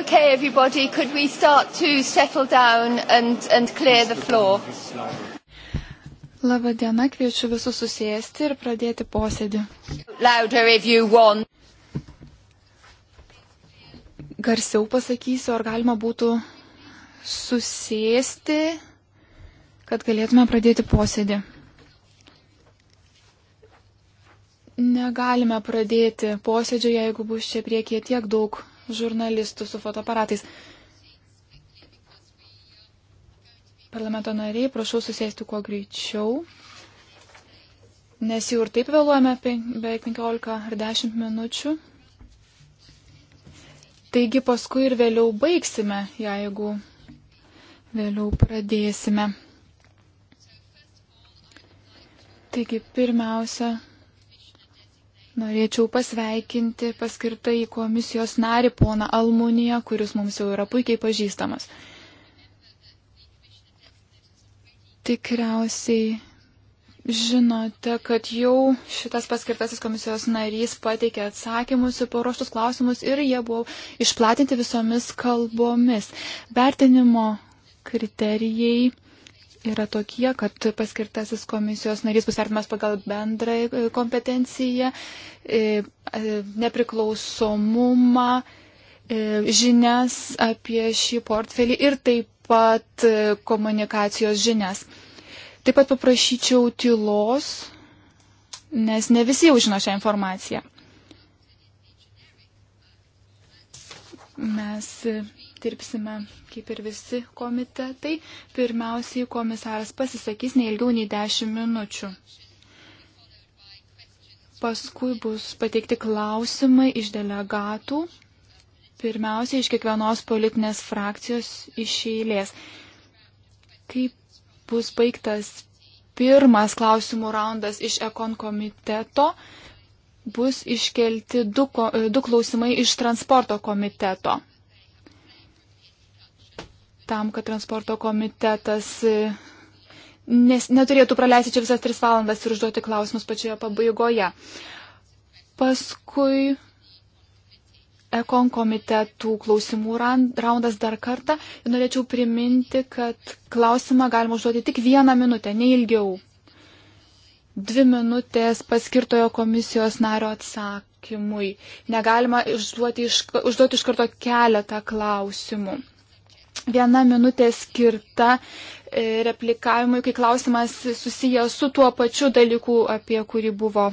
Okay, everybody, could we start to settle down and, and clear the floor? Labą dieną, kviečiu visus susėsti ir pradėti posėdį. Louder if you want. Garsiau pasakysiu, ar galima būtų susėsti, kad galėtume pradėti posėdį. Negalime pradėti posėdžio, jeigu bus čia priekyje tiek daug žurnalistų su fotoaparatais. Parlamento nariai, prašau susėsti kuo greičiau, nes jau ir taip vėluojame beveik 15 ar 10 minučių. Taigi paskui ir vėliau baigsime, jeigu vėliau pradėsime. Taigi pirmiausia, Norėčiau pasveikinti paskirtą į komisijos narį poną Almuniją, kuris mums jau yra puikiai pažįstamas. Tikriausiai žinote, kad jau šitas paskirtasis komisijos narys pateikė atsakymus į paruoštus klausimus ir jie buvo išplatinti visomis kalbomis. Vertinimo kriterijai yra tokie, kad paskirtasis komisijos narys bus artimas pagal bendrą e, kompetenciją, e, nepriklausomumą, e, žinias apie šį portfelį ir taip pat komunikacijos žinias. Taip pat paprašyčiau tylos, nes ne visi jau žino šią informaciją. Mes dirbsime kaip ir visi komitetai. Pirmiausiai komisaras pasisakys neilgiau nei 10 minučių. Paskui bus pateikti klausimai iš delegatų, pirmiausia iš kiekvienos politinės frakcijos iš eilės. Kaip bus baigtas pirmas klausimų raundas iš Ekon komiteto, bus iškelti du, du klausimai iš transporto komiteto tam, kad transporto komitetas e, nes, neturėtų praleisti čia visas tris valandas ir užduoti klausimus pačioje pabaigoje. Paskui ekon komitetų klausimų raundas dar kartą ir norėčiau priminti, kad klausimą galima užduoti tik vieną minutę, neilgiau. Dvi minutės paskirtojo komisijos nario atsakymui. Negalima užduoti iš, užduoti iš karto keletą klausimų viena minutė skirta e, replikavimui, kai klausimas susijęs su tuo pačiu dalyku, apie kurį buvo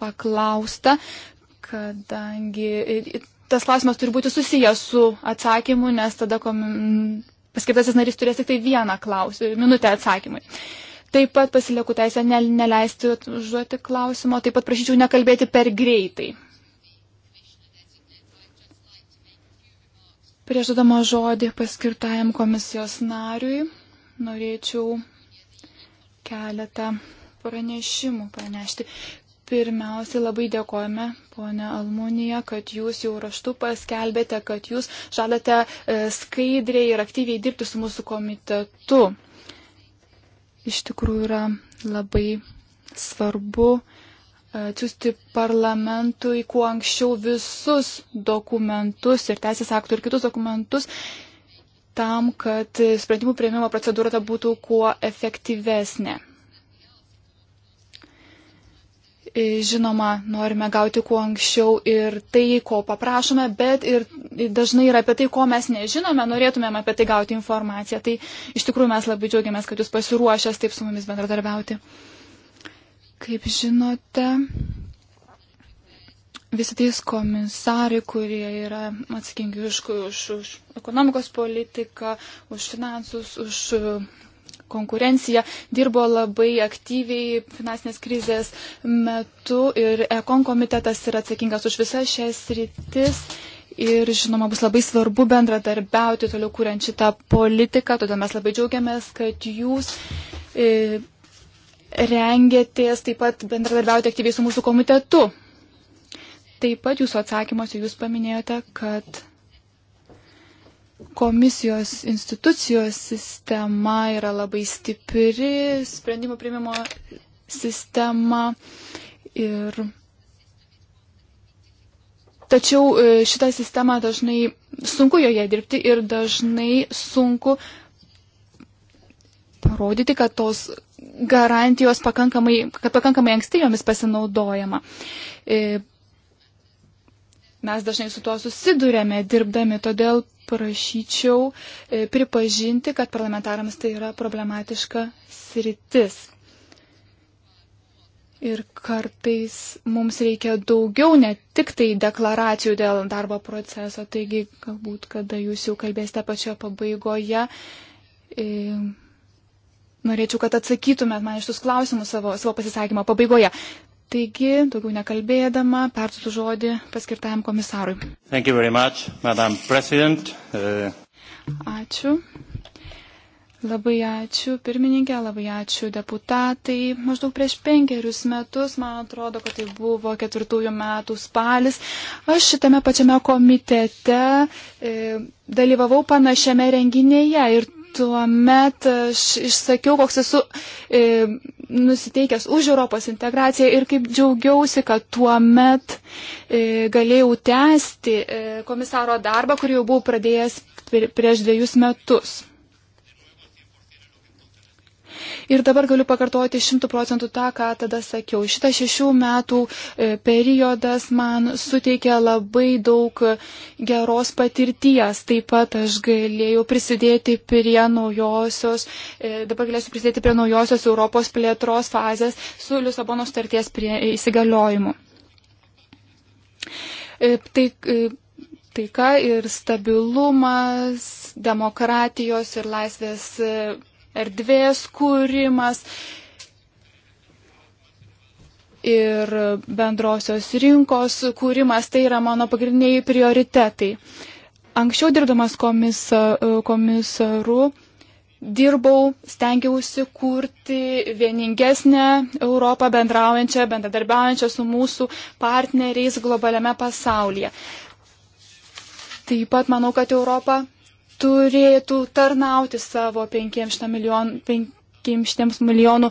paklausta, kadangi e, tas klausimas turi būti susijęs su atsakymu, nes tada paskirtasis narys turės tik tai vieną klausimą, e, minutę atsakymui. Taip pat pasilieku teisę neleisti užduoti klausimo, taip pat prašyčiau nekalbėti per greitai. Prieš dodama žodį paskirtajam komisijos nariui norėčiau keletą pranešimų pranešti. Pirmiausiai labai dėkojame, ponė Almunija, kad jūs jau raštu paskelbėte, kad jūs žadate e, skaidriai ir aktyviai dirbti su mūsų komitetu. Iš tikrųjų yra labai svarbu atsiųsti parlamentui kuo anksčiau visus dokumentus ir teisės aktų ir kitus dokumentus tam, kad sprendimų prieimimo procedūra būtų kuo efektyvesnė. E, žinoma, norime gauti kuo anksčiau ir tai, ko paprašome, bet ir dažnai yra apie tai, ko mes nežinome, norėtumėm apie tai gauti informaciją. Tai iš tikrųjų mes labai džiaugiamės, kad jūs pasiruošęs taip su mumis bendradarbiauti. Kaip žinote, visi tais komisarai, kurie yra atsakingi už, už, už ekonomikos politiką, už finansus, už konkurencija, dirbo labai aktyviai finansinės krizės metu ir ekon komitetas yra atsakingas už visas šias rytis. Ir žinoma, bus labai svarbu bendradarbiauti toliau kuriant šitą politiką, todėl mes labai džiaugiamės, kad jūs e, rengėtės taip pat bendradarbiauti aktyviai su mūsų komitetu. Taip pat jūsų atsakymuose jūs paminėjote, kad komisijos institucijos sistema yra labai stipri, sprendimo primimo sistema ir. Tačiau e, šitą sistemą dažnai sunku joje dirbti ir dažnai sunku parodyti, kad tos garantijos pakankamai, kad pakankamai anksti jomis pasinaudojama. E, mes dažnai su tuo susidurėme dirbdami, todėl prašyčiau e, pripažinti, kad parlamentarams tai yra problematiška sritis. Ir kartais mums reikia daugiau, ne tik tai deklaracijų dėl darbo proceso, taigi galbūt, kada jūs jau kalbėsite pačioje pabaigoje, e, norėčiau, kad atsakytumėt man iš tuos klausimus savo, savo pasisakymą pabaigoje. Taigi, daugiau nekalbėdama, perduodu žodį paskirtajam komisarui. Much, uh... Ačiū. Labai ačiū pirmininkė, labai ačiū deputatai. Maždaug prieš penkerius metus, man atrodo, kad tai buvo ketvirtųjų metų spalis, aš šitame pačiame komitete e, dalyvavau panašiame renginėje ir Tuomet aš išsakiau, koks esu e, nusiteikęs už Europos integraciją ir kaip džiaugiausi, kad tuomet e, galėjau tęsti e, komisaro darbą, kurį jau buvau pradėjęs prieš dviejus metus. Ir dabar galiu pakartoti šimtų procentų tą, ką tada sakiau. Šitas šešių metų e, periodas man suteikė labai daug geros patirties. Taip pat aš galėjau prisidėti prie naujosios, e, dabar galėsiu prisidėti prie naujosios Europos plėtros fazės su Lisabono starties įsigaliojimu. E, tai, taika ir stabilumas, demokratijos ir laisvės erdvės kūrimas ir bendrosios rinkos kūrimas, tai yra mano pagrindiniai prioritetai. Anksčiau dirbdamas komisa, komisaru dirbau, stengiausi kurti vieningesnę Europą bendraujančią, bendradarbiaujančią su mūsų partneriais globaliame pasaulyje. Taip pat manau, kad Europa turėtų tarnauti savo 500 milijonų, 500 e, milijonų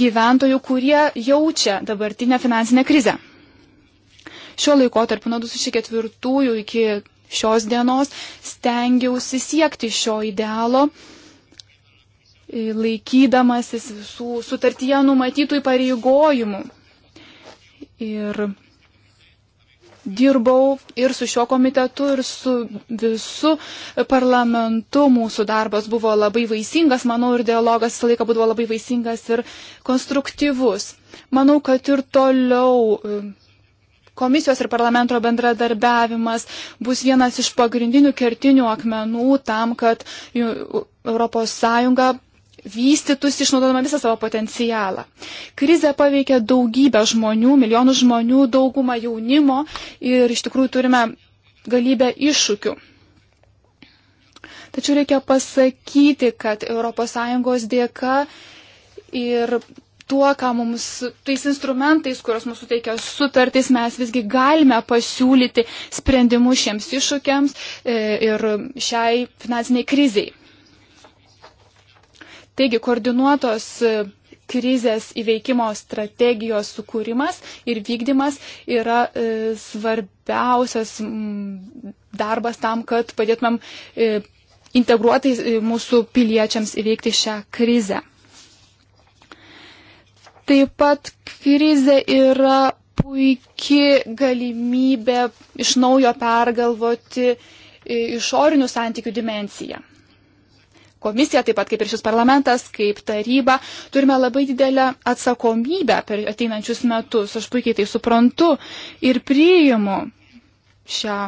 gyventojų, kurie jaučia dabartinę finansinę krizę. Šiuo laikotarpiu nuo 2004 iki šios dienos stengiausi siekti šio idealo, e, laikydamasis visų sutartyje numatytų įpareigojimų. Ir dirbau ir su šio komitetu, ir su visu parlamentu. Mūsų darbas buvo labai vaisingas, manau, ir dialogas visą laiką buvo labai vaisingas ir konstruktyvus. Manau, kad ir toliau um, komisijos ir parlamento bendradarbiavimas bus vienas iš pagrindinių kertinių akmenų tam, kad ES vystytųsi išnaudodama visą savo potencialą. Krize paveikia daugybę žmonių, milijonų žmonių, daugumą jaunimo ir iš tikrųjų turime galybę iššūkių. Tačiau reikia pasakyti, kad ES dėka ir tuo, ką mums, tais instrumentais, kurios mūsų teikia sutartys, mes visgi galime pasiūlyti sprendimus šiems iššūkiams e, ir šiai finansiniai kriziai. Taigi koordinuotos e, krizės įveikimo strategijos sukūrimas ir vykdymas yra e, svarbiausias darbas tam, kad padėtumėm e, integruotai mūsų piliečiams įveikti šią krizę. Taip pat krizė yra puikia galimybė iš naujo pergalvoti išorinių santykių dimenciją komisija, taip pat kaip ir šis parlamentas, kaip taryba, turime labai didelę atsakomybę per ateinančius metus. Aš puikiai tai suprantu ir priimu šią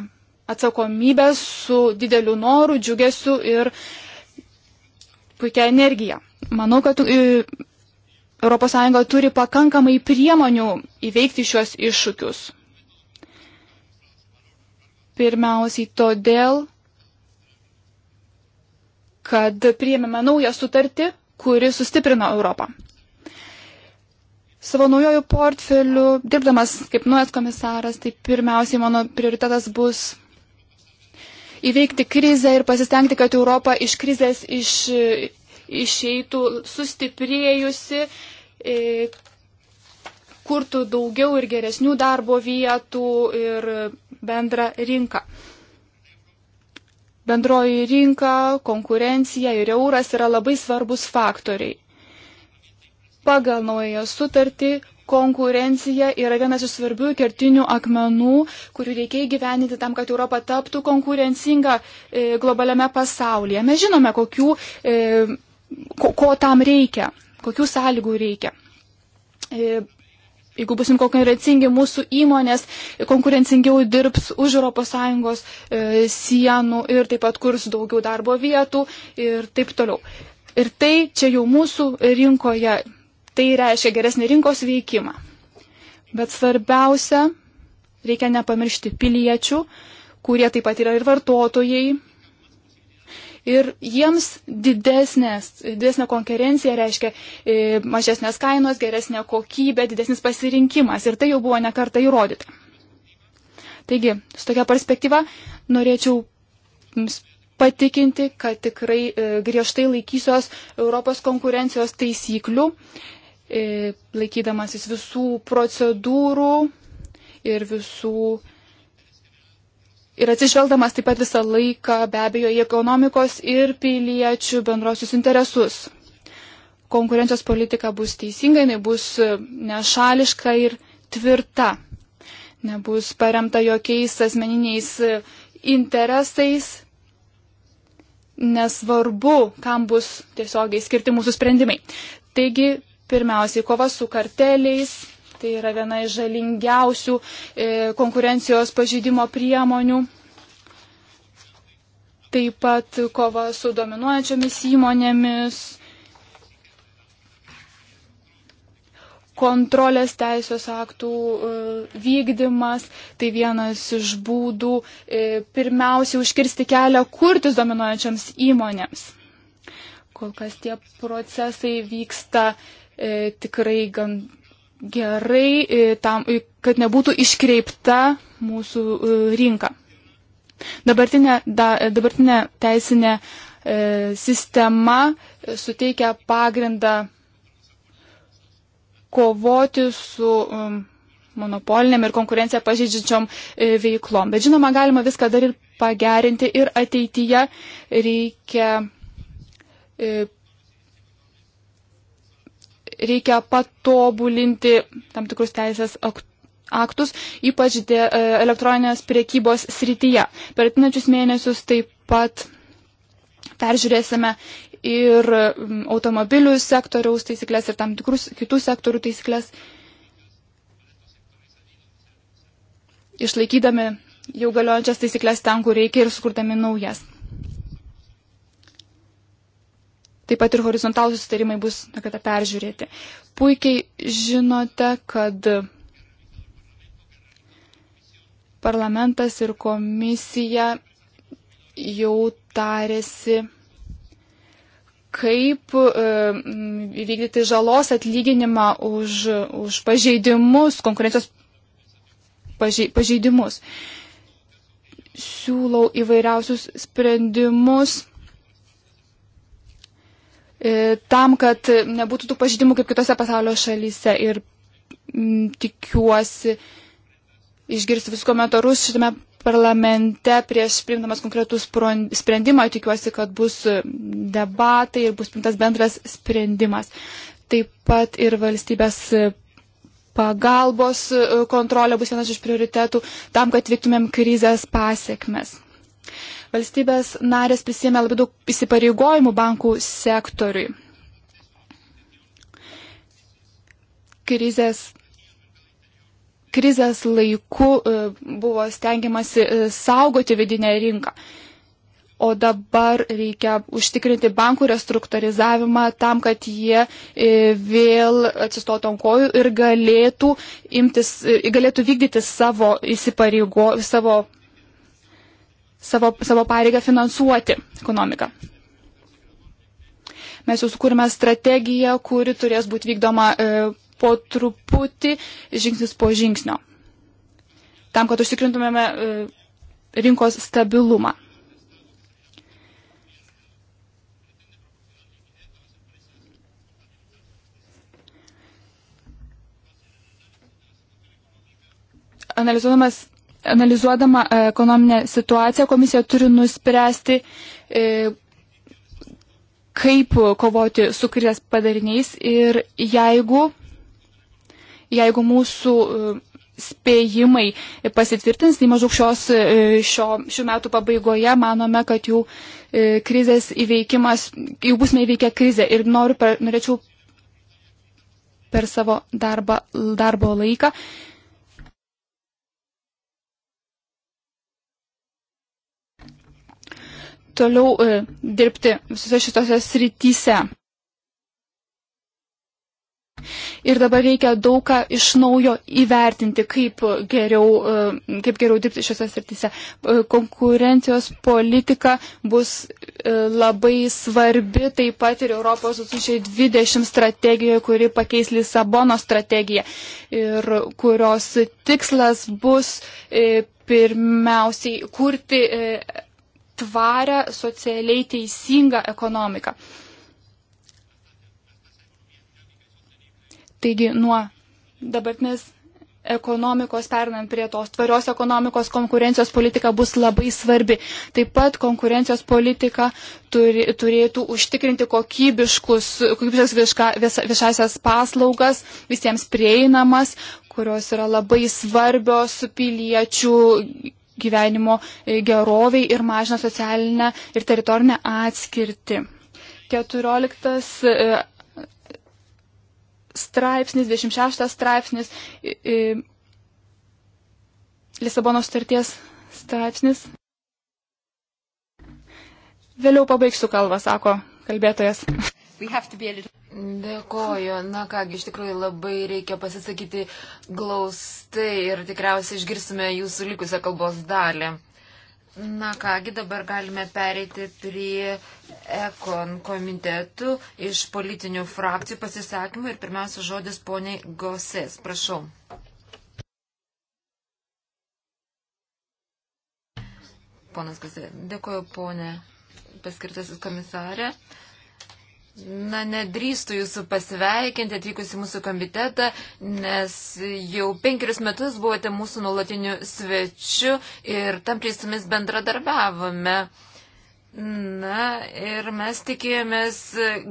atsakomybę su dideliu noru, džiugesiu ir puikia energija. Manau, kad ES turi pakankamai priemonių įveikti šiuos iššūkius. Pirmiausiai todėl, kad priėmėme naują sutartį, kuri sustiprino Europą. Savo naujojų portfelių, dirbdamas kaip nuojas komisaras, tai pirmiausiai mano prioritetas bus įveikti krizę ir pasistengti, kad Europa iš krizės iš, išeitų sustiprėjusi, e, kurtų daugiau ir geresnių darbo vietų ir bendrą rinką. Bendroji rinka, konkurencija ir euras yra labai svarbus faktoriai. Pagal naują sutartį konkurencija yra vienas iš svarbių kertinių akmenų, kurių reikia įgyveninti tam, kad Europa taptų konkurencinga e, globaliame pasaulyje. Mes žinome, kokių, e, ko, ko tam reikia, kokių sąlygų reikia. E, jeigu busim konkurencingi, mūsų įmonės konkurencingiau dirbs už ES e, sienų ir taip pat kurs daugiau darbo vietų ir taip toliau. Ir tai čia jau mūsų rinkoje, tai reiškia geresnį rinkos veikimą. Bet svarbiausia, reikia nepamiršti piliečių, kurie taip pat yra ir vartotojai, ir jiems didesnės, didesnė konkurencija reiškia e, mažesnės kainos, geresnė kokybė, didesnis pasirinkimas ir tai jau buvo nekarta įrodyta. Taigi, su tokia perspektyva norėčiau jums patikinti, kad tikrai e, griežtai laikysios Europos konkurencijos taisyklių, e, laikydamasis visų procedūrų ir visų Ir atsižvelgdamas taip pat visą laiką be abejo į ekonomikos ir piliečių bendrosius interesus. Konkurencijos politika bus teisinga, jinai bus e, nešališka ir tvirta. Nebus paremta jokiais asmeniniais e, interesais, nesvarbu, kam bus tiesiogiai skirti mūsų sprendimai. Taigi, pirmiausiai, kova su karteliais, Tai yra viena iš žalingiausių e, konkurencijos pažydimo priemonių. Taip pat kova su dominuojančiomis įmonėmis, kontrolės teisės aktų e, vykdymas, tai vienas iš būdų e, pirmiausiai užkirsti kelią kurtis dominuojančiams įmonėms. Kol kas tie procesai vyksta tikrai gan gerai, e, tam, e, kad nebūtų iškreipta mūsų e, rinka. Dabartinė, da, dabartinė teisinė e, sistema suteikia pagrindą kovoti su um, monopolinėm ir konkurenciją pažeidžiančiom e, veiklom. Bet žinoma, galima viską dar ir pagerinti ir ateityje reikia e, reikia patobulinti tam tikrus teisės aktus, ypač dė, e, elektroninės priekybos srityje. Per atinačius mėnesius taip pat peržiūrėsime ir automobilių sektoriaus taisyklės ir tam tikrus kitų sektorių taisyklės, išlaikydami jau galiojančias taisyklės ten, kur reikia ir sukurdami naujas. Taip pat ir horizontalų sustarimai bus kada peržiūrėti. Puikiai žinote, kad parlamentas ir komisija jau tarėsi, kaip e, įvykdyti e, žalos atlyginimą už, už pažeidimus, konkurencijos pažei, pažeidimus. Siūlau įvairiausius sprendimus E, tam, kad nebūtų tų pažydimų kaip kitose pasaulio šalyse. Ir m, mm, tikiuosi išgirsti visus komentarus šitame parlamente prieš priimdamas konkretų sprendimą. Tikiuosi, kad bus debatai ir bus priimtas bendras sprendimas. Taip pat ir valstybės pagalbos kontrolė bus vienas iš prioritetų tam, kad vyktumėm krizės pasiekmes. Valstybės narės prisėmė labai daug įsipareigojimų bankų sektoriui. Krizės krizės laiku e, buvo stengiamasi e, saugoti vidinę rinką. O dabar reikia užtikrinti bankų restruktūrizavimą tam, kad jie e, vėl atsistotų ant kojų ir galėtų, imtis, galėtų vykdyti savo, savo savo, savo pareigą finansuoti ekonomiką. Mes jau sukūrėme strategiją, kuri turės būti vykdoma e, po truputį, žingsnis po žingsnio. Tam, kad užtikrintumėme e, rinkos stabilumą. analizuodamas analizuodama e, ekonominę situaciją, komisija turi nuspręsti, e, kaip kovoti su krizės padariniais ir jeigu, jeigu mūsų e, spėjimai pasitvirtins, tai maždaug šios, šio, šių metų pabaigoje manome, kad jų krizės įveikimas, jau busime įveikę krizę ir noriu, norėčiau per savo darbą, darbo laiką toliau e, dirbti visose šitose srityse. Ir dabar reikia daugą iš naujo įvertinti, kaip geriau, e, kaip geriau dirbti šiose srityse. E, konkurencijos politika bus e, labai svarbi taip pat ir Europos 2020 strategijoje, kuri pakeis Lisabono strategiją ir kurios tikslas bus e, pirmiausiai kurti e, tvarę, socialiai teisingą ekonomiką. Taigi nuo dabartinės ekonomikos, pernant prie tos tvarios ekonomikos, konkurencijos politika bus labai svarbi. Taip pat konkurencijos politika turi, turėtų užtikrinti kokybiškus, kokybiškas vieška, viešasias paslaugas, visiems prieinamas, kurios yra labai svarbios piliečių gyvenimo e, geroviai ir mažina socialinę ir teritorinę atskirtį. 14 e, straipsnis, 26 straipsnis, e, Lisabono sutarties straipsnis. Vėliau pabaigsiu kalbą, sako kalbėtojas. Little... Dėkoju. Na kągi, iš tikrųjų labai reikia pasisakyti glaustai ir tikriausiai išgirsime jūsų likusią kalbos dalį. Na kągi, dabar galime pereiti prie ekon komitetų iš politinių frakcijų pasisakymų ir pirmiausia žodis poniai Gosės. Prašau. Ponas Gosės, dėkoju ponė paskirtasis komisarė. Uh, Na, nedrįstu jūsų pasveikinti atvykus į mūsų komitetą, nes jau penkerius metus buvote mūsų nuolatiniu svečiu ir tam pristumis bendradarbiavome. Na, ir mes tikėjomės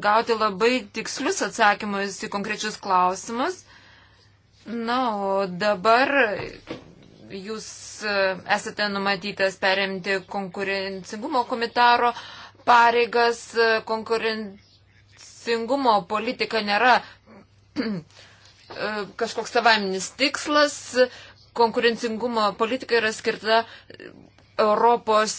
gauti labai tikslius atsakymus į konkrečius klausimus. Na, o dabar jūs esate numatytas perimti konkurencingumo komitaro pareigas konkurencingumo teisingumo politika nėra e, kažkoks savaiminis tikslas, konkurencingumo politika yra skirta Europos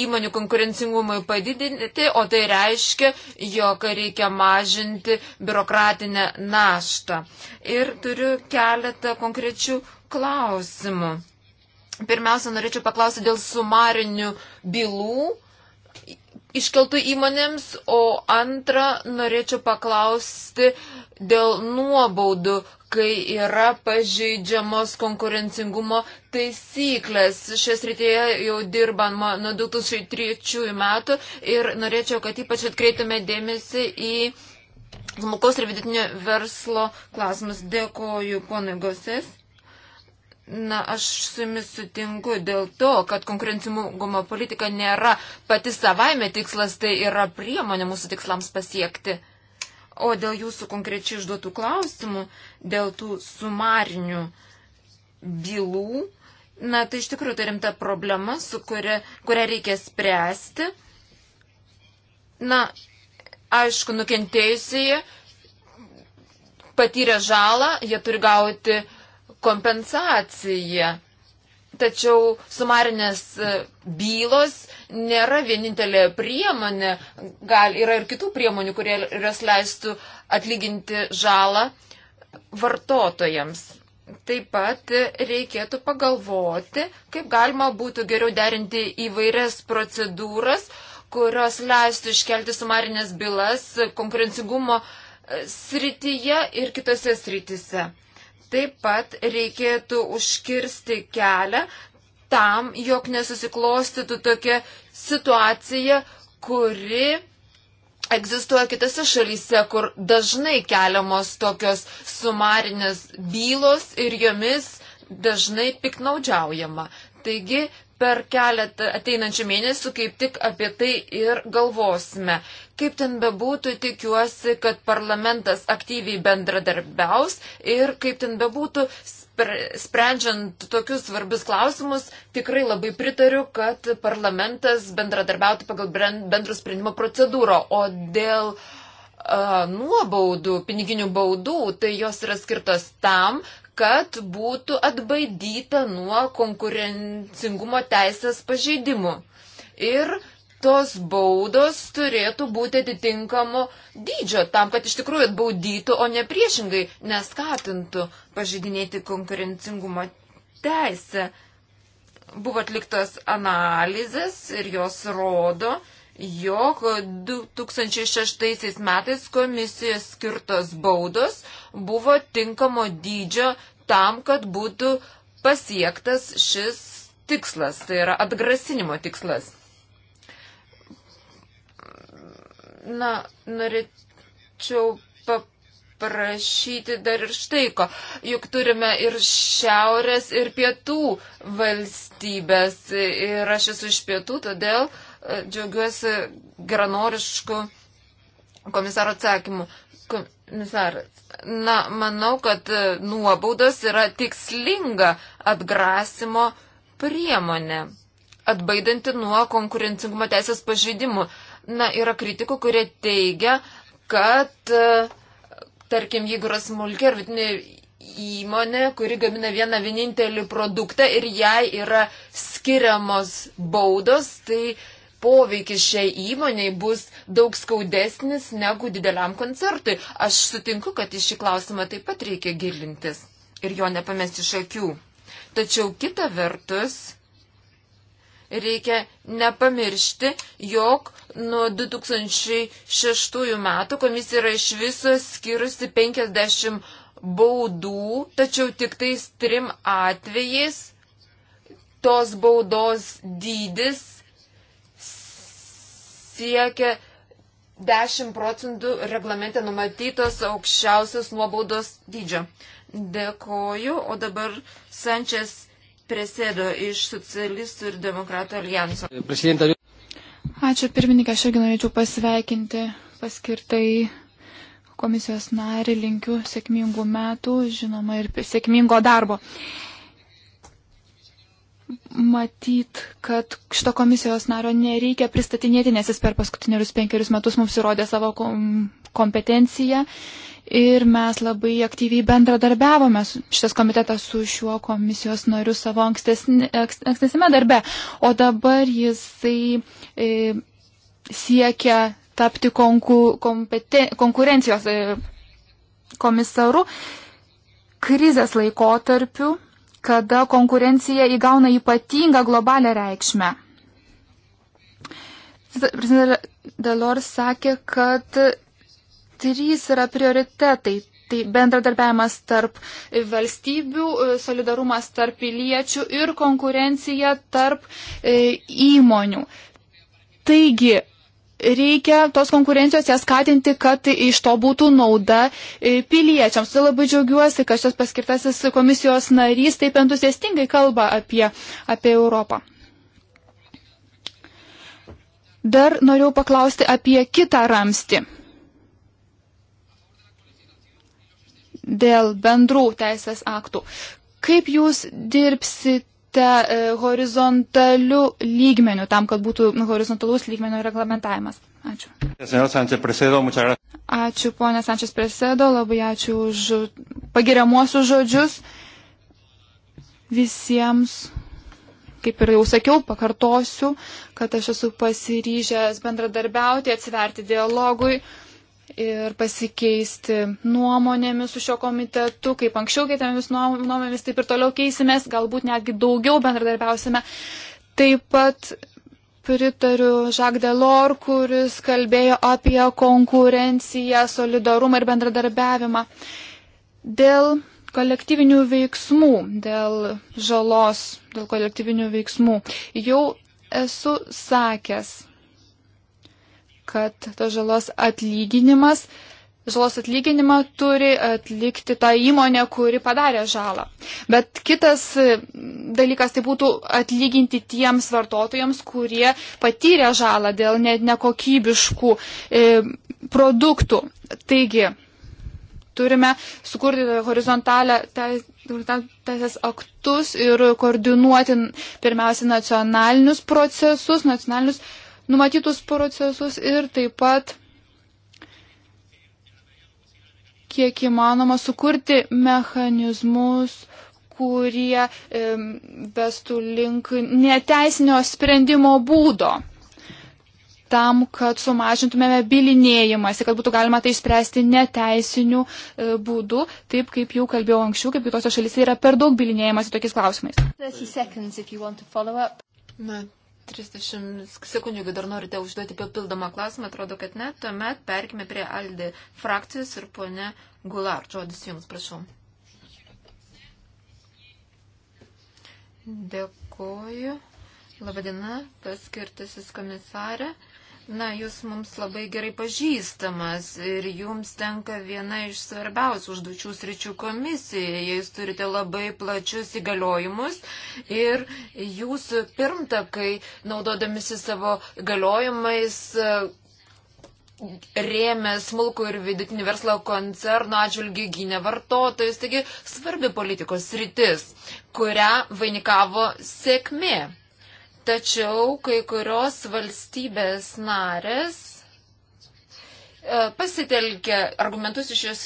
įmonių konkurencingumui padidinti, o tai reiškia, jog reikia mažinti biurokratinę naštą. Ir turiu keletą konkrečių klausimų. Pirmiausia, norėčiau paklausyti dėl sumarinių bylų iškeltų įmonėms, o antra, norėčiau paklausti dėl nuobaudų, kai yra pažeidžiamos konkurencingumo taisyklės. Šias rytėje jau dirbama nuo 2003 metų ir norėčiau, kad ypač atkreiptume dėmesį į smulkos ir vidutinio verslo klausimus. Dėkoju, ponai Gosės. Na, aš su jumis sutinku dėl to, kad konkurencingumo politika nėra pati savaime tikslas, tai yra priemonė mūsų tikslams pasiekti. O dėl jūsų konkrečiai išduotų klausimų, dėl tų sumarinių bylų, na, tai iš tikrųjų tai rimta problema, su kuria, kuria reikia spręsti. Na, aišku, nukentėjusiai patyrė žalą, jie turi gauti uh, kompensacija. Tačiau sumarinės e, bylos nėra vienintelė priemonė, gal yra ir kitų priemonių, kurios leistų atlyginti žalą vartotojams. Taip pat reikėtų pagalvoti, kaip galima būtų geriau derinti įvairias procedūras, kurios leistų iškelti sumarinės bylas konkurencingumo e, srityje ir kitose srityse. Taip pat reikėtų užkirsti kelią tam, jog nesusiklostytų tokia situacija, kuri egzistuoja kitose šalyse, kur dažnai keliamos tokios sumarinės bylos ir jomis dažnai piknaudžiaujama. Taigi per keletą ateinančių mėnesių kaip tik apie tai ir galvosime. Kaip ten bebūtų, tikiuosi, kad parlamentas aktyviai bendradarbiaus ir kaip ten bebūtų, sprendžiant tokius svarbius klausimus, tikrai labai pritariu, kad parlamentas bendradarbiauti pagal bendrų sprendimo procedūrą. O dėl uh, nuobaudų, piniginių baudų, tai jos yra skirtos tam, kad būtų atbaidyta nuo konkurencingumo teisės pažeidimų. Ir tos baudos turėtų būti atitinkamo dydžio, tam, kad iš tikrųjų atbaudytų, o ne priešingai neskatintų pažydinėti konkurencingumo teisę. Buvo atliktas analizės ir jos rodo, jog 2006 metais komisijos skirtos baudos buvo tinkamo dydžio tam, kad būtų pasiektas šis tikslas, tai yra atgrasinimo tikslas. Na, norėčiau paprašyti dar ir štai ko, juk turime ir šiaurės, ir pietų valstybės, ir aš esu iš pietų, todėl e, džiaugiuosi geranorišku komisaro atsakymu. Kom Na, manau, kad e, nuobaudos yra tikslinga atgrasimo priemonė, atbaidanti nuo konkurencingumo teisės pažeidimų. Na, yra kritikų, kurie teigia, kad, e, tarkim, jeigu yra smulkia ir vidinė įmonė, kuri gamina vieną vienintelį produktą ir jai yra skiriamos baudos, tai poveikis šiai įmoniai bus daug skaudesnis negu dideliam koncertui. Aš sutinku, kad į šį klausimą taip pat reikia gilintis ir jo nepamesti iš akių. Tačiau kita vertus, reikia nepamiršti, jog nuo 2006 metų komisija yra iš viso skirusi 50 baudų, tačiau tik tais trim atvejais tos baudos dydis siekia 10 procentų reglamente numatytos aukščiausios nuobaudos dydžio. Dėkoju, o dabar Sančias Presėdo iš Socialistų ir Demokratų alijanso. Ačiū pirmininkė, aš irgi norėčiau pasveikinti paskirtai komisijos narį, linkiu sėkmingų metų, žinoma, ir sėkmingo darbo matyt, kad šito komisijos nario nereikia pristatinėti, nes jis per paskutinius penkerius metus mums įrodė savo kompetenciją ir mes labai aktyviai bendradarbiavome šitas komitetas su šiuo komisijos nariu savo ankstesnėme darbe, o dabar jisai e, siekia tapti konku, kompeten, konkurencijos e, komisaru krizės laikotarpiu kada konkurencija įgauna ypatingą globalią reikšmę. Prezidentas Delors sakė, kad trys yra prioritetai. Tai bendradarbiavimas tarp valstybių, solidarumas tarp piliečių ir konkurencija tarp e, įmonių. Taigi, reikia tos konkurencijos ją skatinti, kad iš to būtų nauda e, piliečiams. Tai labai džiaugiuosi, kad šios paskirtasis komisijos narys taip entuziastingai kalba apie, apie Europą. Dar norėjau paklausti apie kitą ramstį. Dėl bendrų teisės aktų. Kaip jūs dirbsit numatėte horizontalių lygmenių, tam, kad būtų horizontalus lygmenių reglamentavimas? Ačiū. Ačiū, ponė Sančias Presedo, labai ačiū už pagiriamuosius žodžius visiems. Kaip ir jau sakiau, pakartosiu, kad aš esu pasiryžęs bendradarbiauti, atsiverti dialogui ir pasikeisti nuomonėmis su šio komitetu, kaip anksčiau keitėmis nuomonėmis, taip ir toliau keisimės, galbūt netgi daugiau bendradarbiausime. Taip pat pritariu Jacques Delors, kuris kalbėjo apie konkurenciją, solidarumą ir bendradarbiavimą. Dėl kolektyvinių veiksmų, dėl žalos, dėl kolektyvinių veiksmų jau esu sakęs kad tos žalos atlyginimas, žalos atlyginimą turi atlikti ta įmonė, kuri padarė žalą. Bet kitas dalykas tai būtų atlyginti tiems vartotojams, kurie patyrė žalą dėl net nekokybiškų e, produktų. Taigi, turime sukurti horizontalę teisės aktus ir koordinuoti pirmiausia nacionalinius procesus, nacionalinius procesus numatytus procesus ir taip pat kiek įmanoma sukurti mechanizmus, kurie e, vestų link neteisinio sprendimo būdo tam, kad sumažintumėme bilinėjimąsi, kad būtų galima tai išspręsti neteisiniu e, būdu, taip kaip jau kalbėjau anksčiau, kaip kitose šalyse yra per daug bilinėjimąsi tokiais klausimais. Na, 30 sekundžių, jeigu dar norite užduoti papildomą klausimą, atrodo, kad ne. Tuomet perkime prie Aldi frakcijos ir ponė Gular. Žodis jums, prašau. Dėkuoju. Labadiena, paskirtasis komisarė. Na, jūs mums labai gerai pažįstamas ir jums tenka viena iš svarbiausių užduočių sričių komisijai. Jūs turite labai plačius įgaliojimus ir jūsų pirmtakai, naudodamisi savo įgaliojimais, rėmė smulkų ir vidutinį verslą koncerno atžvilgių gynė vartotojus, taigi svarbi politikos sritis, kurią vainikavo sėkmė. Tačiau kai kurios valstybės narės e, pasitelkia argumentus iš jos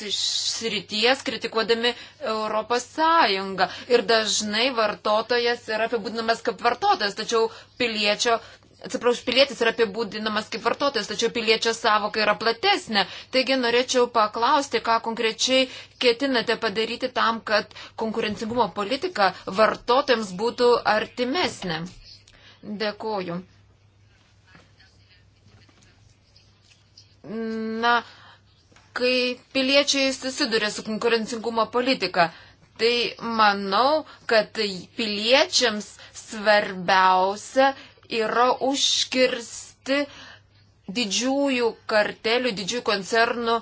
srities, kritikuodami Europos Sąjungą. Ir dažnai vartotojas yra apibūdinamas kaip vartotojas, tačiau piliečio atsiprašau, pilietis yra apibūdinamas kaip vartotojas, tačiau piliečio savoka yra platesnė. Taigi norėčiau paklausti, ką konkrečiai ketinate padaryti tam, kad konkurencingumo politika vartotojams būtų artimesnė. Dėkoju. Na, kai piliečiai susiduria su konkurencingumo politika, tai manau, kad piliečiams svarbiausia yra užkirsti didžiųjų kartelių, didžiųjų koncernų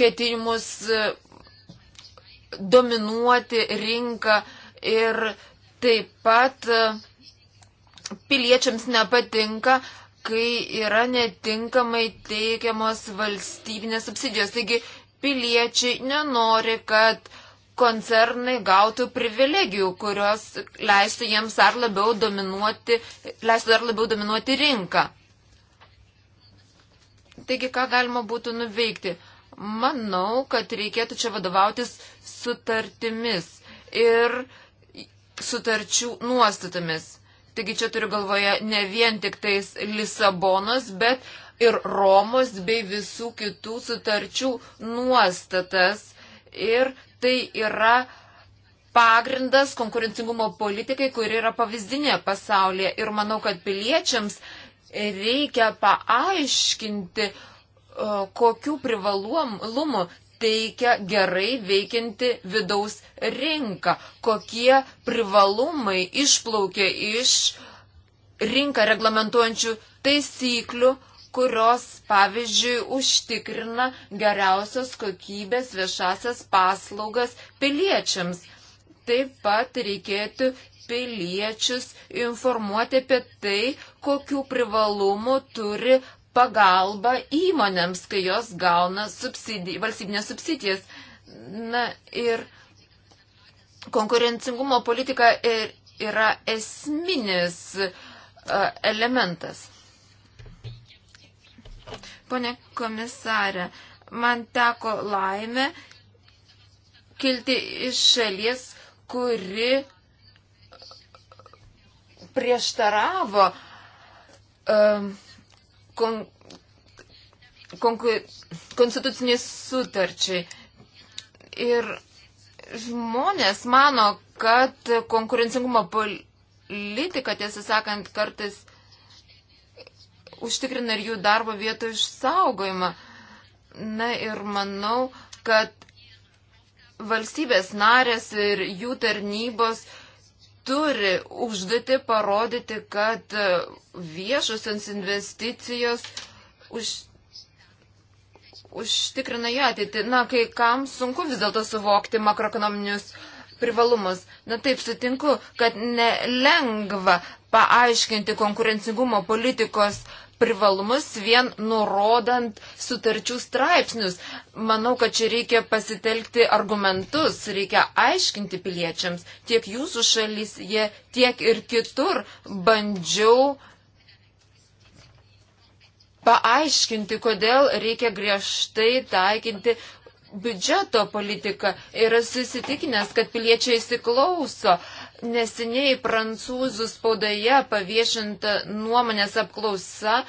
ketinimus e, dominuoti rinką ir taip pat uh, piliečiams nepatinka, kai yra netinkamai teikiamos valstybinės subsidijos. Taigi piliečiai nenori, kad koncernai gautų privilegijų, kurios leistų jiems ar labiau dominuoti, leistų dar labiau dominuoti rinką. Taigi, ką galima būtų nuveikti? Manau, kad reikėtų čia vadovautis sutartimis ir sutarčių nuostatomis. Taigi čia turiu galvoje ne vien tik tais Lisabonos, bet ir Romos bei visų kitų sutarčių nuostatas. Ir tai yra pagrindas konkurencingumo politikai, kuri yra pavyzdinė pasaulyje. Ir manau, kad piliečiams reikia paaiškinti, kokių privalumų teikia gerai veikianti vidaus rinka, kokie privalumai išplaukia iš rinką reglamentuojančių taisyklių, kurios, pavyzdžiui, užtikrina geriausios kokybės viešasias paslaugas piliečiams. Taip pat reikėtų piliečius informuoti apie tai, kokių privalumų turi pagalba įmonėms, kai jos gauna subsidij, valstybinės subsidijas. Na ir konkurencingumo politika ir yra esminis e, elementas. Pone komisarė, man teko laimė kilti iš šalies, kuri prieštaravo um, kon, kon, konstituciniai sutarčiai. Ir žmonės mano, kad konkurencingumo politika, tiesą sakant, kartais užtikrina ir jų darbo vietų išsaugojimą. Na ir manau, kad valstybės narės ir jų tarnybos turi užduoti parodyti, kad viešusios investicijos už, užtikrina ją ateitį. Na, kai kam sunku vis dėlto suvokti makroekonominius privalumus. Na taip, sutinku, kad nelengva paaiškinti konkurencingumo politikos privalumus vien nurodant sutarčių straipsnius. Manau, kad čia reikia pasitelkti argumentus, reikia aiškinti piliečiams. Tiek jūsų šalyje, tiek ir kitur bandžiau paaiškinti, kodėl reikia griežtai taikinti biudžeto politiką. Ir esu įsitikinęs, kad piliečiai įsiklauso. Uh, Neseniai prancūzų spaudoje paviešinta nuomonės apklausa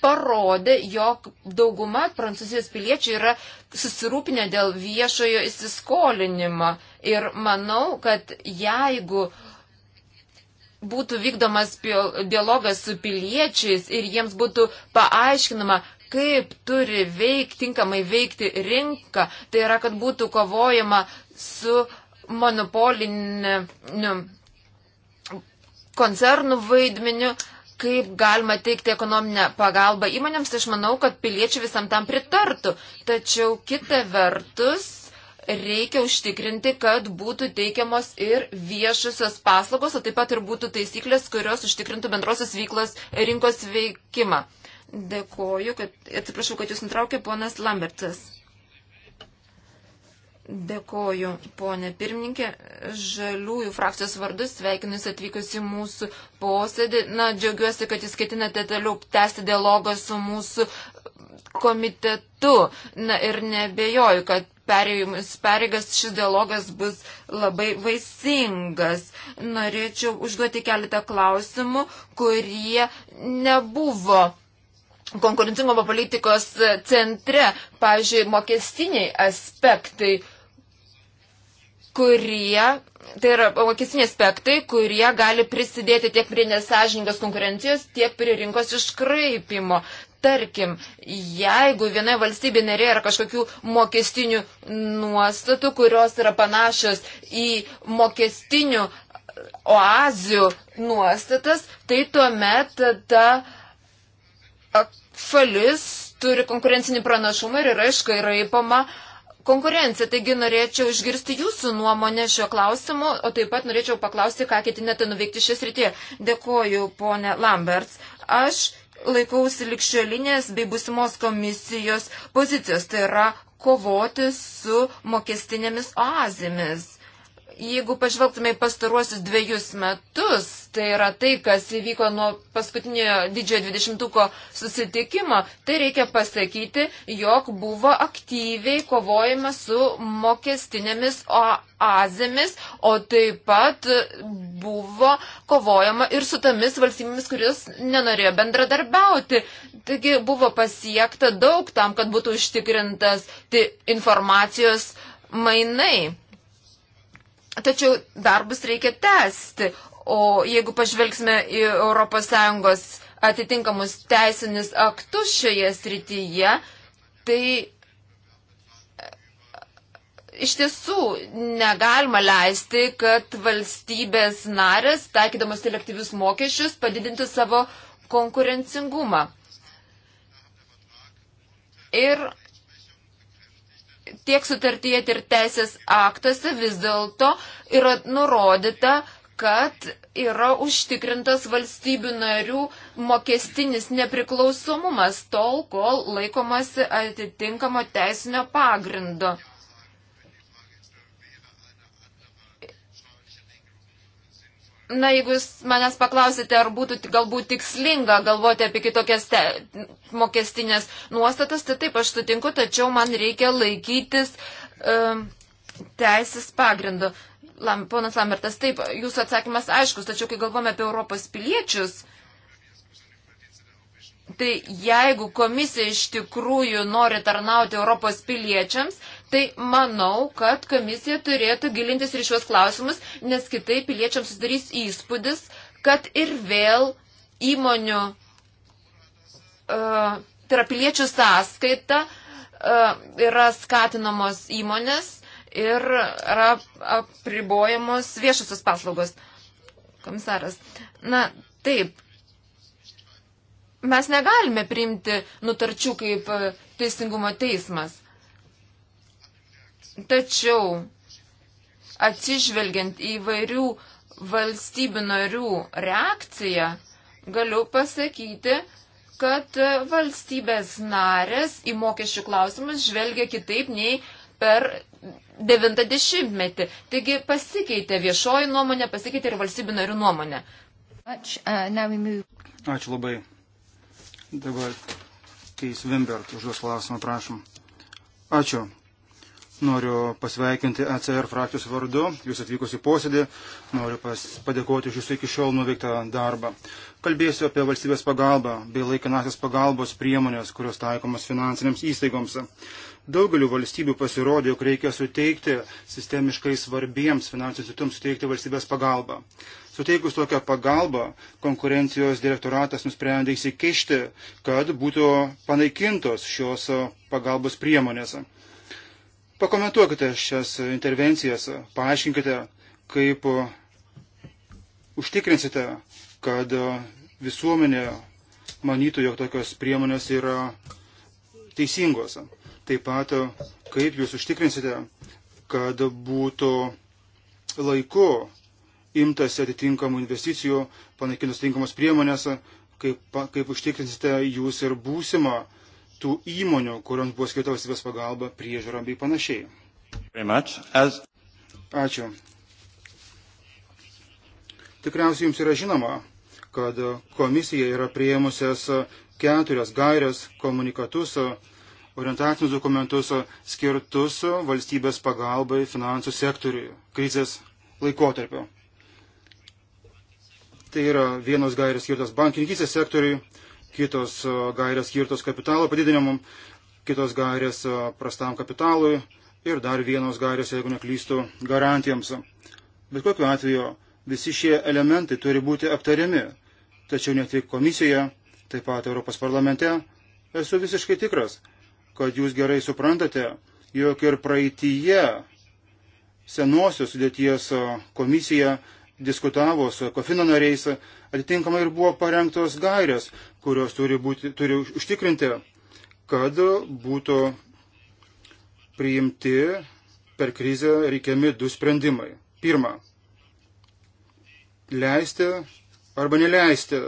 parodė, jog dauguma prancūzijos piliečių yra susirūpinę dėl viešojo įsiskolinimo. Ir manau, kad jeigu būtų vykdomas dialogas su piliečiais ir jiems būtų paaiškinama, kaip turi veikti, tinkamai veikti rinka, tai yra, kad būtų kovojama su uh, monopoliniu koncernų vaidmeniu, kaip galima teikti ekonominę pagalbą įmonėms, tai aš manau, kad piliečiai visam tam pritartų. Tačiau kita vertus, reikia užtikrinti, kad būtų teikiamos ir viešusios paslaugos, o taip pat ir būtų taisyklės, kurios užtikrintų bendrosios veiklos rinkos veikimą. Dėkoju, kad atsiprašau, kad jūs nutraukė ponas Lambertas. Dėkoju, ponė pirmininkė. Žaliųjų frakcijos vardus sveikinu Jūs atvykus į mūsų posėdį. Na, džiaugiuosi, kad Jūs ketinate toliau tęsti dialogą su mūsų komitetu. Na ir nebejoju, kad perėjimus pareigas šis dialogas bus labai vaisingas. Norėčiau užduoti keletą klausimų, kurie nebuvo konkurencingumo politikos centre, pavyzdžiui, mokestiniai aspektai kurie, tai yra mokestiniai aspektai, kurie gali prisidėti tiek prie nesažiningos konkurencijos, tiek prie rinkos iškraipimo. Tarkim, jeigu vienoje valstybėje narėje yra kažkokių mokestinių nuostatų, kurios yra panašios į mokestinių oazių nuostatas, tai tuomet ta šalis turi konkurencinį pranašumą ir yra iškairaipama uh, konkurenciją. Taigi norėčiau išgirsti jūsų nuomonę šiuo klausimu, o taip pat norėčiau paklausti, ką ketinate nuveikti šią srityje. Dėkoju, ponė Lamberts. Aš laikausi likščiolinės bei būsimos komisijos pozicijos, tai yra kovoti su mokestinėmis oazėmis. Jeigu pažvelgtume į pastaruosius dviejus metus, tai yra tai, kas įvyko nuo paskutinio didžiojo dvidešimtuko susitikimo, tai reikia pasakyti, jog buvo aktyviai kovojama su mokestinėmis oazėmis, o taip pat buvo kovojama ir su tomis valstybėmis, kurios nenorėjo bendradarbiauti. Taigi buvo pasiekta daug tam, kad būtų užtikrintas informacijos mainai. Tačiau darbus reikia tęsti. O jeigu pažvelgsime į ES atitinkamus teisinius aktus šioje srityje, tai e, iš tiesų negalima leisti, kad valstybės narės, taikydamas selektyvius mokesčius, padidintų savo konkurencingumą. Ir tiek sutartyje, tiek teisės aktuose vis dėlto yra nurodyta, kad yra užtikrintas valstybių narių mokestinis nepriklausomumas tol, kol laikomasi atitinkamo teisinio pagrindo. Na, jeigu jūs manęs paklausite, ar būtų galbūt tikslinga galvoti apie kitokias te, mokestinės nuostatas, tai taip aš sutinku, tačiau man reikia laikytis um, teisės pagrindu. Lam, ponas Lambertas, taip, jūsų atsakymas aiškus, tačiau kai galvome apie Europos piliečius, tai jeigu komisija iš tikrųjų nori tarnauti Europos piliečiams, tai manau, kad komisija turėtų gilintis ir šios klausimus, nes kitaip piliečiams susidarys įspūdis, kad ir vėl įmonių, uh, tai yra piliečių sąskaita, uh, yra skatinamos įmonės ir yra apribojamos viešasios paslaugos. Komisaras. Na, taip. Mes negalime priimti nutarčių kaip e, teisingumo teismas. Tačiau atsižvelgiant į vairių valstybių narių reakciją, galiu pasakyti, kad valstybės narės į mokesčių klausimus žvelgia kitaip nei per 90-metį. Taigi pasikeitė viešoji nuomonė, pasikeitė ir valstybių narių nuomonė. Uh, Ačiū labai. Dabar Keis Vimbert už jos klausimą, prašom. Ačiū. Noriu pasveikinti ACR frakcijos vardu, jūs atvykus į posėdį, noriu pas, padėkoti už jūsų iki šiol nuveiktą darbą. Kalbėsiu apie valstybės pagalbą bei laikinasias pagalbos priemonės, kurios taikomas finansiniams įstaigoms. Daugeliu valstybių pasirodė, jog reikia suteikti sistemiškai svarbiems finansiniams institutams suteikti valstybės pagalbą. Suteikus tokią pagalbą, konkurencijos direktoratas nusprendė įsikišti, kad būtų panaikintos šios pagalbos priemonės. Pakomentuokite šias intervencijas, paaiškinkite, kaip e, užtikrinsite, kad e, visuomenė manytų, jog tokios priemonės yra teisingos. Taip pat, e, kaip jūs užtikrinsite, kad būtų laiku imtasi atitinkamų investicijų, panaikinus atitinkamas priemonės, kaip, kaip užtikrinsite jūs ir būsimą tų įmonių, kurioms buvo skirta valstybės pagalba, priežiūra bei panašiai. As... Ačiū. Tikriausiai jums yra žinoma, kad komisija yra prieimusias keturias gairias komunikatus, orientacinius dokumentus skirtus valstybės pagalbai finansų sektoriui krizės laikotarpio. Tai yra vienos gairės skirtos bankininkysės sektoriui, kitos gairės skirtos kapitalo padidinimam, kitos gairės prastam kapitalui ir dar vienos gairės, jeigu neklystų, garantijams. Bet kokiu atveju visi šie elementai turi būti aptariami. Tačiau ne tik komisijoje, taip pat Europos parlamente esu visiškai tikras, kad jūs gerai suprantate, jog ir praeitįje senosios sudėties komisija diskutavo su Ekofino nariais, atitinkamai ir buvo parengtos gairės, kurios turi, būti, turi užtikrinti, kad būtų priimti per krizę reikiami du sprendimai. Pirma, leisti arba neleisti,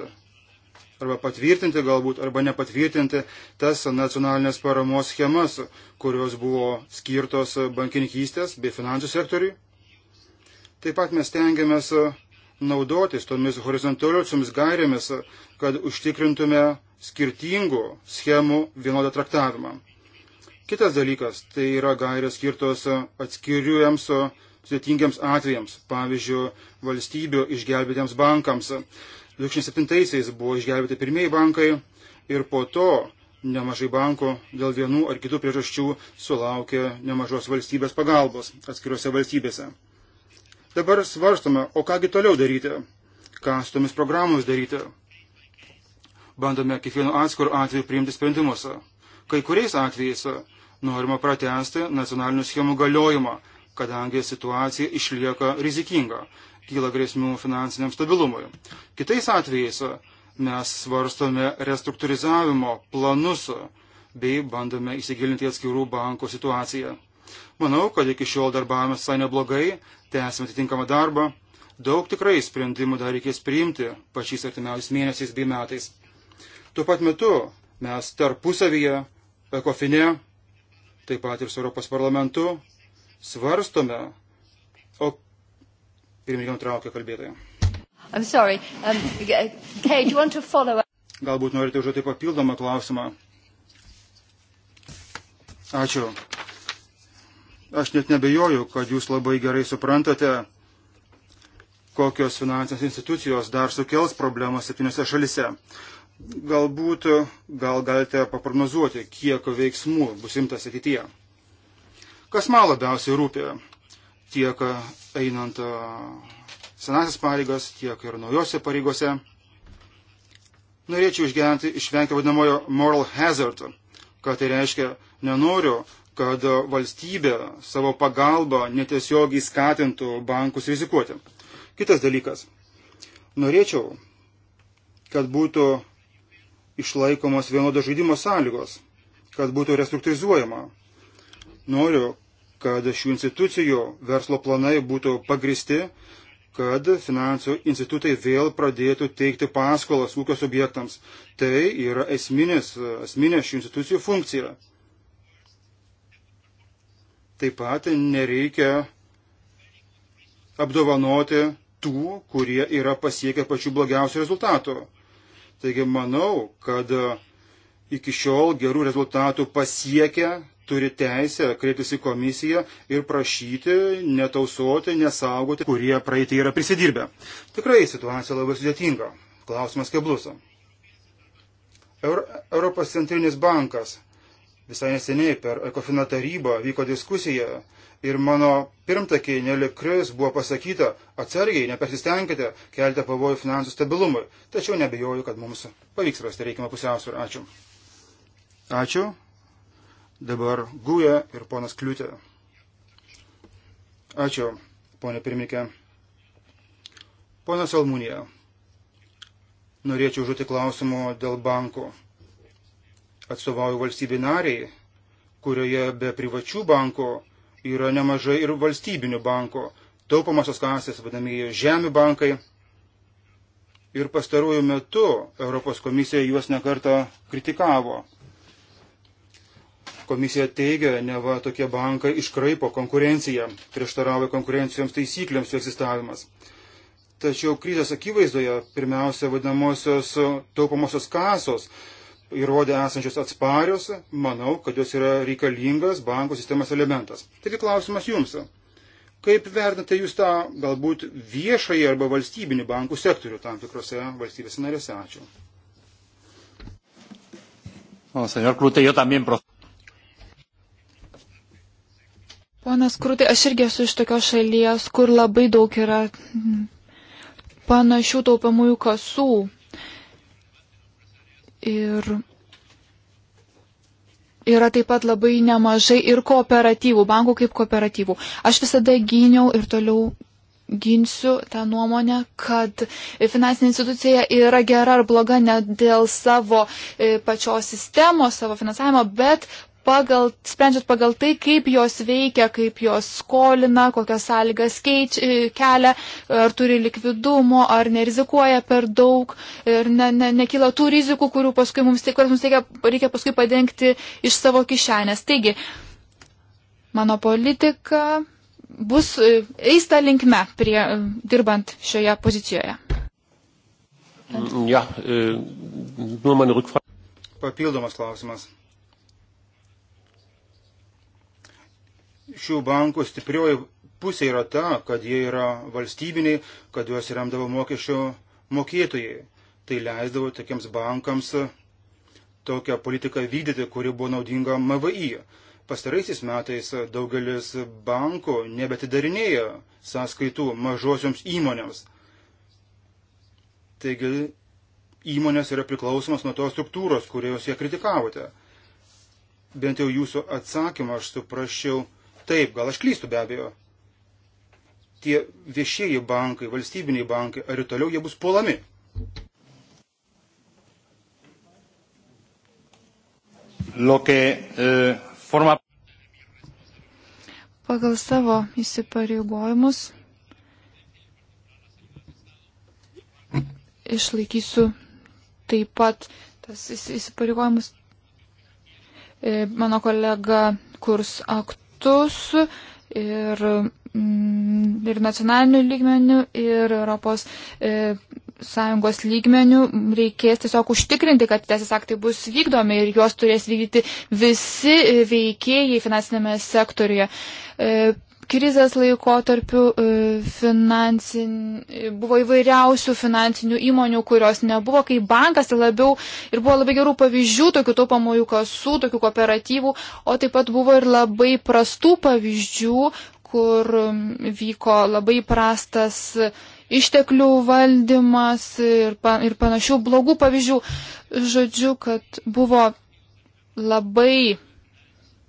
arba patvirtinti galbūt, arba nepatvirtinti tas nacionalinės paramos schemas, kurios buvo skirtos bankininkystės bei finansų sektoriui Taip pat mes tengiamės e, naudotis tomis horizontaliosiomis gairėmis, e, kad užtikrintume skirtingų schemų vienodą traktavimą. Kitas dalykas - tai yra gairės skirtos e, atskiriuojams sudėtingiams atvejams, pavyzdžiui, valstybių išgelbėtiems bankams. 2007-aisiais buvo išgelbėti pirmieji bankai ir po to nemažai bankų dėl vienų ar kitų priežasčių sulaukė nemažos valstybės pagalbos atskiriuose valstybėse. Dabar svarstome, o kągi toliau daryti, ką su tomis programomis daryti. Bandome kiekvienu atskiru atveju priimti sprendimus. Kai kuriais atvejais norima pratesti nacionalinių schemų galiojimą, kadangi situacija išlieka rizikinga, kyla grėsmių finansiniam stabilumui. Kitais atvejais mes svarstome restruktūrizavimo planus bei bandome įsigilinti atskirų bankų situaciją. Manau, kad iki šiol darbavome visai neblogai, tęsime atitinkamą darbą. Daug tikrai sprendimų dar reikės priimti pačiais artimiausiais mėnesiais bei metais. Tuo pat metu mes tarpusavyje, ekofine, taip pat ir su Europos parlamentu svarstome, o pirmininkam traukia kalbėtoją. Um, okay, Galbūt norite užduoti papildomą klausimą. Ačiū. Aš net nebejoju, kad jūs labai gerai suprantate, kokios finansinės institucijos dar sukels problemas septyniose šalise. Galbūt gal galite paprognozuoti, kiek veiksmų bus imtas ateityje. Kas man labiausiai rūpi, tiek einant e, senasis pareigas, tiek ir naujose pareigose, norėčiau išgyventi, išvengti vadinamojo moral hazard, ką tai reiškia, nenoriu kad valstybė savo pagalbą netiesiogiai skatintų bankus rizikuoti. Kitas dalykas. Norėčiau, kad būtų išlaikomos vienodos žaidimo sąlygos, kad būtų restruktūrizuojama. Noriu, kad šių institucijų verslo planai būtų pagristi, kad finansų institutai vėl pradėtų teikti paskolas ūkio subjektams. Tai yra esminės, esminė šių institucijų funkcija. Taip pat nereikia apdovanoti tų, kurie yra pasiekę pačių blogiausių rezultatų. Taigi manau, kad iki šiol gerų rezultatų pasiekę turi teisę kreiptis į komisiją ir prašyti netausoti, nesaugoti, kurie praeitį yra prisidirbę. Tikrai situacija labai sudėtinga. Klausimas keblusa. Euro, Europos centrinis bankas Visai neseniai per Ekofino tarybą vyko diskusija ir mano pirmtakiai nelikris buvo pasakyta atsargiai, nepersistengkite, kelti pavojų finansų stabilumui. Tačiau nebejoju, kad mums pavyks rasti reikimą pusiausvyrą. Ačiū. Ačiū. Dabar Guja ir ponas Kliūtė. Ačiū, ponė pirmininkė. Ponas Almūnija. Norėčiau žuoti klausimų dėl bankų atstovauju valstybė nariai, kurioje be privačių bankų yra nemažai ir valstybinių bankų, taupomasios kasės, vadinamieji žemių bankai. Ir pastarųjų metų Europos komisija juos nekarta kritikavo. Komisija teigia, neva tokie bankai iškraipo konkurenciją, prieštarauja konkurencijoms taisyklėms jų egzistavimas. Tačiau krizės akivaizdoje pirmiausia vadinamosios taupomosios kasos įrodė esančios atsparios, manau, kad jos yra reikalingas bankų sistemos elementas. Taigi klausimas jums. Kaip vertinate jūs tą galbūt viešąjį arba valstybinį bankų sektorių tam tikrose valstybėse narėse? Ačiū. O, senor Krūtė, jo tamien pro. Ponas Krūtė, aš irgi esu iš tokios šalies, kur labai daug yra mm, panašių taupamųjų kasų Ir yra taip pat labai nemažai ir kooperatyvų, bankų kaip kooperatyvų. Aš visada gyniau ir toliau ginsiu tą nuomonę, kad finansinė institucija yra gera ar bloga ne dėl savo e, pačios sistemos, savo finansavimo, bet pagal, sprendžiant pagal tai, kaip jos veikia, kaip jos skolina, kokias sąlygas keič, e, kelia, ar turi likvidumo, ar nerizikuoja per daug, ir ne, ne, nekyla tų rizikų, kurių paskui mums, kurias mums reikia, reikia paskui padengti iš savo kišenės. Taigi, mano politika bus e, eista linkme prie, e, dirbant šioje pozicijoje. Mm, ja, nur meine Rückfrage. Papildomas klausimas. šių bankų stiprioji pusė yra ta, kad jie yra valstybiniai, kad juos remdavo mokesčio mokėtojai. Tai leisdavo tokiems bankams tokią politiką vykdyti, kuri buvo naudinga MVI. Pastaraisiais metais daugelis bankų nebetidarinėja sąskaitų mažosioms įmonėms. Taigi įmonės yra priklausomas nuo tos struktūros, kurios jie kritikavote. Bent jau jūsų atsakymą aš suprasčiau taip, gal aš klystu be abejo. Tie viešieji bankai, valstybiniai bankai, ar ir toliau jie bus puolami? Lo que, eh, forma... Pagal savo įsipareigojimus išlaikysiu taip pat tas įsipareigojimus. E, mano kolega kurs aktų metus ir, mm, ir nacionalinių lygmenių, ir Europos e, Sąjungos lygmenių reikės tiesiog užtikrinti, kad teisės aktai bus vykdomi ir juos turės vykdyti visi veikėjai finansinėme sektoriuje. E, krizės laikotarpiu e, finansin, buvo įvairiausių finansinių įmonių, kurios nebuvo kaip bankas ir tai labiau ir buvo labai gerų pavyzdžių tokių taupamųjų kasų, tokių kooperatyvų, o taip pat buvo ir labai prastų pavyzdžių, kur vyko labai prastas išteklių valdymas ir, pan, ir panašių blogų pavyzdžių. Žodžiu, kad buvo labai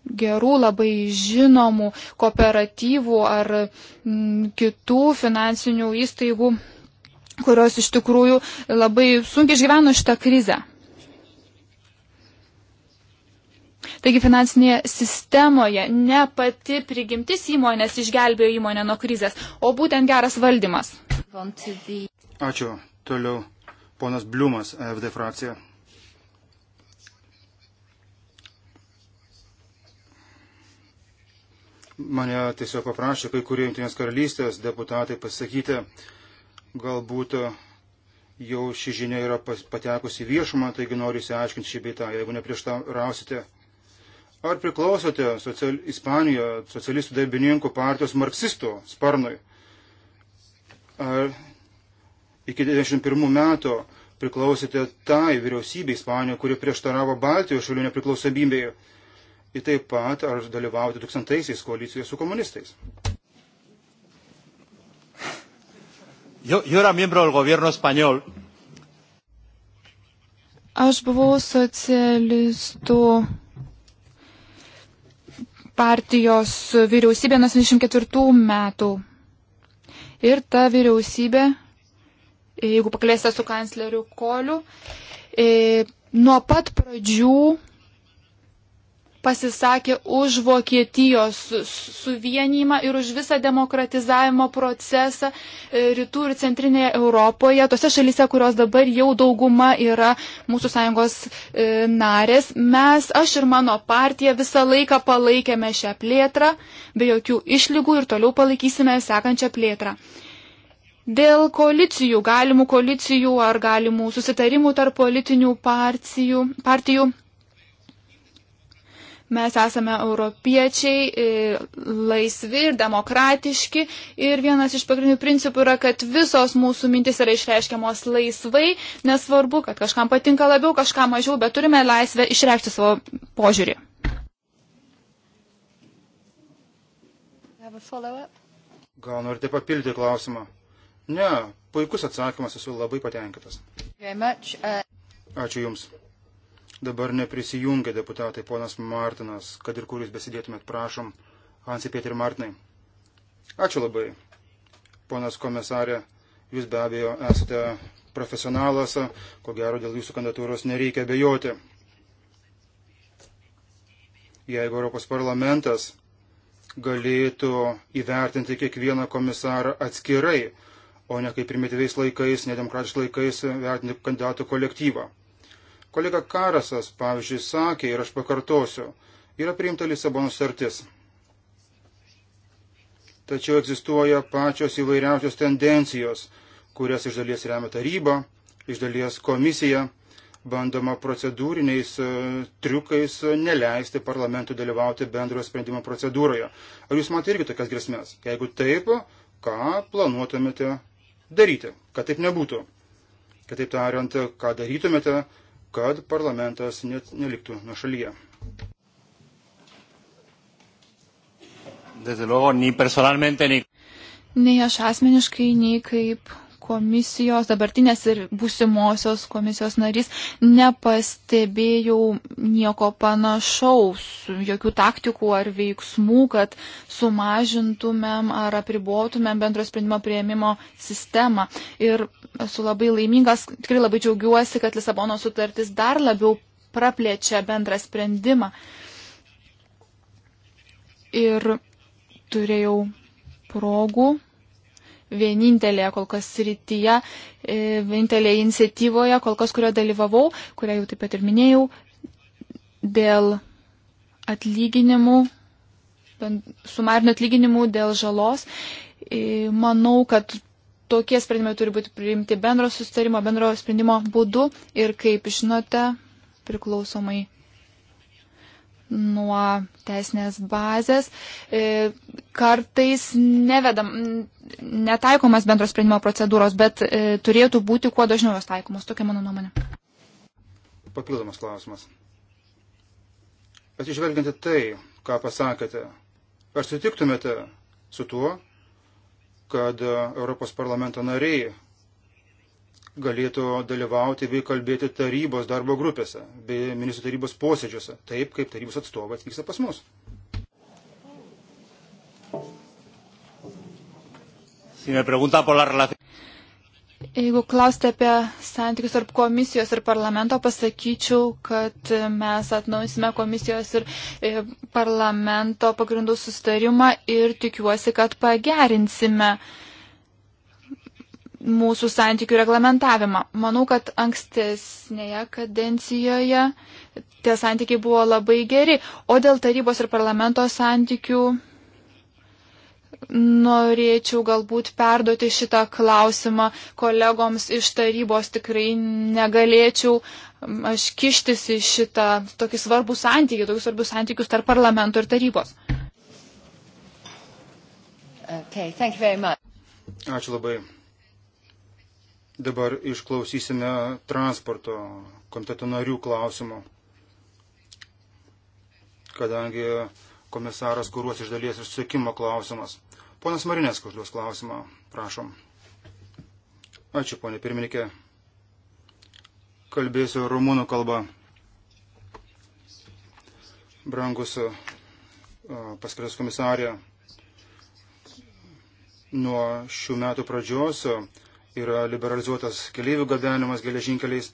gerų, labai žinomų kooperatyvų ar mm, kitų finansinių įstaigų, kurios iš tikrųjų labai sunkiai išgyveno šitą krizę. Taigi finansinėje sistemoje ne pati prigimtis įmonės išgelbėjo įmonę nuo krizės, o būtent geras valdymas. Ačiū. Toliau ponas Bliumas, FD frakcija. Mane tiesiog paprašė kai kurie Junktinės karalystės deputatai pasakyti, galbūt e, jau ši žinia yra patekusi viešumą, taigi noriu įsiaiškinti šį beitą, jeigu neprieštarausite. Ar priklausote social, Ispanijoje socialistų darbininkų partijos marksistų sparnui? Ar iki 91 metų priklausėte tai vyriausybei Ispanijoje, kuri prieštaravo Baltijos šalių nepriklausomybėje? ir taip pat ar dalyvauti tūkstantaisiais koalicijoje su komunistais. Yo, yo era miembro del gobierno español. Aš buvau socialistų partijos vyriausybė nuo 74 metų. Ir ta vyriausybė, jeigu paklėsite su kancleriu Koliu, e, nuo pat pradžių pasisakė už Vokietijos suvienimą ir už visą demokratizavimo procesą e, rytų ir centrinėje Europoje, tose šalyse, kurios dabar jau dauguma yra mūsų sąjungos e, narės. Mes, aš ir mano partija visą laiką palaikėme šią plėtrą, be jokių išlygų ir toliau palaikysime sekančią plėtrą. Dėl koalicijų, galimų koalicijų ar galimų susitarimų tarp politinių partijų, partijų Mes esame europiečiai, e, laisvi ir demokratiški ir vienas iš pagrindinių principų yra, kad visos mūsų mintis yra išreiškiamos laisvai, nesvarbu, kad kažkam patinka labiau, kažkam mažiau, bet turime laisvę išreikšti savo požiūrį. Gal norite papildyti klausimą? Ne, puikus atsakymas, esu labai patenkintas. Uh, Ačiū Jums. Dabar neprisijungia deputatai ponas Martinas, kad ir kur jūs besidėtumėt, prašom, Hansi Pieter Martinai. Ačiū labai. Ponas komisarė, jūs be abejo esate profesionalas, ko gero dėl jūsų kandidatūros nereikia bejoti. Jeigu Europos parlamentas galėtų įvertinti kiekvieną komisarą atskirai, o ne kaip primityviais laikais, nedemokratiškais laikais vertinti kandidatų kolektyvą. Kolega Karasas, pavyzdžiui, sakė, ir aš pakartosiu, yra priimta Lisabonos sartis. Tačiau egzistuoja pačios įvairiausios tendencijos, kurias iš dalies remia taryba, iš dalies komisija, bandoma procedūriniais e, triukais neleisti parlamentui dalyvauti bendrojo sprendimo procedūroje. Ar jūs matote irgi tokias grėsmės? Jeigu taip, ką planuotumėte daryti, kad taip nebūtų? Kitaip tariant, ką darytumėte, kad parlamentas net neliktų nuo šalyje. Desde luego, ni personalmente, ni... Nei aš asmeniškai, nei kaip komisijos, dabartinės ir būsimosios komisijos narys, nepastebėjau nieko panašaus, jokių taktikų ar veiksmų, kad sumažintumėm ar apribotumėm bendro sprendimo prieimimo sistemą. Ir esu labai laimingas, tikrai labai džiaugiuosi, kad Lisabono sutartis dar labiau praplečia bendrą sprendimą. Ir turėjau progų vienintelėje kol kas srityje, e, vienintelėje iniciatyvoje, kol kas kurioje dalyvavau, kurią jau taip pat ir minėjau, dėl atlyginimų, sumarinų atlyginimų dėl žalos. E, manau, kad tokie sprendimai turi būti priimti bendro sustarimo, bendro sprendimo būdu ir kaip žinote, priklausomai nuo teisinės bazės, e, kartais nevedam, netaikomas bendros sprendimo procedūros, bet e, turėtų būti kuo dažniau jos taikomos. Tokia mano nuomonė. Papildomas klausimas. Atsižvelgiant į tai, ką pasakėte, ar sutiktumėte su tuo, kad Europos parlamento nariai galėtų dalyvauti bei kalbėti tarybos darbo grupėse bei ministrų tarybos posėdžiuose, taip kaip tarybos atstovai atvyksta pas mus. Jeigu klausite apie santykius tarp komisijos ir parlamento, pasakyčiau, kad mes atnaujisime komisijos ir e, parlamento pagrindų sustarimą ir tikiuosi, kad pagerinsime uh, mūsų santykių reglamentavimą. Manau, kad ankstesnėje kadencijoje tie santykiai buvo labai geri, o dėl tarybos ir parlamento santykių norėčiau galbūt perduoti šitą klausimą kolegoms iš tarybos, tikrai negalėčiau aš kištis į šitą tokį svarbų santykį, tokius svarbius santykius tarp parlamento ir tarybos. Okay, Ačiū labai. Dabar išklausysime transporto komiteto narių klausimų, kadangi komisaras kuruos iš dalies ir susiekimo klausimas. Ponas Marinės užduos klausimą, prašom. Ačiū, ponė pirmininkė. Kalbėsiu rumūnų kalba. Brangus paskirtas komisarė, nuo šių metų pradžios yra liberalizuotas keliaivių gabenimas geležinkeliais,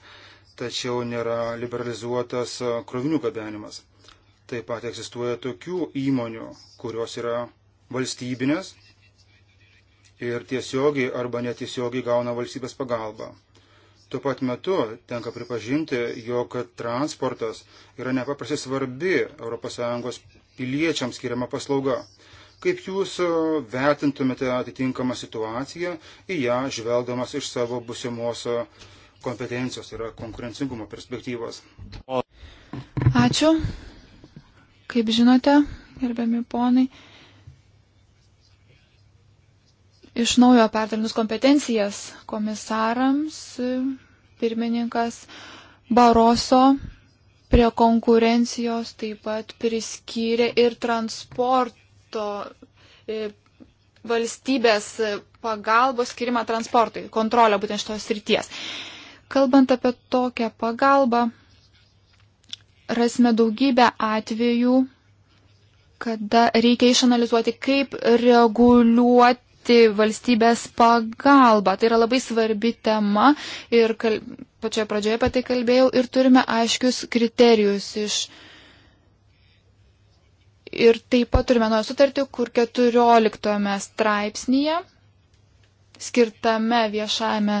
tačiau nėra liberalizuotas e, krovinių gabenimas. Taip pat egzistuoja tokių įmonių, kurios yra valstybinės ir tiesiogiai arba netiesiogiai gauna valstybės pagalbą. Tuo pat metu tenka pripažinti, jog transportas yra nepaprastai svarbi ES piliečiams skiriama paslauga. Kaip jūs e, vertintumėte atitinkamą situaciją į ją žvelgdamas iš savo busimos e, kompetencijos, tai yra konkurencingumo perspektyvos? Ačiū. Kaip žinote, gerbiami ponai, iš naujo perdalinus kompetencijas komisarams pirmininkas Baroso prie konkurencijos taip pat priskyrė ir transportą masto e, valstybės pagalbos skirimą transportui, kontrolę būtent šitos srities. Kalbant apie tokią pagalbą, rasime daugybę atvejų, kada reikia išanalizuoti, kaip reguliuoti valstybės pagalbą. Tai yra labai svarbi tema ir kal... pačioje pradžioje apie tai kalbėjau ir turime aiškius kriterijus iš Ir taip pat turime naują sutartį, kur 14 straipsnėje skirtame viešajame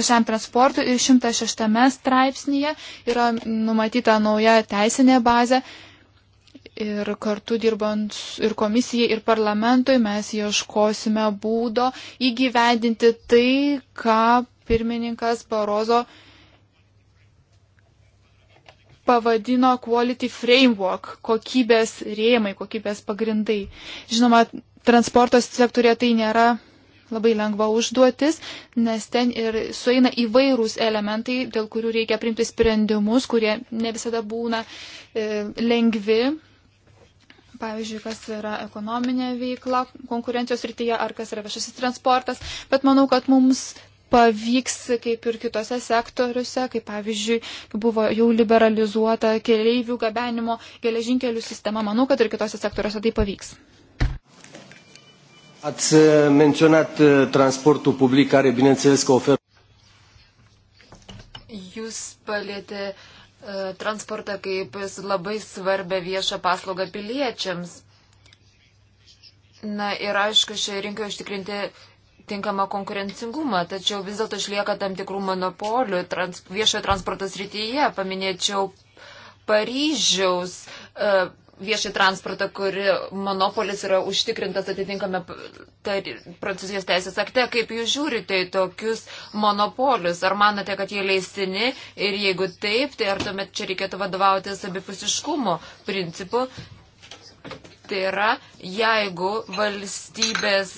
visam transportui ir 106 straipsnėje yra numatyta nauja teisinė bazė ir kartu dirbant ir komisijai, ir parlamentui mes ieškosime būdo įgyvendinti tai, ką pirmininkas Barozo pavadino Quality Framework, kokybės rėmai, kokybės pagrindai. Žinoma, transporto sektorė tai nėra labai lengva užduotis, nes ten ir sueina įvairūs elementai, dėl kurių reikia priimti sprendimus, kurie ne visada būna e, lengvi. Pavyzdžiui, kas yra ekonominė veikla konkurencijos rytyje ar kas yra viešasis transportas, bet manau, kad mums pavyks, kaip ir kitose sektoriuose, kaip pavyzdžiui, buvo jau liberalizuota keleivių gabenimo geležinkelių sistema. Manau, kad ir kitose sektoriuose tai pavyks. Ați e, menționat e, transportul public care, bineînțeles, că oferă. Jūs palėtė e, transportą kaip labai svarbę viešą paslaugą piliečiams. Na ir aišku, šioje rinkoje užtikrinti tinkamą konkurencingumą, tačiau vis dėlto išlieka tam tikrų monopolių trans, viešojo transporto srityje. Paminėčiau Paryžiaus e, viešojo transporto, kuri monopolis yra užtikrintas atitinkame tar, prancūzijos teisės akte. Kaip jūs žiūrite į tokius monopolius? Ar manote, kad jie leistini? Ir jeigu taip, tai ar tuomet čia reikėtų vadovautis abipusiškumo principu? Tai yra, jeigu valstybės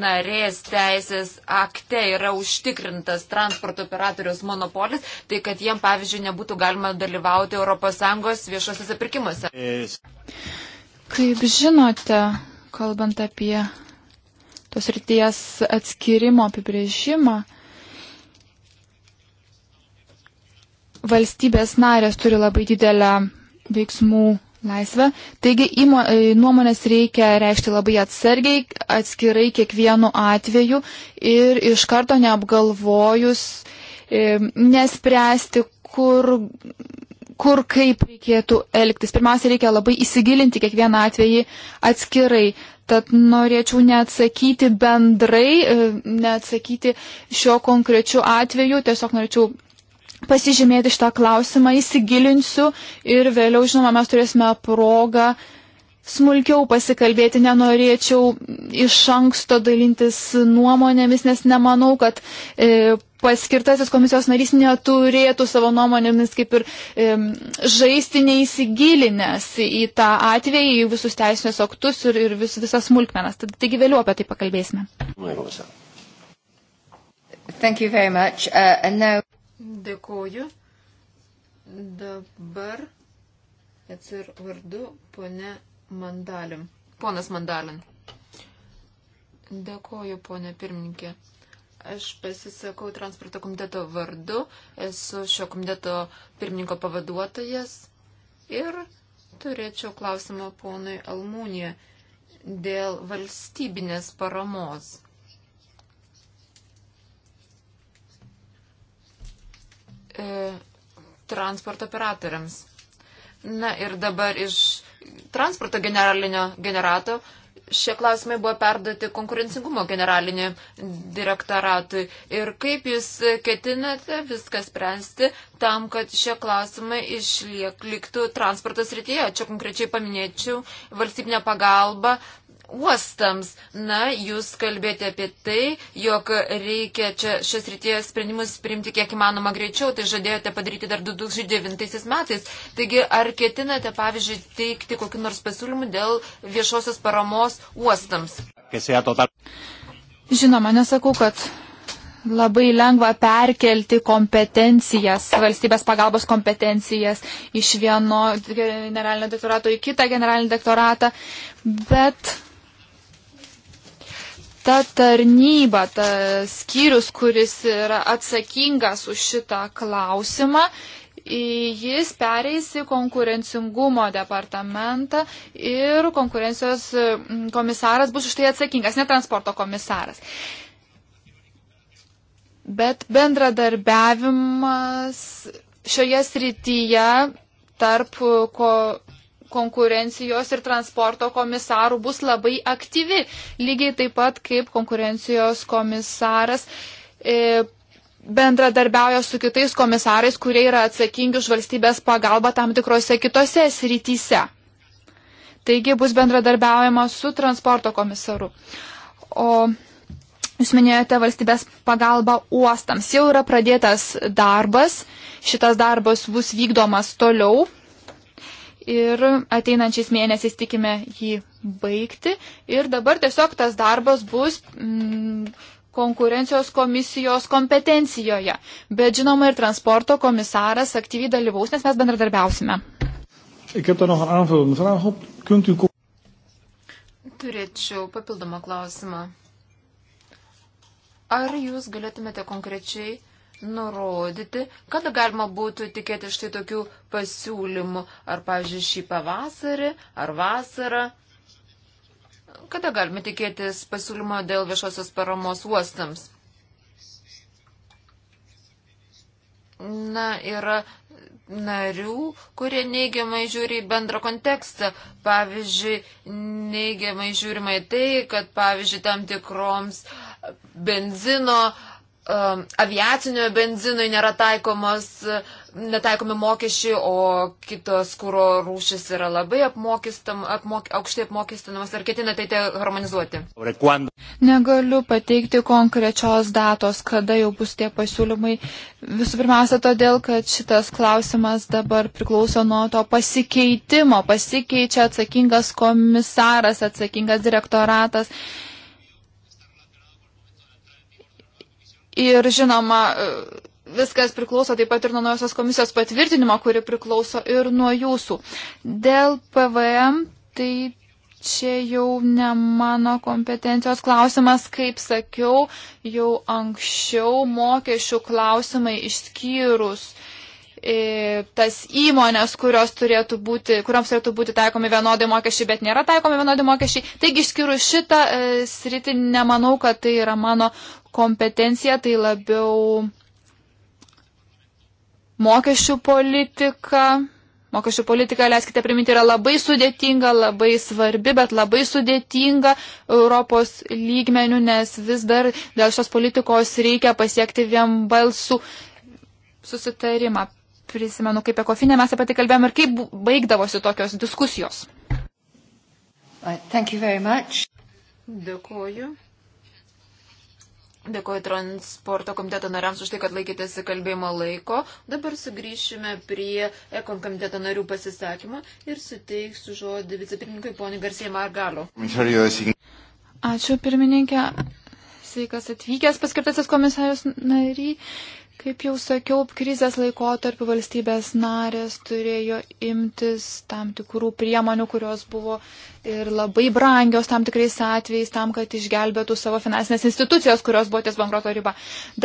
narės teisės akte yra užtikrintas transporto operatorius monopolis, tai kad jiem, pavyzdžiui, nebūtų galima dalyvauti ES viešosiuose pirkimuose. Kaip žinote, kalbant apie tos ryties atskirimo apibrėžimą, valstybės narės turi labai didelę veiksmų laisvę. Taigi įmo, e, nuomonės reikia reikšti labai atsargiai, atskirai kiekvienu atveju ir iš karto neapgalvojus e, nespręsti, kur, kur kaip reikėtų elgtis. Pirmiausia, reikia labai įsigilinti kiekvieną atvejį atskirai. Tad norėčiau neatsakyti bendrai, e, neatsakyti šio konkrečiu atveju, tiesiog norėčiau pasižymėti šitą klausimą, įsigilinsiu ir vėliau, žinoma, mes turėsime progą smulkiau pasikalbėti, nenorėčiau iš anksto dalintis nuomonėmis, nes nemanau, kad e, paskirtasis komisijos narys neturėtų savo nuomonėmis kaip ir e, žaisti neįsigilinęs į tą atvejį, į visus teisinius aktus ir, ir vis, visas smulkmenas. Tad, taigi vėliau apie tai pakalbėsime. Thank you very much. Uh, and now... Dėkoju. Dabar atsir vardu pone Mandalim. Ponas Mandalin. Dėkoju, ponė pirmininkė. Aš pasisakau transporto komiteto vardu, esu šio komiteto pirmininko pavaduotojas ir turėčiau klausimą ponui Almūnė dėl valstybinės paramos. e, transporto operatoriams. Na ir dabar iš transporto generalinio generato šie klausimai buvo perduoti konkurencingumo generaliniam direktoratui. Ir kaip jūs ketinate viską spręsti tam, kad šie klausimai išliktų transporto srityje? Čia konkrečiai paminėčiau valstybinę pagalbą uostams. Na, jūs kalbėjote apie tai, jog reikia čia šios ryties sprendimus priimti kiek įmanoma greičiau, tai žadėjote padaryti dar 2009 metais. Taigi, ar ketinate, pavyzdžiui, teikti kokiu nors pasiūlymu dėl viešosios paramos uostams? Žinoma, nesakau, kad labai lengva perkelti kompetencijas, valstybės pagalbos kompetencijas iš vieno generalinio dektorato į kitą generalinį dektoratą, bet ta tarnyba, ta skyrius, kuris yra atsakingas už šitą klausimą, jis pereis į konkurencingumo departamentą ir konkurencijos mm, komisaras bus už tai atsakingas, ne transporto komisaras. Bet bendradarbiavimas šioje srityje tarp ko konkurencijos ir transporto komisarų bus labai aktyvi, lygiai taip pat kaip konkurencijos komisaras e, bendradarbiauja su kitais komisarais, kurie yra atsakingi už valstybės pagalbą tam tikrose kitose srityse. Taigi bus bendradarbiaujama su transporto komisaru. O Jūs minėjote valstybės pagalbą uostams. Jau yra pradėtas darbas, šitas darbas bus vykdomas toliau ir ateinančiais mėnesiais tikime jį baigti. Ir dabar tiesiog tas darbas bus mm, konkurencijos komisijos kompetencijoje. Bet žinoma ir transporto komisaras aktyviai dalyvaus, nes mes bendradarbiausime. Turėčiau papildomą klausimą. Ar jūs galėtumėte konkrečiai nurodyti, kada galima būtų tikėti štai tokių pasiūlymų, ar, pavyzdžiui, šį pavasarį, ar vasarą. Kada galime tikėtis pasiūlymo dėl viešosios paramos uostams? Na, yra narių, kurie neigiamai žiūri į bendrą kontekstą. Pavyzdžiui, neigiamai žiūrima į tai, kad, pavyzdžiui, tam tikroms benzino uh, um, aviacinio benzinui nėra taikomas, netaikomi mokesčiai, o kitos kūro rūšis yra labai apmokestam, apmok, aukštai apmokestinamas. Ar ketinate tai harmonizuoti? Negaliu pateikti konkrečios datos, kada jau bus tie pasiūlymai. Visų pirmiausia, todėl, kad šitas klausimas dabar priklauso nuo to pasikeitimo. Pasikeičia atsakingas komisaras, atsakingas direktoratas Ir žinoma, viskas priklauso taip pat ir nuo naujosios komisijos patvirtinimo, kuri priklauso ir nuo jūsų. Dėl PVM, tai čia jau ne mano kompetencijos klausimas, kaip sakiau, jau anksčiau mokesčių klausimai išskyrus e, tas įmonės, turėtų būti, kuriams turėtų būti taikomi vienodai mokesčiai, bet nėra taikomi vienodai mokesčiai. Taigi išskyrus šitą e, sritį, nemanau, kad tai yra mano kompetencija, tai labiau mokesčių politika. Mokesčių politika, leiskite priminti, yra labai sudėtinga, labai svarbi, bet labai sudėtinga Europos lygmenių, nes vis dar dėl šios politikos reikia pasiekti vien balsų susitarimą. Prisimenu, kaip ekofinė mes apie tai kalbėjom ir kaip baigdavosi tokios diskusijos. Dėkuoju. Dėkuoju transporto komiteto nariams už tai, kad laikytėsi kalbėjimo laiko. Dabar sugrįšime prie ekon komiteto narių pasisakymą ir suteiksiu žodį vicepirmininkui poniai Garsiai Margalo. Ačiū pirmininkė. Sveikas atvykęs paskirtasis komisarius nary. Kaip jau sakiau, krizės laikotarpiu valstybės narės turėjo imtis tam tikrų priemonių, kurios buvo ir labai brangios tam tikrais atvejais, tam, kad išgelbėtų savo finansinės institucijos, kurios buvo ties bankroto riba.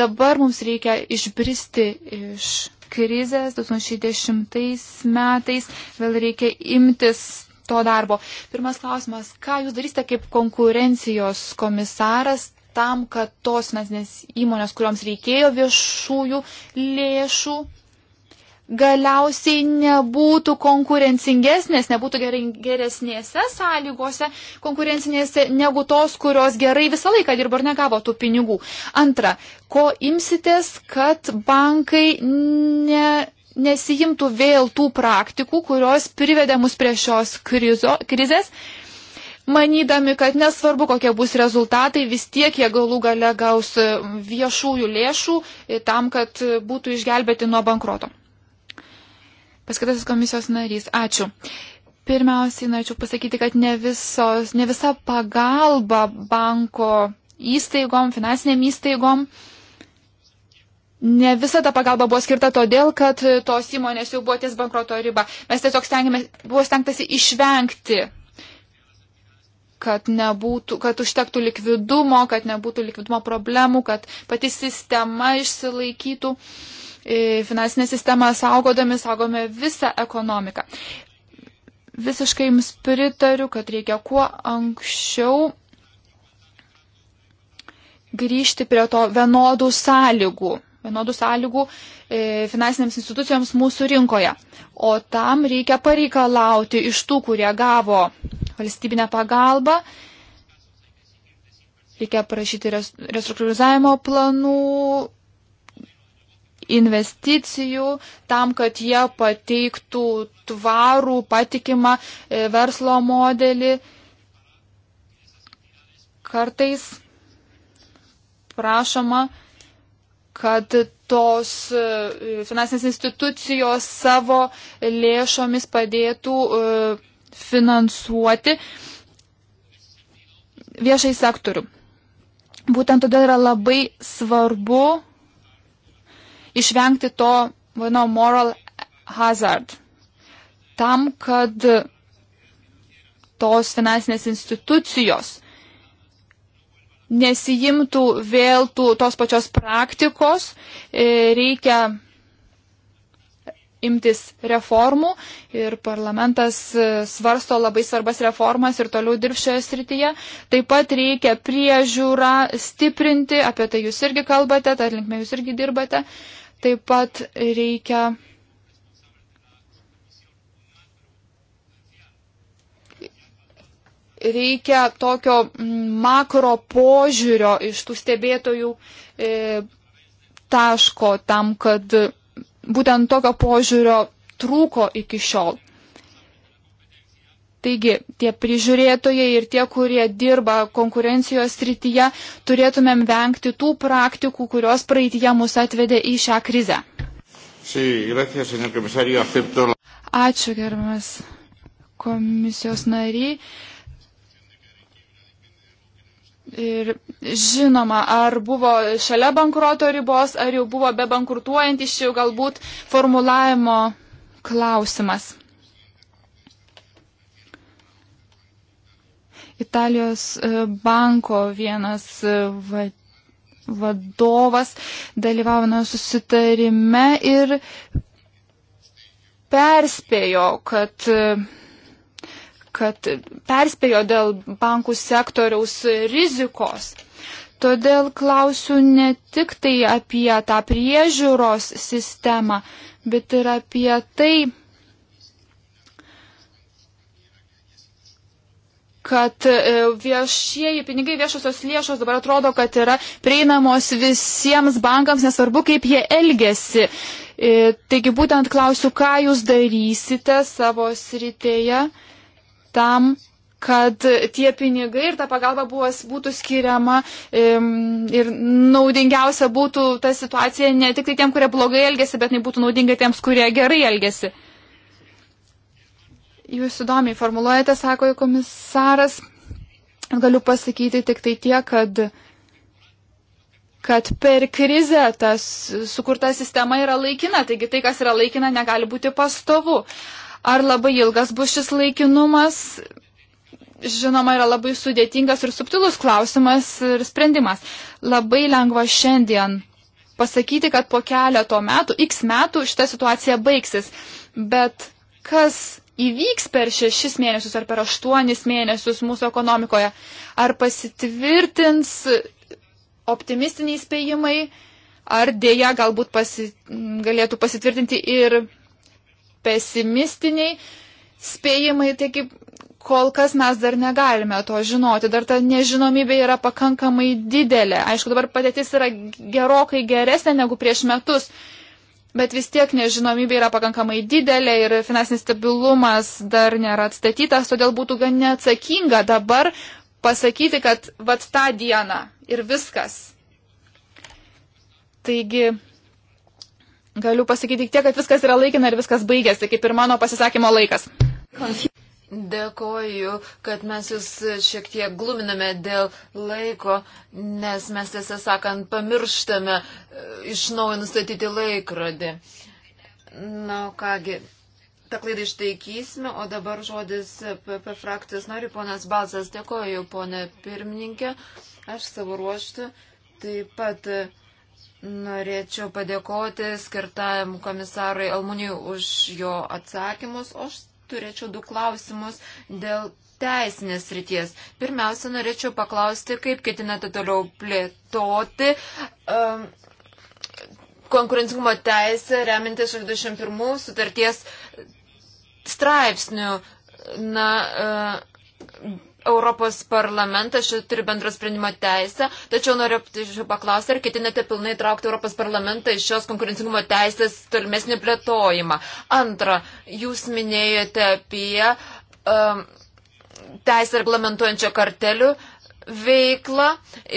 Dabar mums reikia išbristi iš krizės 2010 metais, vėl reikia imtis to darbo. Pirmas klausimas, ką jūs darysite kaip konkurencijos komisaras tam, kad tos finansinės įmonės, kuriuoms reikėjo viešųjų lėšų, galiausiai nebūtų konkurencingesnės, nebūtų geresnėse sąlygose konkurencinėse negu tos, kurios gerai visą laiką dirbo ir negavo tų pinigų. Antra, ko imsitės, kad bankai ne, nesijimtų vėl tų praktikų, kurios privedė mus prie šios krizo, krizės manydami, kad nesvarbu, kokie bus rezultatai, vis tiek jie galų gale gaus e, viešųjų lėšų e, tam, kad e, būtų išgelbėti nuo bankroto. Paskatasis komisijos narys. Ačiū. Pirmiausiai norėčiau pasakyti, kad ne, visos, ne visa pagalba banko įstaigom, finansiniam įstaigom ne visa ta pagalba buvo skirta todėl, kad tos įmonės jau buvo ties bankroto riba. Mes tiesiog stengiamės, buvo stengtasi išvengti kad, nebūtų, kad užtektų likvidumo, kad nebūtų likvidumo problemų, kad pati sistema išsilaikytų. E, finansinė sistema saugodami saugome visą ekonomiką. Visiškai jums pritariu, kad reikia kuo anksčiau grįžti prie to vienodų sąlygų, vienodų sąlygų e, finansinėms institucijoms mūsų rinkoje. O tam reikia pareikalauti iš tų, kurie gavo valstybinę pagalbą, reikia parašyti restruktūrizavimo planų, investicijų tam, kad jie pateiktų tvarų, patikimą e, verslo modelį. Kartais prašoma, kad tos e, finansinės institucijos savo lėšomis padėtų uh, finansuoti viešai sektorių. Būtent todėl yra labai svarbu išvengti to, vadinamo, moral hazard. Tam, kad tos finansinės institucijos nesijimtų vėl tų, tos pačios praktikos, e, reikia imtis reformų ir parlamentas e, svarsto labai svarbas reformas ir toliau dirb šioje srityje. Taip pat reikia priežiūrą stiprinti, apie tai jūs irgi kalbate, tą linkme jūs irgi dirbate. Taip pat reikia. reikia tokio mm, makro požiūrio iš tų stebėtojų e, taško tam, kad būtent tokio požiūrio trūko iki šiol. Taigi, tie prižiūrėtojai ir tie, kurie dirba konkurencijos srityje, turėtumėm vengti tų praktikų, kurios praeitie mus atvedė į šią krizę. Sí, gracias, Acepto... Ačiū, gerbiamas komisijos nariai. Ir žinoma, ar buvo šalia bankruoto ribos, ar jau buvo be bankrutuojant iš jų galbūt formulavimo klausimas. Italijos e, banko vienas e, vadovas dalyvavo nuo susitarime ir perspėjo, kad e, kad perspėjo dėl bankų sektoriaus rizikos. Todėl klausiu ne tik tai apie tą priežiūros sistemą, bet ir apie tai, kad e, viešieji pinigai, viešosios lėšos dabar atrodo, kad yra prieinamos visiems bankams, nesvarbu, kaip jie elgesi. E, taigi būtent klausiu, ką jūs darysite savo srityje tam, kad tie pinigai ir ta pagalba buvo, būtų skiriama ir naudingiausia būtų ta situacija ne tik tai tiem, kurie blogai elgesi, bet nebūtų naudinga tiems, kurie gerai elgesi. Jūs įdomiai formuluojate, sako komisaras. Galiu pasakyti tik tai tiek, kad, kad per krizę tas sukurta sistema yra laikina, taigi tai, kas yra laikina, negali būti pastovu. Uh, Ar labai ilgas bus šis laikinumas? Žinoma, yra labai sudėtingas ir subtilus klausimas ir sprendimas. Labai lengva šiandien pasakyti, kad po keleto metų, x metų šita situacija baigsis. Bet kas įvyks per šešis mėnesius ar per aštuonis mėnesius mūsų ekonomikoje? Ar pasitvirtins optimistiniai spėjimai, ar dėja galbūt pasi, galėtų pasitvirtinti ir pesimistiniai spėjimai, tai kaip kol kas mes dar negalime to žinoti, dar ta nežinomybė yra pakankamai didelė. Aišku, dabar padėtis yra gerokai geresnė negu prieš metus, bet vis tiek nežinomybė yra pakankamai didelė ir finansinis stabilumas dar nėra atstatytas, todėl būtų gan neatsakinga dabar pasakyti, kad vat tą dieną ir viskas. Taigi Galiu pasakyti tiek, kad viskas yra laikina ir viskas baigėsi, kaip ir mano pasisakymo laikas. Dėkoju, kad mes jūs šiek tiek gluminame dėl laiko, nes mes tiesą sakant pamirštame e, iš naujo nustatyti laikrodį. Na, kągi, tą klaidą ištaikysime, o dabar žodis PP frakcijos nori, ponas Balsas, dėkoju, ponė pirmininkė, aš savo ruoštų taip pat. Uh, Norėčiau padėkoti skirtam komisarui Almunijui už jo atsakymus, o aš turėčiau du klausimus dėl teisinės ryties. Pirmiausia, norėčiau paklausti, kaip ketinate toliau plėtoti um, konkurencingumo teisę remintis 61 sutarties straipsnių. Na, uh, Europos parlamentas čia turi bendrą sprendimo teisę, tačiau noriu paklausti, ar ketinate pilnai traukti Europos parlamentą iš šios konkurencingumo teisės tolimesnį plėtojimą. Antra, jūs minėjote apie um, teisę reglamentuojančią kartelių veiklą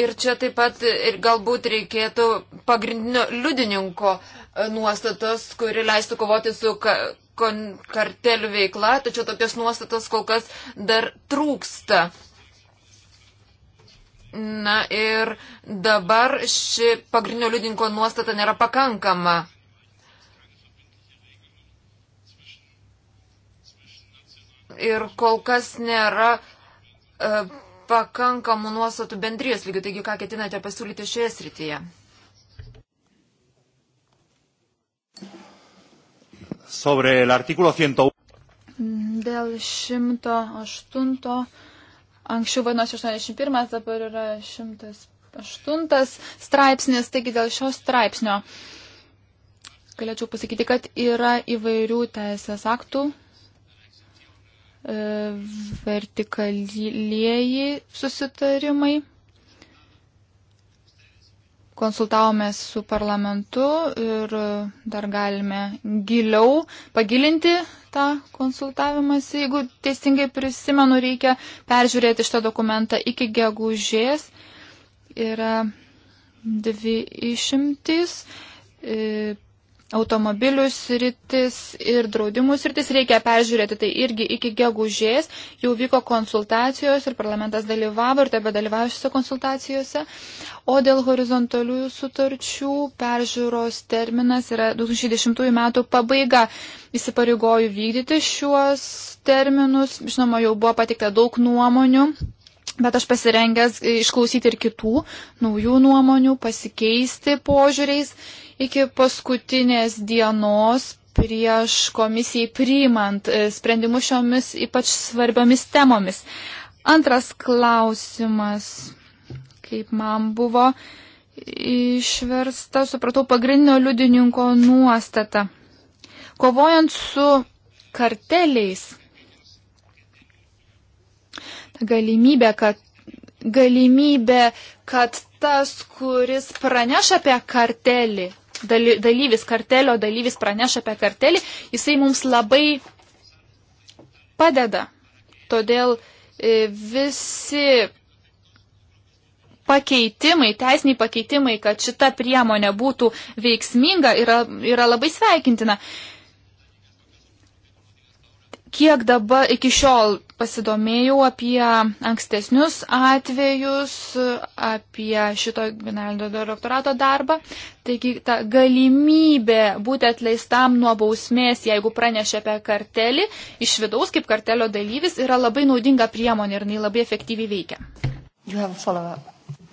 ir čia taip pat ir galbūt reikėtų pagrindinio liudininko uh, nuostatos, kuri leistų kovoti su kartelių veikla, tačiau tokios nuostatos kol kas dar trūksta. Na ir dabar ši pagrindinio liudinko nuostata nėra pakankama. Ir kol kas nėra e, pakankamų nuostatų bendrijos lygių, taigi ką ketinate pasiūlyti šioje srityje? sobre el artículo 101. Dėl 108, anksčiau vadinosi 81, dabar yra 108 straipsnis, taigi dėl šio straipsnio galėčiau pasakyti, kad yra įvairių teisės aktų e, vertikalieji susitarimai konsultavomės su parlamentu ir dar galime giliau pagilinti tą konsultavimąsi. Jeigu teisingai prisimenu, reikia peržiūrėti šitą dokumentą iki gegužės. Yra dvi išimtys e, automobilių sritis ir draudimų sritis reikia peržiūrėti. Tai irgi iki gegužės jau vyko konsultacijos ir parlamentas dalyvavo ir tebe dalyvavo šiose konsultacijose. O dėl horizontalių sutarčių peržiūros terminas yra 2010 metų pabaiga. Įsipareigoju vykdyti šiuos terminus. Žinoma, jau buvo patikta daug nuomonių Bet aš pasirengęs išklausyti ir kitų naujų nuomonių, pasikeisti požiūriais iki paskutinės dienos prieš komisijai priimant e, sprendimus šiomis ypač svarbiomis temomis. Antras klausimas, kaip man buvo išversta, supratau, pagrindinio liudininko nuostata. Kovojant su karteliais galimybė, kad, galimybė, kad tas, kuris praneša apie kartelį, dalyvis, kartelio dalyvis praneša apie kartelį, jisai mums labai padeda. Todėl e, visi pakeitimai, teisiniai pakeitimai, kad šita priemonė būtų veiksminga, yra, yra labai sveikintina kiek dabar iki šiol pasidomėjau apie ankstesnius atvejus, apie šito generalinio direktorato darbą. Taigi ta galimybė būti atleistam nuo bausmės, jeigu pranešia apie kartelį, iš vidaus kaip kartelio dalyvis yra labai naudinga priemonė ir jinai labai efektyviai veikia.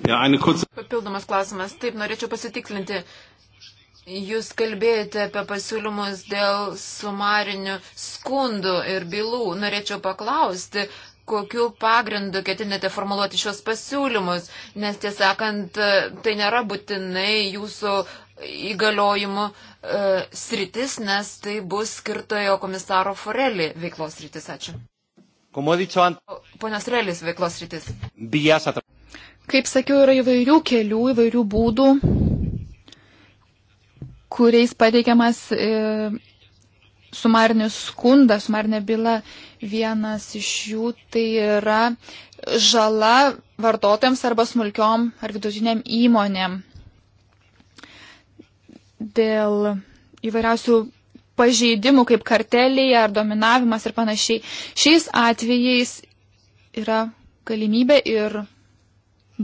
Papildomas klausimas. Taip, norėčiau pasitikslinti. Jūs kalbėjote apie pasiūlymus dėl sumarinių skundų ir bylų. Norėčiau paklausti, kokiu pagrindu ketinate formuluoti šios pasiūlymus, nes tiesąkant, tai nėra būtinai jūsų įgaliojimų e, sritis, nes tai bus skirtojo komisaro Forelį veiklos sritis. Ačiū. Ponios Relis veiklos sritis. Kaip sakiau, yra įvairių kelių, įvairių būdų kuriais pateikiamas e, sumarinė skunda, sumarinė byla. Vienas iš jų tai yra žala vartotojams arba smulkiom ar vidutiniam įmonėm dėl įvairiausių pažeidimų kaip karteliai ar dominavimas ir panašiai. Šiais atvejais yra galimybė ir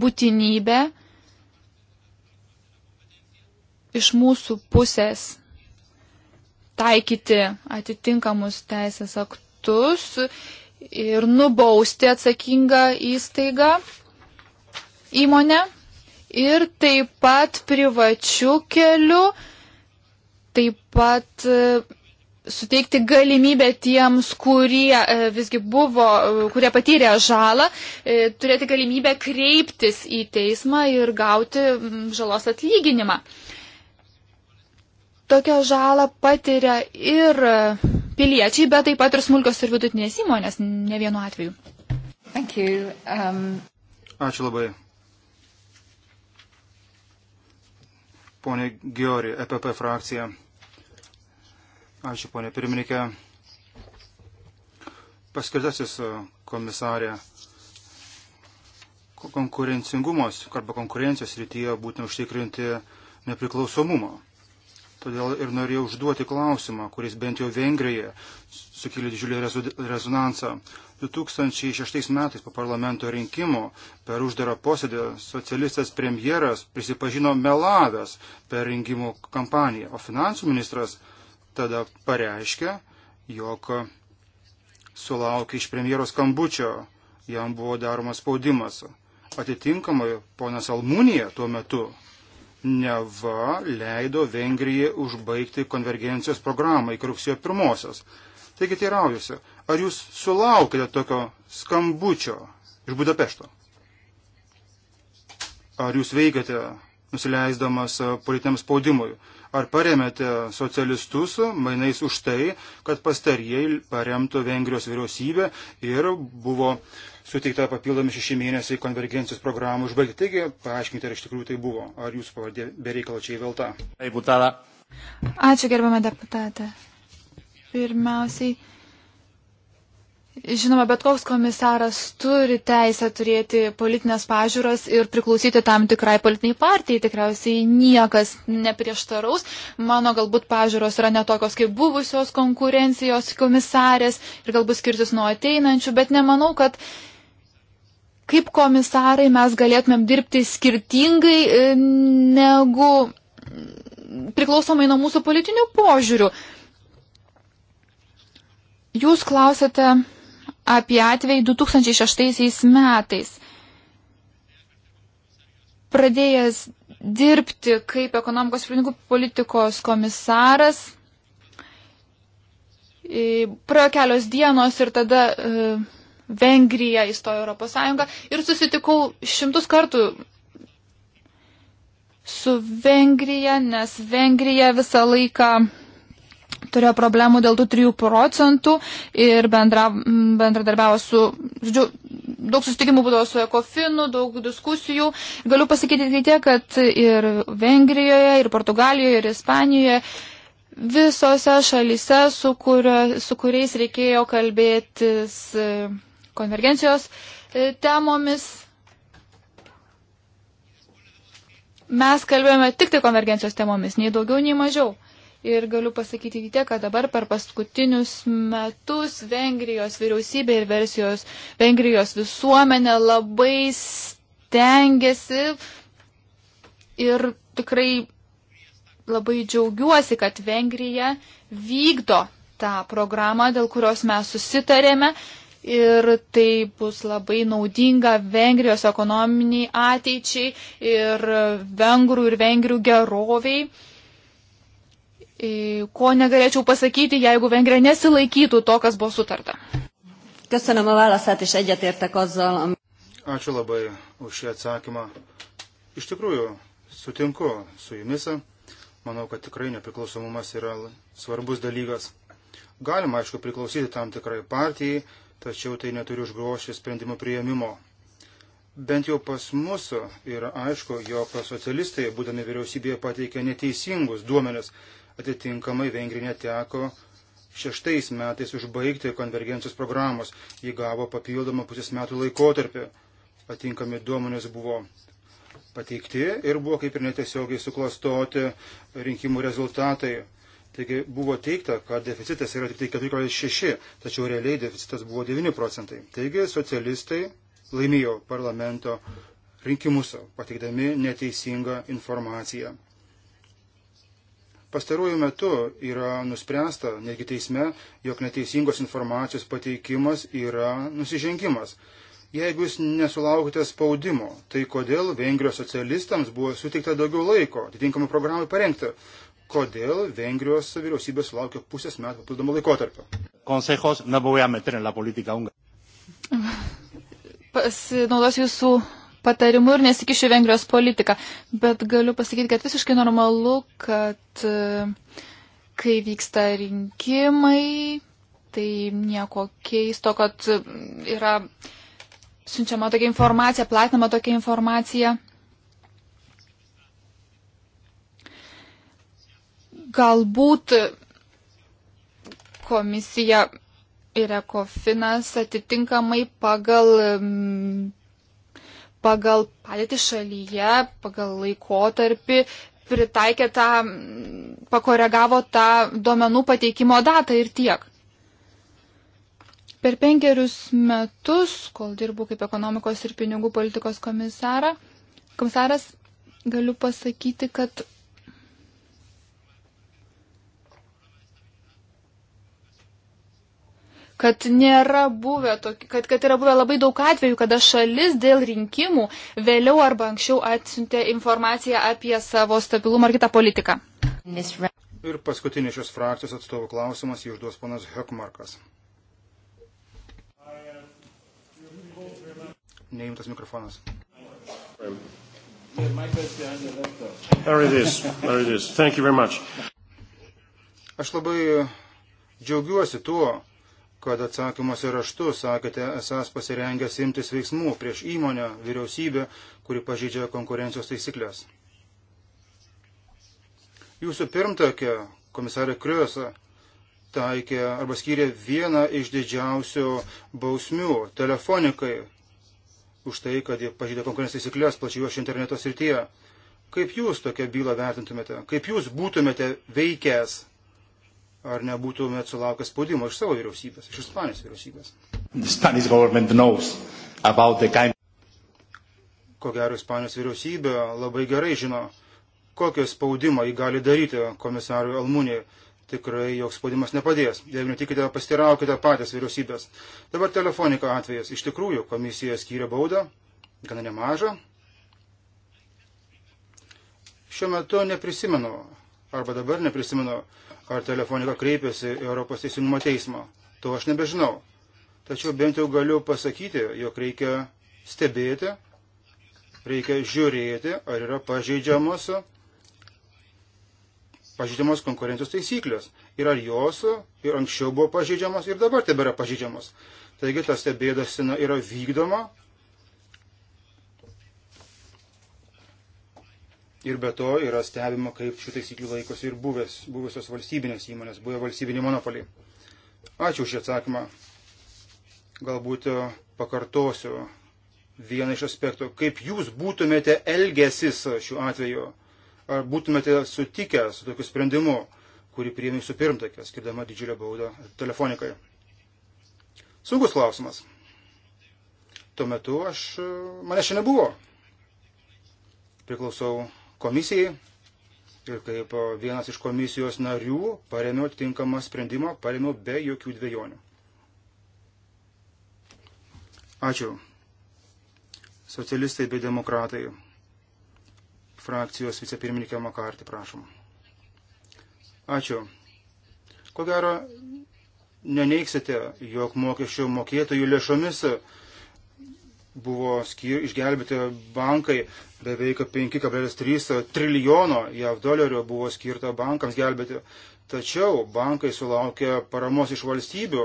būtinybė iš mūsų pusės taikyti atitinkamus teisės aktus ir nubausti atsakingą įstaigą įmonę ir taip pat privačių kelių, taip pat e, suteikti galimybę tiems, kurie e, visgi buvo, e, kurie patyrė žalą, turėti galimybę kreiptis į teismą ir gauti žalos atlyginimą tokią žalą patiria ir piliečiai, bet taip pat ir smulkios ir vidutinės įmonės, ne vienu atveju. Um... Ačiū labai. Pone Giori, EPP frakcija. Ačiū, ponė pirmininkė. Paskirtasis e, komisarė konkurencingumos arba konkurencijos rytyje būtent užtikrinti nepriklausomumą. Todėl ir norėjau užduoti klausimą, kuris bent jau Vengrijoje sukėlė didžiulį rezonansą. 2006 metais po parlamento rinkimų per uždarą posėdį socialistas premjeras prisipažino melavęs per rinkimų kampaniją, o finansų ministras tada pareiškė, jog sulaukė iš premjero skambučio, jam buvo daromas spaudimas. Atitinkamai ponas Almunija tuo metu neva leido Vengrijai užbaigti konvergencijos programą iki rugsėjo pirmosios. Taigi teiraujusi, ar jūs sulaukite tokio skambučio iš Budapešto? Ar jūs veikiate nusileisdamas e, politiniam spaudimui? Ar paremėte socialistus e, mainais už tai, kad pastarieji paremtų Vengrijos vyriausybę ir buvo suteikta papildomi šeši mėnesiai konvergencijos programų užbaigti. Taigi, paaiškinkite, ar iš tikrųjų tai buvo, ar jūsų pavardė bereikalo čia įvelta. Ačiū, gerbama deputatė. Pirmiausiai, žinoma, bet koks komisaras turi teisę turėti politinės pažiūras ir priklausyti tam tikrai politiniai partijai. Tikriausiai niekas neprieštaraus. Mano galbūt pažiūros yra netokios kaip buvusios konkurencijos komisarės ir galbūt skirtis nuo ateinančių, bet nemanau, kad kaip komisarai mes galėtumėm dirbti skirtingai e, negu priklausomai nuo mūsų politinių požiūrių. Jūs klausėte apie atvejį 2006 metais. Pradėjęs dirbti kaip ekonomikos pinigų politikos komisaras, e, praėjo kelios dienos ir tada e, Vengrija įstojo Europos Sąjungą ir susitikau šimtus kartų su Vengrija, nes Vengrija visą laiką turėjo problemų dėl tų 3 procentų ir bendra, bendradarbiavo su, žodžiu, daug susitikimų būdavo su Ekofinu, daug diskusijų. Galiu pasakyti tik tiek, kad ir Vengrijoje, ir Portugalijoje, ir Ispanijoje visose šalyse, su, kurio, su kuriais reikėjo kalbėtis konvergencijos e, temomis. Mes kalbėjome tik tai konvergencijos temomis, nei daugiau, nei mažiau. Ir galiu pasakyti tiek, kad dabar per paskutinius metus Vengrijos vyriausybė ir versijos Vengrijos visuomenė labai stengiasi ir tikrai labai džiaugiuosi, kad Vengrija vykdo tą programą, dėl kurios mes susitarėme ir tai bus labai naudinga Vengrijos ekonominiai ateičiai ir vengrų ir vengrių geroviai. E, ko negalėčiau pasakyti, jeigu Vengrija nesilaikytų to, kas buvo sutarta. Köszönöm a válaszát, és egyetértek azzal, ami... Ačiū labai už šį atsakymą. Iš tikrųjų, sutinku su jumis. Manau, kad tikrai nepriklausomumas yra svarbus dalykas. Galima, aišku, priklausyti tam tikrai partijai, tačiau tai neturi užgrošti sprendimų prieimimo. Bent jau pas mus yra aišku, jog socialistai, būdami vyriausybėje, pateikė neteisingus duomenis. Atitinkamai Vengrija neteko šeštais metais užbaigti konvergencijos programos. Ji gavo papildomą pusės metų laikotarpį. Atinkami duomenys buvo pateikti ir buvo kaip ir netiesiogiai suklastoti rinkimų rezultatai. Taigi buvo teikta, kad deficitas yra tik tai 4,6, tačiau realiai deficitas buvo 9 procentai. Taigi socialistai laimėjo parlamento rinkimus, pateikdami neteisingą informaciją. Pastaruoju metu yra nuspręsta, negi teisme, jog neteisingos informacijos pateikimas yra nusižengimas. Jeigu jūs nesulaukite spaudimo, tai kodėl Vengrijos socialistams buvo suteikta daugiau laiko atitinkamai programai parengti? kodėl Vengrijos vyriausybė sulaukė pusės metų papildomo laikotarpio. Consejos, no voy a meter en la política húngara. Pasinaudosiu jūsų patarimu ir nesikišiu Vengrijos politiką, bet galiu pasakyti, kad visiškai normalu, kad e, kai vyksta rinkimai, tai nieko keisto, kad e, yra siunčiama tokia informacija, platinama tokia informacija. Galbūt komisija ir ekofinas atitinkamai pagal, mm, pagal padėtį šalyje, pagal laikotarpį pritaikė tą, pakoregavo tą duomenų pateikimo datą ir tiek. Per penkerius metus, kol dirbu kaip ekonomikos ir pinigų politikos komisara, komisaras, galiu pasakyti, kad kad, nėra buvę toki, kad, kad yra buvę labai daug atvejų, kada šalis dėl rinkimų vėliau arba anksčiau atsiuntė informaciją apie savo stabilumą ar kitą politiką. Ir paskutinis šios frakcijos atstovų klausimas jį užduos panas Hekmarkas. Neimtas mikrofonas. There it is. There it is. Thank you very much. Aš labai džiaugiuosi tuo, kad atsakymuose raštu sakėte esas pasirengęs imtis veiksmų prieš įmonę, vyriausybę, kuri pažydžia konkurencijos taisyklės. Jūsų pirmtakė, komisarė Kriusa, taikė arba skyrė vieną iš didžiausių bausmių telefonikai už tai, kad jie pažydė konkurencijos taisyklės plačiojo šio interneto srityje. Kaip jūs tokią bylą vertintumėte? Kaip jūs būtumėte veikęs ar nebūtumėt sulaukęs spaudimo iš savo vyriausybės, iš Ispanijos vyriausybės? Kind... Ko gero, Ispanijos vyriausybė labai gerai žino, kokio spaudimo jį gali daryti komisarui Almūnijai. Tikrai joks spaudimas nepadės. Jeigu netikite, pastiraukite patys vyriausybės. Dabar telefonika atvejas. Iš tikrųjų, komisija skyrė baudą, gana nemažą. Šiuo metu neprisimenu, arba dabar neprisimenu, ar telefonika kreipėsi į Europos teisingumo teismą. To aš nebežinau. Tačiau bent jau galiu pasakyti, jog reikia stebėti, reikia žiūrėti, ar yra pažeidžiamos, pažeidžiamos konkurencijos taisyklės. Ir ar jos ir anksčiau buvo pažeidžiamos ir dabar tebėra pažeidžiamos. Taigi ta stebėdasina yra vykdoma, Ir be to yra stebima, kaip šių taisyklių laikosi ir buvęs, buvusios valstybinės įmonės, buvę valstybiniai monopoliai. Ačiū už šį atsakymą. Galbūt e, pakartosiu vieną iš aspektų. Kaip jūs būtumėte elgesis šiuo atveju? Ar būtumėte sutikę su tokiu sprendimu, kurį priėmė jūsų pirmtakas, skirdama didžiulę baudą telefonikai? Sunkus klausimas. Tuo metu aš, e, mane šiandien buvo. Priklausau komisijai ir kaip vienas iš komisijos narių paremiau tinkamą sprendimą, paremiau be jokių dviejonių. Ačiū. Socialistai bei demokratai. Frakcijos vicepirmininkė Makartį, prašom. Ačiū. Ko gero, neneiksite, jog mokesčių mokėtojų lėšomis buvo skyr, išgelbėti bankai, beveik 5,3 trilijono JAV dolerių buvo skirta bankams gelbėti. Tačiau bankai sulaukė paramos iš valstybių,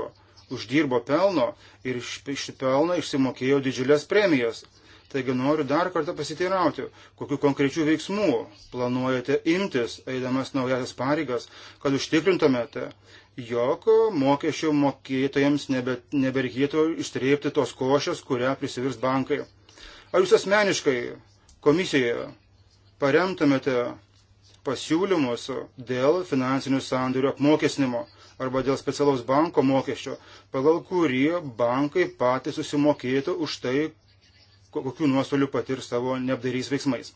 uždirbo pelno ir iš, iš pelno išsimokėjo didžiulės premijas. Taigi noriu dar kartą pasiteirauti, kokiu konkrečiu veiksmu planuojate imtis, eidamas naujasis pareigas, kad užtikrintumėte, jog mokesčių mokėtojams nebe, nebereikėtų ištrėpti tos košės, kurią prisivirs bankai. Ar jūs asmeniškai komisijoje paremtumėte pasiūlymus dėl finansinių sandorių apmokesnimo arba dėl specialaus banko mokesčio, pagal kurį bankai patys susimokėtų už tai, kokiu nuostoliu patirs savo neapdarys veiksmais?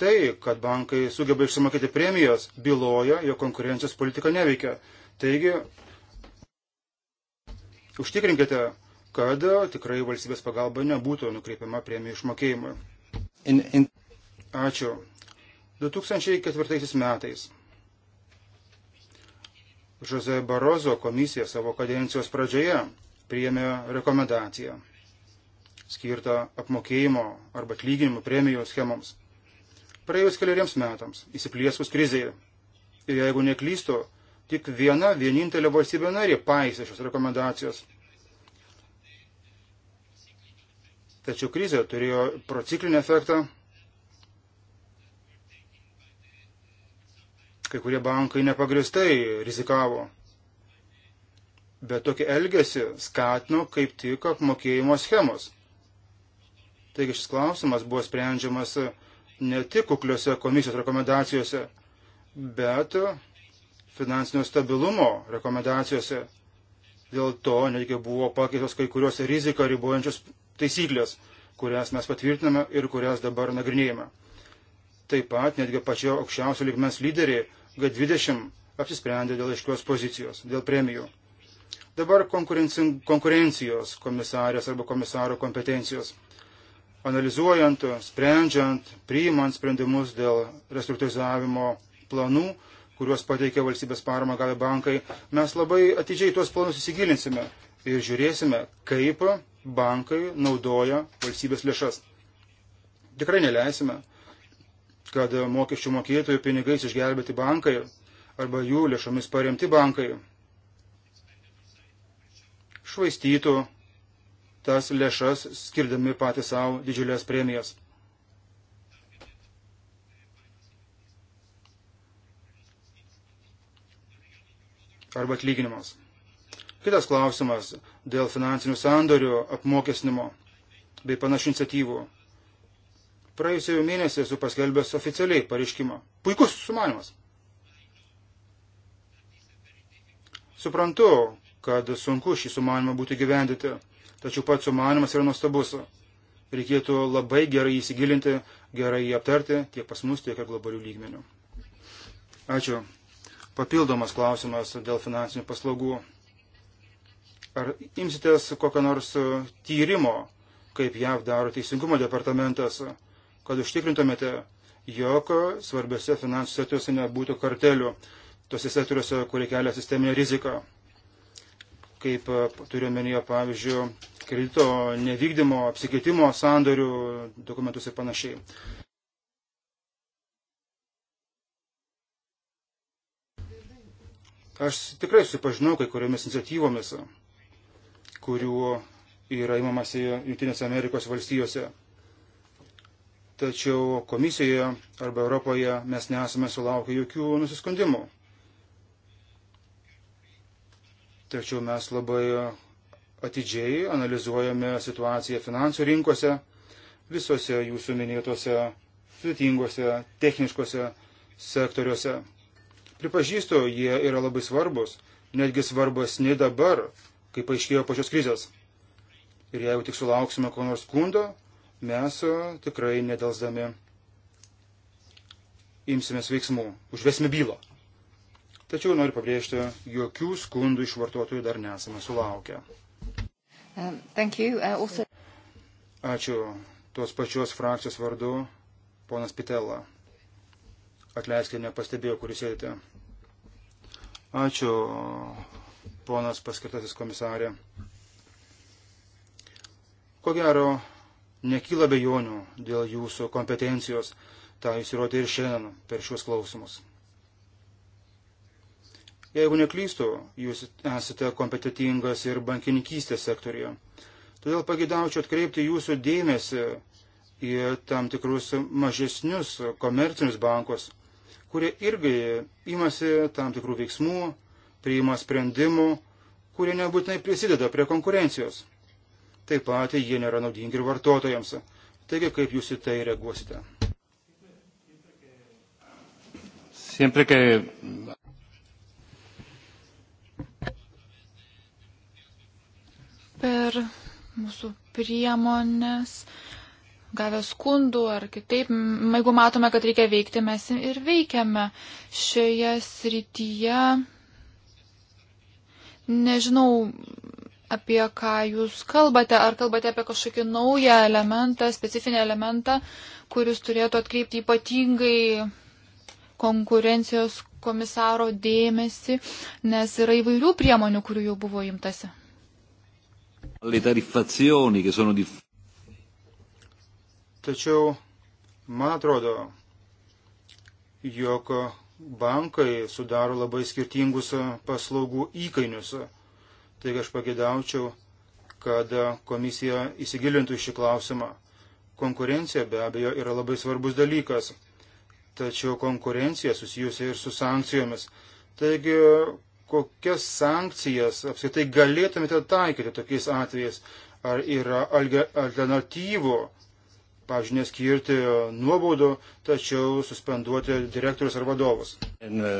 Tai, kad bankai sugeba išsimokėti premijas, byloja, jo konkurencijos politika neveikia. Taigi, užtikrinkite, kad tikrai valstybės pagalba nebūtų nukreipiama premijų išmokėjimui. In, in... Ačiū. 2004 metais Žoze Barozo komisija savo kadencijos pradžioje priėmė rekomendaciją skirtą apmokėjimo arba atlyginimų premijų schemoms praėjus keliariems metams, įsiplieskus krizėje. Ir jeigu neklystu, tik viena vienintelė valstybė narė paisė šios rekomendacijos. Tačiau krizė turėjo prociklinį efektą. Kai kurie bankai nepagristai rizikavo. Bet tokį elgesį skatino kaip tik apmokėjimo schemos. Taigi šis klausimas buvo sprendžiamas ne tik kukliuose komisijos rekomendacijose, bet finansinio stabilumo rekomendacijose. Dėl to netgi buvo pakeitos kai kurios riziką ribojančios taisyklės, kurias mes patvirtiname ir kurias dabar nagrinėjame. Taip pat netgi pačio aukščiausio ligmens lyderiai G20 apsisprendė dėl aiškios pozicijos, dėl premijų. Dabar konkurencijos komisarės arba komisaro kompetencijos analizuojant, sprendžiant, priimant sprendimus dėl restruktūrizavimo planų, kuriuos pateikia valstybės parama gavę bankai, mes labai atidžiai tuos planus įsigilinsime ir žiūrėsime, kaip bankai naudoja valstybės lėšas. Tikrai neleisime, kad mokesčių mokėtojų pinigais išgelbėti bankai arba jų lėšomis paremti bankai švaistytų tas lėšas, skirdami patį savo didžiulės premijas. Arba atlyginimas. Kitas klausimas dėl finansinių sandorių apmokesnimo bei panašių iniciatyvų. Praėjusį jau mėnesį esu paskelbęs oficialiai pareiškimą. Puikus sumanimas. Suprantu, kad sunku šį sumanimą būtų gyvendyti tačiau pats sumanimas yra nuostabus. Reikėtų labai gerai įsigilinti, gerai jį aptarti tiek pas mus, tiek ir globalių lygmenių. Ačiū. Papildomas klausimas dėl finansinių paslaugų. Ar imsitės kokio nors tyrimo, kaip JAV daro Teisingumo departamentas, kad užtikrintumėte, jog svarbiose finansų sektoriuose nebūtų kartelių, tose sektoriuose, kurie kelia sisteminę riziką, kaip turiu menyje, pavyzdžiui, kredito nevykdymo, apsikeitimo sandorių dokumentus ir panašiai. Aš tikrai susipažinau kai kuriomis iniciatyvomis, kurių yra įmamasi Junktinėse Amerikos valstijose. Tačiau komisijoje arba Europoje mes nesame sulaukę jokių nusiskundimų. Tačiau mes labai atidžiai analizuojame situaciją finansų rinkose, visose jūsų minėtose sudėtingose techniškose sektoriuose. Pripažįstu, jie yra labai svarbus, netgi svarbus ne dabar, kai paaiškėjo pačios krizės. Ir jeigu tik sulauksime ko nors skundo, mes e, tikrai nedelsdami imsimės veiksmų, užvesime bylą. Tačiau noriu pabrėžti, jokių skundų iš vartotojų dar nesame sulaukę. Um, uh, also... Ačiū tos pačios frakcijos vardu, ponas Pitela. Atleiskite, nepastebėjau, kur jūs sėdite. Ačiū, ponas paskirtasis komisarė. Ko gero, nekyla bejonių dėl jūsų kompetencijos, tą jūs įrodė ir šiandien per šiuos klausimus. Jeigu neklystu, jūs esate kompetitingas ir bankininkystės sektorija. Todėl pagidaučiau atkreipti jūsų dėmesį į tam tikrus mažesnius komercinius bankus, kurie irgi imasi tam tikrų veiksmų, priima sprendimų, kurie nebūtinai prisideda prie konkurencijos. Taip pat jie nėra naudingi ir vartotojams. Taigi, kaip jūs į tai reaguosite? Siempre que per mūsų priemonės, gavę skundų ar kitaip, jeigu matome, kad reikia veikti, mes ir veikiame šioje srityje. Nežinau, apie ką jūs kalbate, ar kalbate apie kažkokį naują elementą, specifinį elementą, kuris turėtų atkreipti ypatingai konkurencijos komisaro dėmesį, nes yra įvairių priemonių, kurių jau buvo imtasi. Tačiau, man atrodo, jog bankai sudaro labai skirtingus paslaugų įkainius. Taigi aš pagėdaučiau, kad komisija įsigilintų šį klausimą. Konkurencija be abejo yra labai svarbus dalykas, tačiau konkurencija susijusi ir su sankcijomis. Taigi kokias sankcijas apskritai galėtumėte taikyti tokiais atvejais? Ar yra alternatyvų, pavyzdžiui, neskirti nuobaudų, tačiau suspenduoti direktorius ar vadovus? E.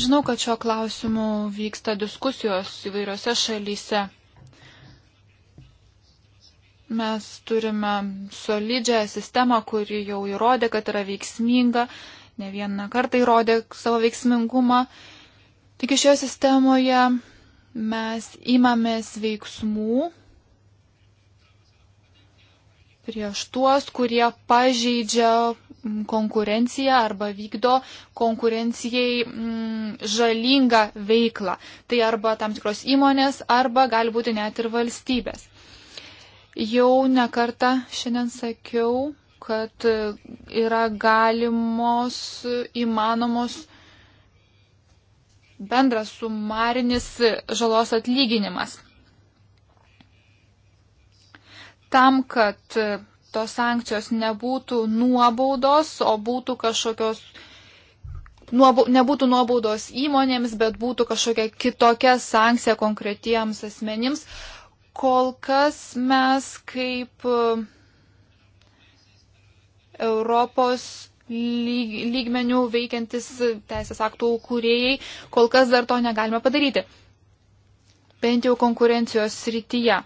Žinau, kad šio klausimu vyksta diskusijos įvairiose šalyse. Mes turime solidžią sistemą, kuri jau įrodė, kad yra veiksminga, ne vieną kartą įrodė savo veiksmingumą Taigi šioje sistemoje mes imamės veiksmų prieš tuos, kurie pažeidžia mm, konkurenciją arba vykdo konkurencijai mm, žalingą veiklą. Tai arba tam tikros įmonės, arba gali būti net ir valstybės. Jau nekartą šiandien sakiau, kad yra galimos įmanomos bendras sumarinis žalos atlyginimas. Tam, kad tos sankcijos nebūtų nuobaudos, o būtų kažkokios, nuobu, nebūtų nuobaudos įmonėms, bet būtų kažkokia kitokia sankcija konkretiems asmenims, kol kas mes kaip e, Europos lyg, lygmenių veikiantis teisės aktų kūrėjai, kol kas dar to negalime padaryti. Bent jau konkurencijos srityje.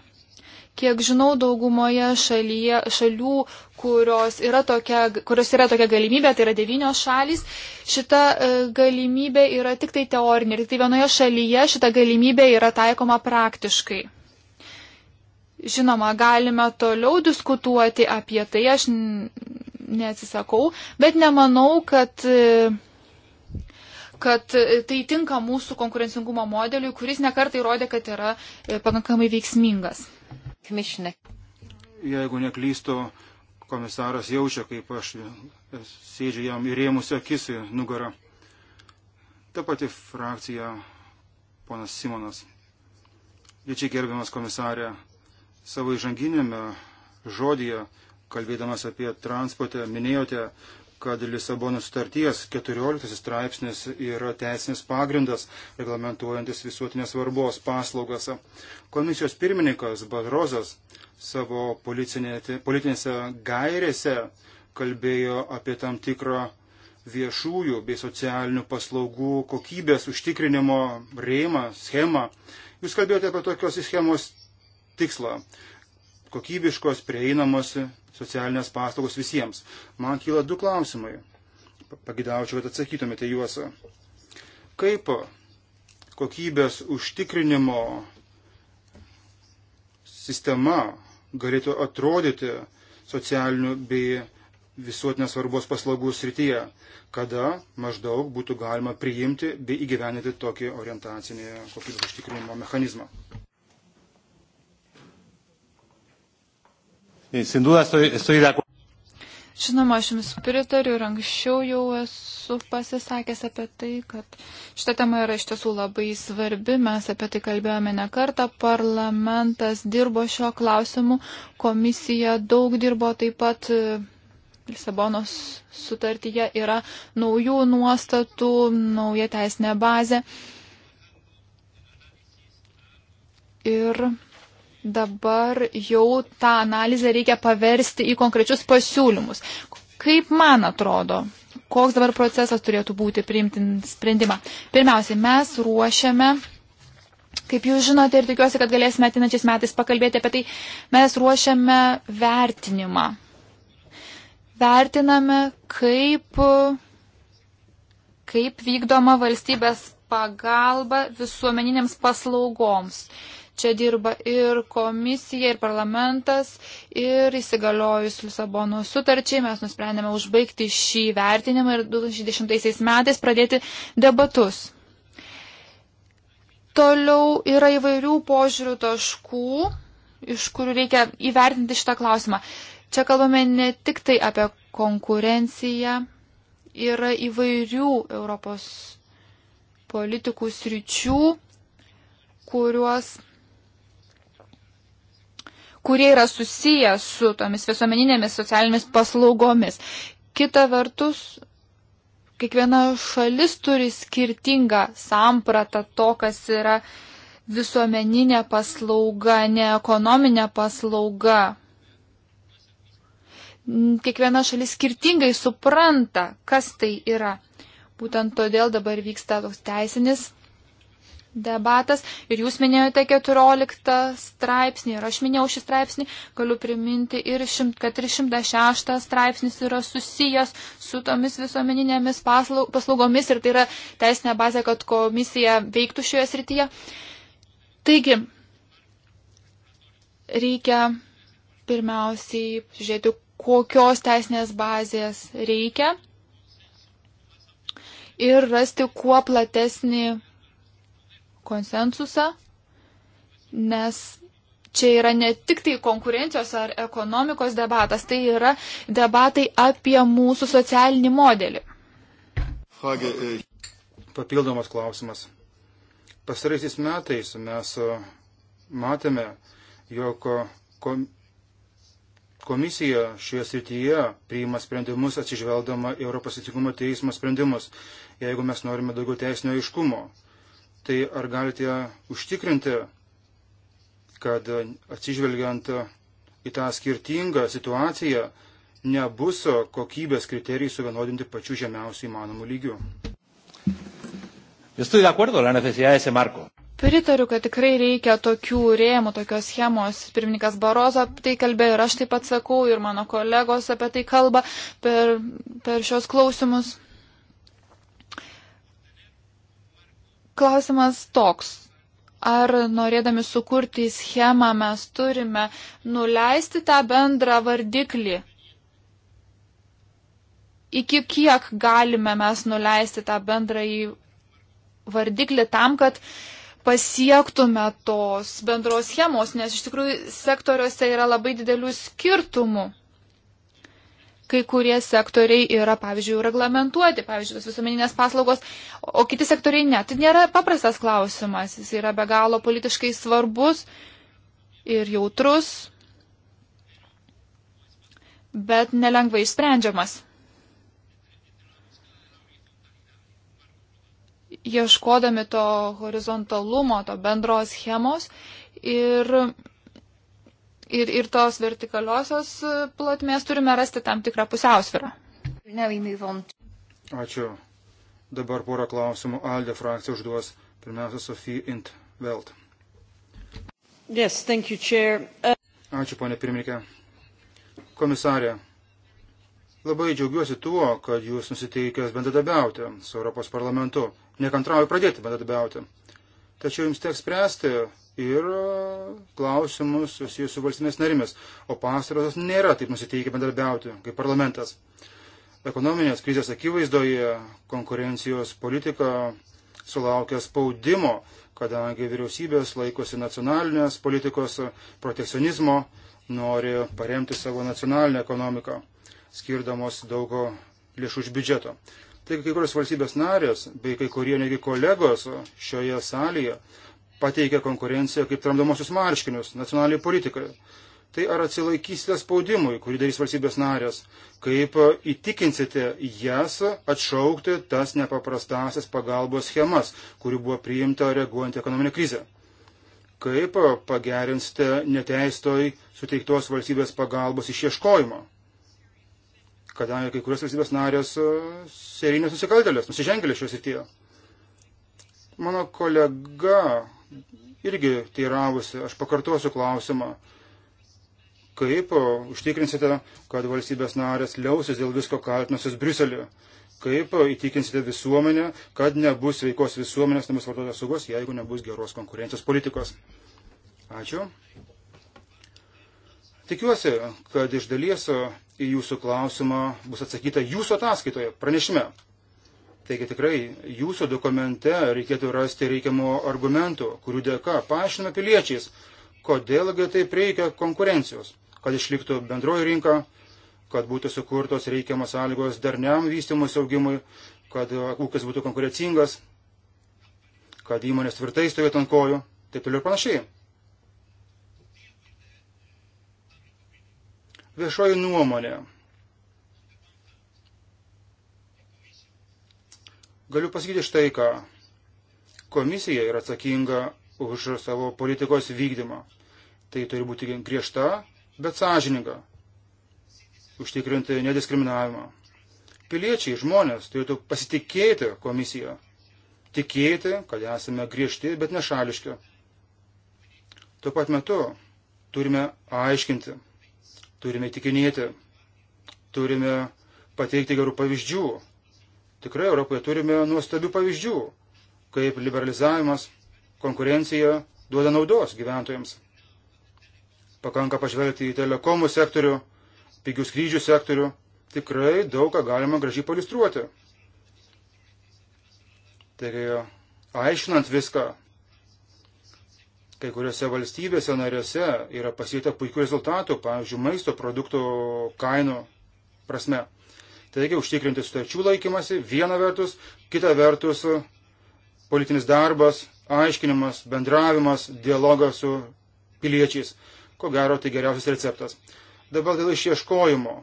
Kiek žinau, daugumoje šalyje, šalių, kurios yra, tokia, kurios yra tokia galimybė, tai yra devynios šalys, šita e, galimybė yra tik tai teorinė, tik tai vienoje šalyje šita galimybė yra taikoma praktiškai. Žinoma, galime toliau diskutuoti apie tai, aš neatsisakau, bet nemanau, kad, kad tai tinka mūsų konkurencingumo modeliui, kuris nekartai įrodė, kad yra e, pakankamai veiksmingas. Komisinė. Jeigu neklystu, komisaras jaučia, kaip aš sėdžiu jam įrėmusi akis į nugarą. Ta pati frakcija, ponas Simonas. Didžiai gerbiamas komisarė, savo įžanginėme žodėje kalbėdamas apie transportą, minėjote, kad Lisabono sutarties 14 straipsnis yra teisinis pagrindas, reglamentuojantis visuotinės svarbos paslaugas. Komisijos pirmininkas Barrozas savo politinėse gairėse kalbėjo apie tam tikrą viešųjų bei socialinių paslaugų kokybės užtikrinimo rėmą, schemą. Jūs kalbėjote apie tokios schemos tikslą - kokybiškos, prieinamos socialinės paslaugos visiems. Man kyla du klausimai. Pagidaučiau, kad atsakytumėte juos. Kaip kokybės užtikrinimo sistema galėtų atrodyti socialinių bei visuotinės svarbos paslaugų srityje, kada maždaug būtų galima priimti bei įgyveninti tokį orientacinį kokybės užtikrinimo mechanizmą. Sin duda estoy, estoy de acuerdo. Žinoma, aš jums pritariu ir anksčiau jau esu pasisakęs apie tai, kad šita tema yra iš tiesų labai svarbi. Mes apie tai kalbėjome ne kartą. Parlamentas dirbo šio klausimu, komisija daug dirbo taip pat. E, Lisabonos sutartyje yra naujų nuostatų, nauja teisinė bazė. Ir dabar jau tą analizę reikia paversti į konkrečius pasiūlymus. Kaip man atrodo, koks dabar procesas turėtų būti priimti sprendimą? Pirmiausiai, mes ruošiame, kaip jūs žinote ir tikiuosi, kad galėsime atinačiais metais pakalbėti apie tai, mes ruošiame vertinimą. Vertiname, kaip, kaip vykdoma valstybės pagalba visuomeninėms paslaugoms. Uh, Čia dirba ir komisija, ir parlamentas, ir įsigaliojus Lisabono sutarčiai mes nusprendėme užbaigti šį vertinimą ir 2010 metais pradėti debatus. Toliau yra įvairių požiūrių taškų, iš kurių reikia įvertinti šitą klausimą. Čia kalbame ne tik tai apie konkurenciją, yra įvairių Europos politikų sričių, kuriuos kurie yra susiję su tomis visuomeninėmis socialinėmis paslaugomis. Kita vertus, kiekviena šalis turi skirtingą sampratą to, kas yra visuomeninė paslauga, ne ekonominė paslauga. Kiekviena šalis skirtingai supranta, kas tai yra. Būtent todėl dabar vyksta toks teisinis debatas ir jūs minėjote 14 straipsnį ir aš minėjau šį straipsnį, galiu priminti, ir šimt, kad ir 106 straipsnis yra susijęs su tomis visuomeninėmis paslaugomis ir tai yra teisinė bazė, kad komisija veiktų šioje srityje. Taigi, reikia pirmiausiai žiūrėti, kokios teisinės bazės reikia ir rasti kuo platesnį konsensusą, nes čia yra ne tik tai konkurencijos ar ekonomikos debatas, tai yra debatai apie mūsų socialinį modelį. E, Papildomas klausimas. Pastaraisiais metais mes e, matėme, jog e, komisija šioje srityje priima sprendimus atsižvelgdama į Europos atsikumo teismo sprendimus, jeigu mes norime daugiau teisinio aiškumo tai ar galite užtikrinti, kad atsižvelgiant į tą skirtingą situaciją nebus kokybės kriterijai suvienodinti pačiu žemiausiu įmanomu lygiu? Pritariu, kad tikrai reikia tokių rėmų, tokios schemos. Pirmininkas Barozo apie tai kalbėjo ir aš taip pat sakau, ir mano kolegos apie tai kalba per, per šios klausimus. Klausimas toks. Ar norėdami sukurti schemą mes turime nuleisti tą bendrą vardiklį? Iki kiek galime mes nuleisti tą bendrąjį vardiklį tam, kad pasiektume tos bendros schemos, nes iš tikrųjų sektoriuose yra labai didelių skirtumų kai kurie sektoriai yra, pavyzdžiui, reglamentuoti, pavyzdžiui, tos visuomeninės paslaugos, o kiti sektoriai ne. Tai nėra paprastas klausimas, jis yra be galo politiškai svarbus ir jautrus, bet nelengvai išsprendžiamas. Ieškodami to horizontalumo, to bendros schemos ir ir, ir tos vertikaliosios e, plotmės turime rasti tam tikrą pusiausvyrą. Ačiū. Dabar porą klausimų Alde frakcija užduos. Pirmiausia, Sofija Intveld. Yes, thank you, chair. Uh... Ačiū, ponė pirmininkė. Komisarė, labai džiaugiuosi tuo, kad jūs nusiteikęs bendradabiauti su Europos parlamentu. Nekantrauju pradėti bendradabiauti. Tačiau jums teks spręsti ir e, klausimus susijus su valstybės narimis, o pastarosios nėra taip nusiteikę bendradarbiauti kaip parlamentas. Ekonominės krizės akivaizdoje konkurencijos politika sulaukia spaudimo, kadangi vyriausybės laikosi nacionalinės politikos protekcionizmo, nori paremti savo nacionalinę ekonomiką, skirdamos daug lėšų iš biudžeto. Taigi kai kurios valstybės narės bei kai kurie negi kolegos šioje salėje pateikia konkurenciją kaip tramdomosius marškinius nacionaliniai politikai. Tai ar atsilaikysite spaudimui, kurį darys valstybės narės, kaip e, įtikinsite jas atšaukti tas nepaprastasias pagalbos schemas, kuri buvo priimta reaguojant ekonominę krizę? Kaip e, pagerinsite neteistoj suteiktos valstybės pagalbos išieškojimą? Kadangi kai kurios valstybės narės e, serinės nusikaltelės, nusižengėlės šios įtie. Mano kolega irgi teiravusi, aš pakartosiu klausimą, kaip užtikrinsite, kad valstybės narės liausis dėl visko kaltinusios Briuselį, kaip įtikinsite visuomenę, kad nebus veikos visuomenės, nebus vartotojų saugos, jeigu nebus geros konkurencijos politikos. Ačiū. Tikiuosi, kad iš dalies į jūsų klausimą bus atsakyta jūsų ataskaitoje, pranešime. Taigi tikrai jūsų dokumente reikėtų rasti reikiamų argumentų, kurių dėka paaiškiname piliečiais, kodėlgi taip reikia konkurencijos, kad išliktų bendroji rinka, kad būtų sukurtos reikiamos sąlygos darniam vystimus augimui, kad uh, ūkis būtų konkurencingas, kad įmonės tvirtai stovėtų ant kojų, taip toliau ir panašiai. Viešoji nuomonė. Galiu pasakyti štai ką. Komisija yra atsakinga už savo politikos vykdymą. Tai turi būti griežta, bet sąžininga. Užtikrinti nediskriminavimą. Piliečiai, žmonės turėtų pasitikėti komisiją. Tikėti, kad esame griežti, bet nešališki. Tuo pat metu turime aiškinti, turime įtikinėti, turime pateikti gerų pavyzdžių, Tikrai Europoje turime nuostabių pavyzdžių, kaip liberalizavimas konkurencija duoda naudos gyventojams. Pakanka pažvelgti į telekomų sektorių, pigių skrydžių sektorių, tikrai daug ką galima gražiai palistruoti. Taigi, aišinant viską, kai kuriuose valstybėse narėse yra pasiekta puikių rezultatų, pavyzdžiui, maisto produktų kainų prasme. Tai reikia užtikrinti sutarčių laikymasi viena vertus, kita vertus politinis darbas, aiškinimas, bendravimas, dialogas su piliečiais. Ko gero, tai geriausias receptas. Dabar dėl išieškojimo,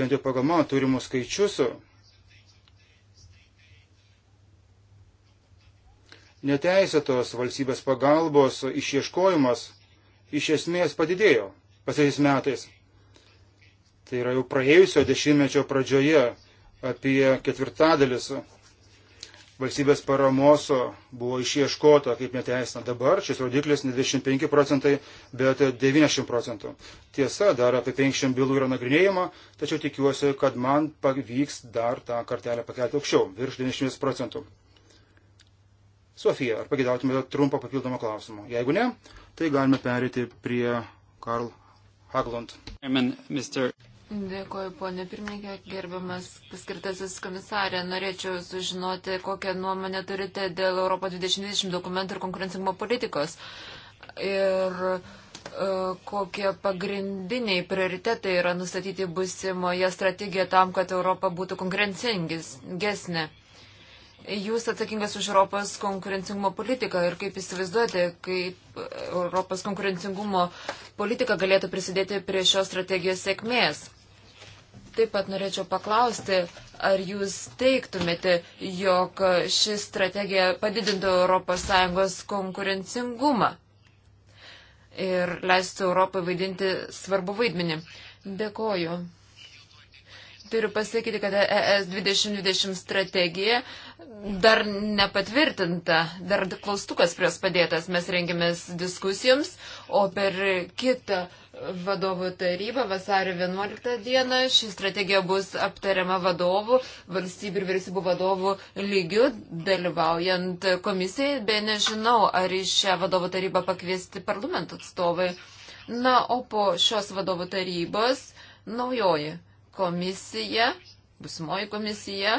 bent jau pagal mano turimus skaičius, neteisėtos valstybės pagalbos išieškojimas iš esmės padidėjo pasaisiais metais tai yra jau praėjusio dešimtmečio pradžioje, apie ketvirtadalis valstybės paramos buvo išieškota kaip neteisna. Dabar šis rodiklis ne 25 procentai, bet 90 procentų. Tiesa, dar apie 500 bylų yra nagrinėjama, tačiau tikiuosi, kad man pavyks dar tą kartelę pakelti aukščiau, virš 90 procentų. Sofija, ar pagėdautumėte trumpą papildomą klausimą? Jeigu ne, tai galime perėti prie Karl Haglund. Amen, Mr. Dėkoju, ponė pirmininkė, gerbiamas paskirtasis komisarė. Norėčiau sužinoti, kokią nuomonę turite dėl Europo 2020 dokumentų ir konkurencingumo politikos. Ir e, kokie pagrindiniai prioritetai yra nustatyti busimoje strategijoje tam, kad Europa būtų konkurencingesnė. Jūs atsakingas už Europos konkurencingumo politiką ir kaip įsivaizduojate, kaip Europos konkurencingumo politika galėtų prisidėti prie šios strategijos sėkmės. Taip pat norėčiau paklausti, ar jūs teiktumėte, jog ši strategija padidintų ES konkurencingumą ir leistų Europai vaidinti svarbu vaidmenį. Dėkoju. Turiu pasakyti, kad ES 2020 strategija dar nepatvirtinta, dar klaustukas prie jos padėtas. Mes rengiamės diskusijoms, o per kitą vadovų taryba vasario 11 dieną. Ši strategija bus aptariama vadovų, valstybių ir vyriausybių vadovų lygių, dalyvaujant komisijai, bei nežinau, ar į šią vadovų tarybą pakviesti parlamento atstovai. Na, o po šios vadovų tarybos naujoji komisija, busmoji komisija,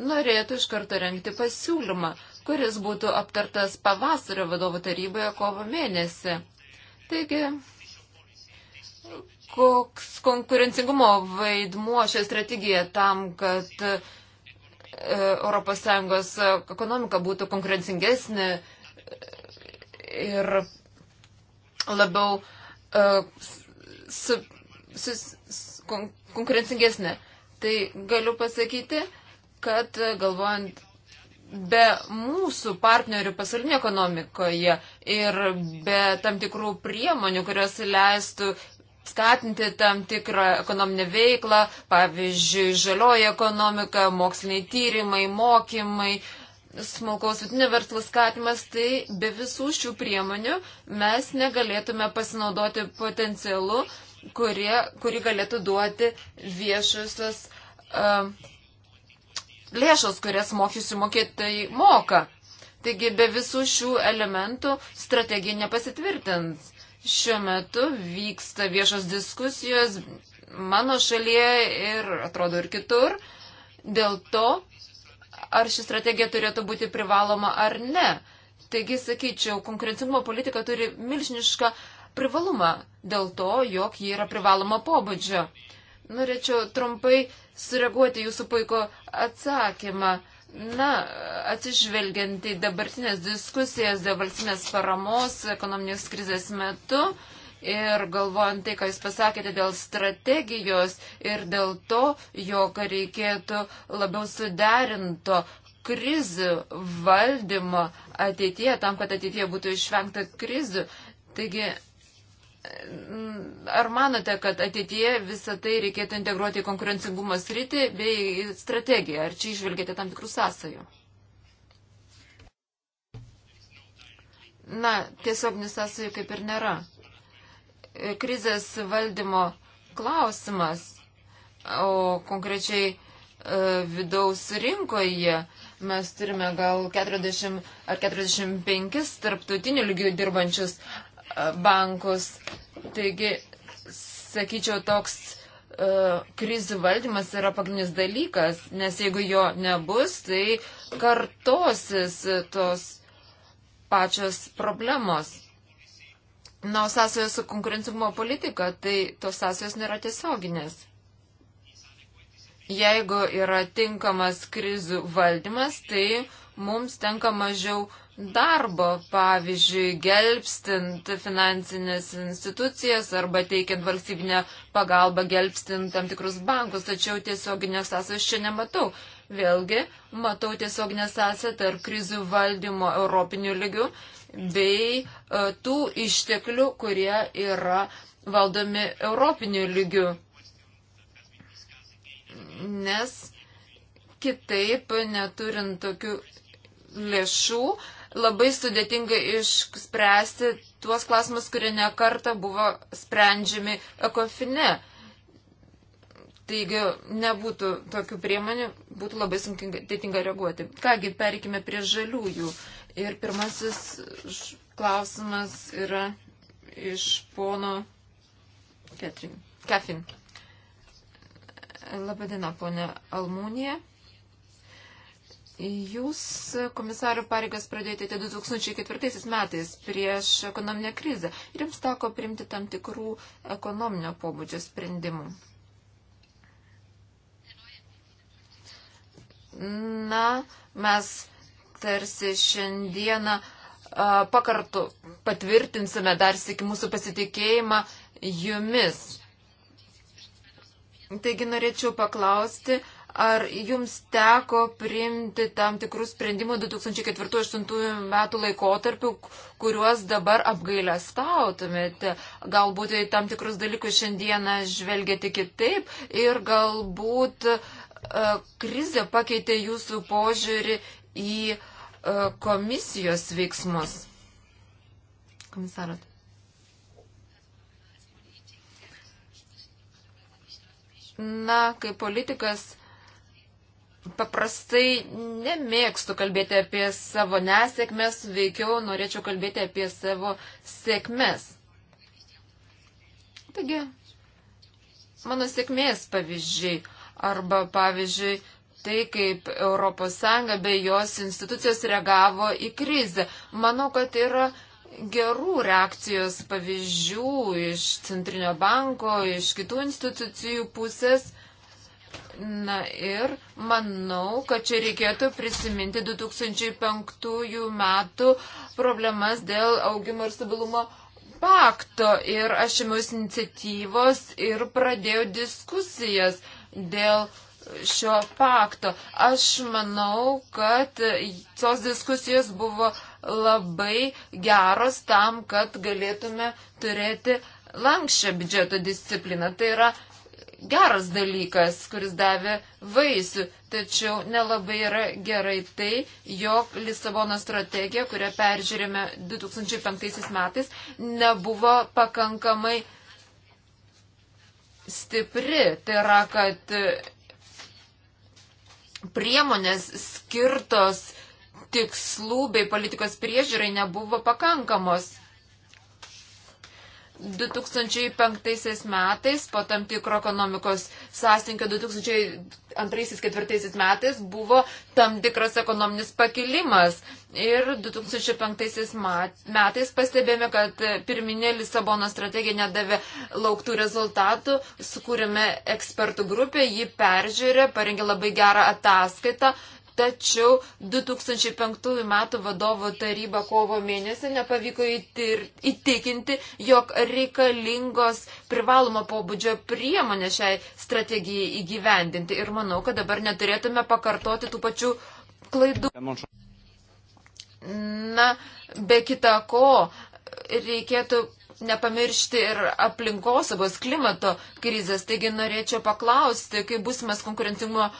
norėtų iš karto renkti pasiūlymą kuris būtų aptartas pavasario vadovų taryboje kovo mėnesį. Taigi, koks konkurencingumo vaidmuo šią strategiją tam, kad ES ekonomika būtų konkurencingesnė ir labiau e, su, su, su, konkurencingesnė. Tai galiu pasakyti, kad galvojant be mūsų partnerių pasaulinėje ekonomikoje ir be tam tikrų priemonių, kurios leistų skatinti tam tikrą ekonominę veiklą, pavyzdžiui, žalioji ekonomika, moksliniai tyrimai, mokymai, smulkaus vidinio verslo skatimas, tai be visų šių priemonių mes negalėtume pasinaudoti potencialu, kurie, kurį galėtų duoti viešusios uh, lėšos, kurias mokesčių mokėtojai moka. Taigi be visų šių elementų strategija nepasitvirtins. Šiuo metu vyksta viešos diskusijos mano šalyje ir atrodo ir kitur dėl to, ar ši strategija turėtų būti privaloma ar ne. Taigi, sakyčiau, konkurencingumo politika turi milžinišką privalumą dėl to, jog ji yra privaloma pobūdžio. Norėčiau trumpai sureaguoti jūsų puiko atsakymą. Na, atsižvelgiant į dabartinės diskusijas dėl valstybės paramos ekonominės krizės metu ir galvojant tai, ką jūs pasakėte dėl strategijos ir dėl to, jog reikėtų labiau suderinto krizių valdymo ateityje, tam, kad ateityje būtų išvengta krizių. Taigi Ar manote, kad ateityje visą tai reikėtų integruoti į konkurencingumo sritį bei strategiją? Ar čia išvelgėte tam tikrų sąsajų? Na, tiesiog nesąsajų kaip ir nėra. Krizės valdymo klausimas, o konkrečiai e, vidaus rinkoje mes turime gal 40 ar 45 tarptautinių lygių dirbančius bankus. Taigi, sakyčiau, toks uh, krizių valdymas yra pagrindinis dalykas, nes jeigu jo nebus, tai kartosis tos pačios problemos. Na, o sąsajos su konkurencingumo politika, tai tos sąsajos nėra tiesioginės. Jeigu yra tinkamas krizių valdymas, tai mums tenka mažiau darbo, pavyzdžiui, gelbstint finansinės institucijas arba teikiant valstybinę pagalbą gelbstint tam tikrus bankus, tačiau tiesioginės sąsajos čia nematau. Vėlgi, matau tiesioginę sąsają tarp krizių valdymo europinių lygių bei e, tų išteklių, kurie yra valdomi europinių lygių. Nes kitaip, neturint tokių lėšų, uh, labai sudėtinga išspręsti tuos klausimus, kurie nekarta buvo sprendžiami ekofine. Taigi nebūtų tokių priemonių, būtų labai sunkinga reaguoti. Kągi, perikime prie žaliųjų. Ir pirmasis klausimas yra iš pono Ketrin. Kefin. Labadiena, ponė Almūnija. Jūs komisarių pareigas pradėjote 2004 metais prieš ekonominę krizę ir jums teko priimti tam tikrų ekonominio pobūdžio sprendimų. Na, mes tarsi šiandieną a, pakartu patvirtinsime dar sėki mūsų pasitikėjimą jumis. Taigi norėčiau paklausti, Ar jums teko priimti tam tikrų sprendimų 2004-2008 metų laikotarpių, kuriuos dabar apgailę stautumėte? Galbūt į tam tikrus dalykus šiandieną žvelgėte kitaip ir galbūt e, krizė pakeitė jūsų požiūrį į e, komisijos veiksmus. Komisarat. Na, kaip politikas paprastai nemėgstu kalbėti apie savo nesėkmes, veikiau norėčiau kalbėti apie savo sėkmes. Taigi, mano sėkmės pavyzdžiai arba pavyzdžiui tai, kaip ES bei jos institucijos reagavo į krizę. Manau, kad yra gerų reakcijos pavyzdžių iš Centrinio banko, iš kitų institucijų pusės Na ir manau, kad čia reikėtų prisiminti 2005 metų problemas dėl augimo ir stabilumo pakto. Ir aš ėmiausi iniciatyvos ir pradėjau diskusijas dėl šio pakto. Aš manau, kad tos diskusijos buvo labai geros tam, kad galėtume turėti lankščią biudžeto discipliną. Tai yra geras dalykas, kuris davė vaisių, tačiau nelabai yra gerai tai, jog Lisabono strategija, kurią peržiūrėme 2005 metais, nebuvo pakankamai stipri. Tai yra, kad priemonės skirtos tikslų bei politikos priežiūrai nebuvo pakankamos. 2005 metais, po tam tikro ekonomikos sąstinkio 2002-2004 metais buvo tam tikras ekonominis pakilimas. Ir 2005 metais pastebėjome, kad pirminė Lisabono strategija nedavė lauktų rezultatų, sukūrėme ekspertų grupę, ji peržiūrė, parengė labai gerą ataskaitą Tačiau 2005 m. vadovo taryba kovo mėnesį nepavyko įtikinti, jog reikalingos privalomo pobūdžio priemonė šiai strategijai įgyvendinti. Ir manau, kad dabar neturėtume pakartoti tų pačių klaidų. Na, be kita ko, reikėtų nepamiršti ir aplinkosaugos klimato krizės. Taigi norėčiau paklausti, kaip būsimas konkurencingumo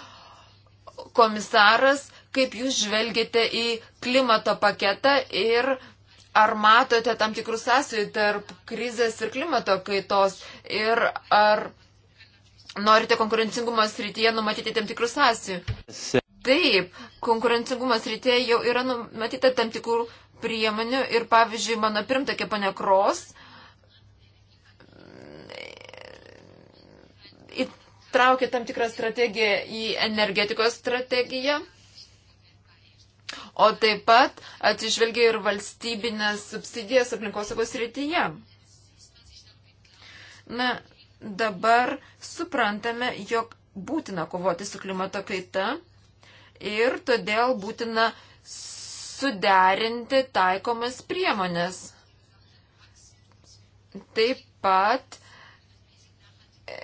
komisaras, kaip jūs žvelgiate į klimato paketą ir ar matote tam tikrų sąsajų tarp krizės ir klimato kaitos ir ar norite konkurencingumo srityje numatyti tam tikrų sąsajų? Taip, konkurencingumo srityje jau yra numatyta tam tikrų priemonių ir pavyzdžiui mano pirmtakė pane Kros įtraukė tam tikrą strategiją į energetikos strategiją. O taip pat atsižvelgia ir valstybinės subsidijas aplinkosaugos rytyje. Na, dabar suprantame, jog būtina kovoti su klimato kaita ir todėl būtina suderinti taikomas priemonės. Taip pat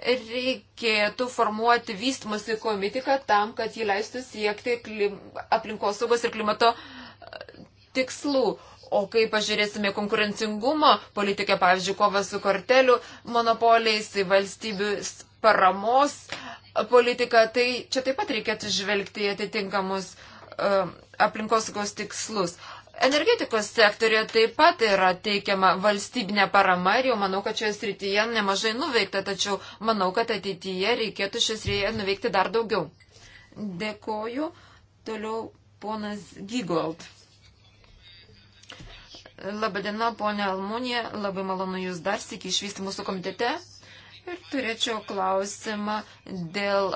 reikėtų formuoti vystymosi komitiką tam, kad jį leistų siekti klim, aplinkosaugos ir klimato e, tikslų. O kai pažiūrėsime konkurencingumo politikę, pavyzdžiui, kovą su kortelių monopoliais, valstybių paramos e, politiką, tai čia taip pat reikėtų žvelgti atitinkamus uh, aplinkosaugos tikslus. Energetikos sektorija taip pat yra teikiama valstybinė parama ir jau manau, kad šioje srityje nemažai nuveikta, tačiau manau, kad ateityje reikėtų šioje srityje nuveikti dar daugiau. Dėkoju. Toliau ponas Gigold. Labadiena, ponė Almūnė, labai malonu Jūs dar sėki išvysti mūsų komitete. Ir turėčiau klausimą dėl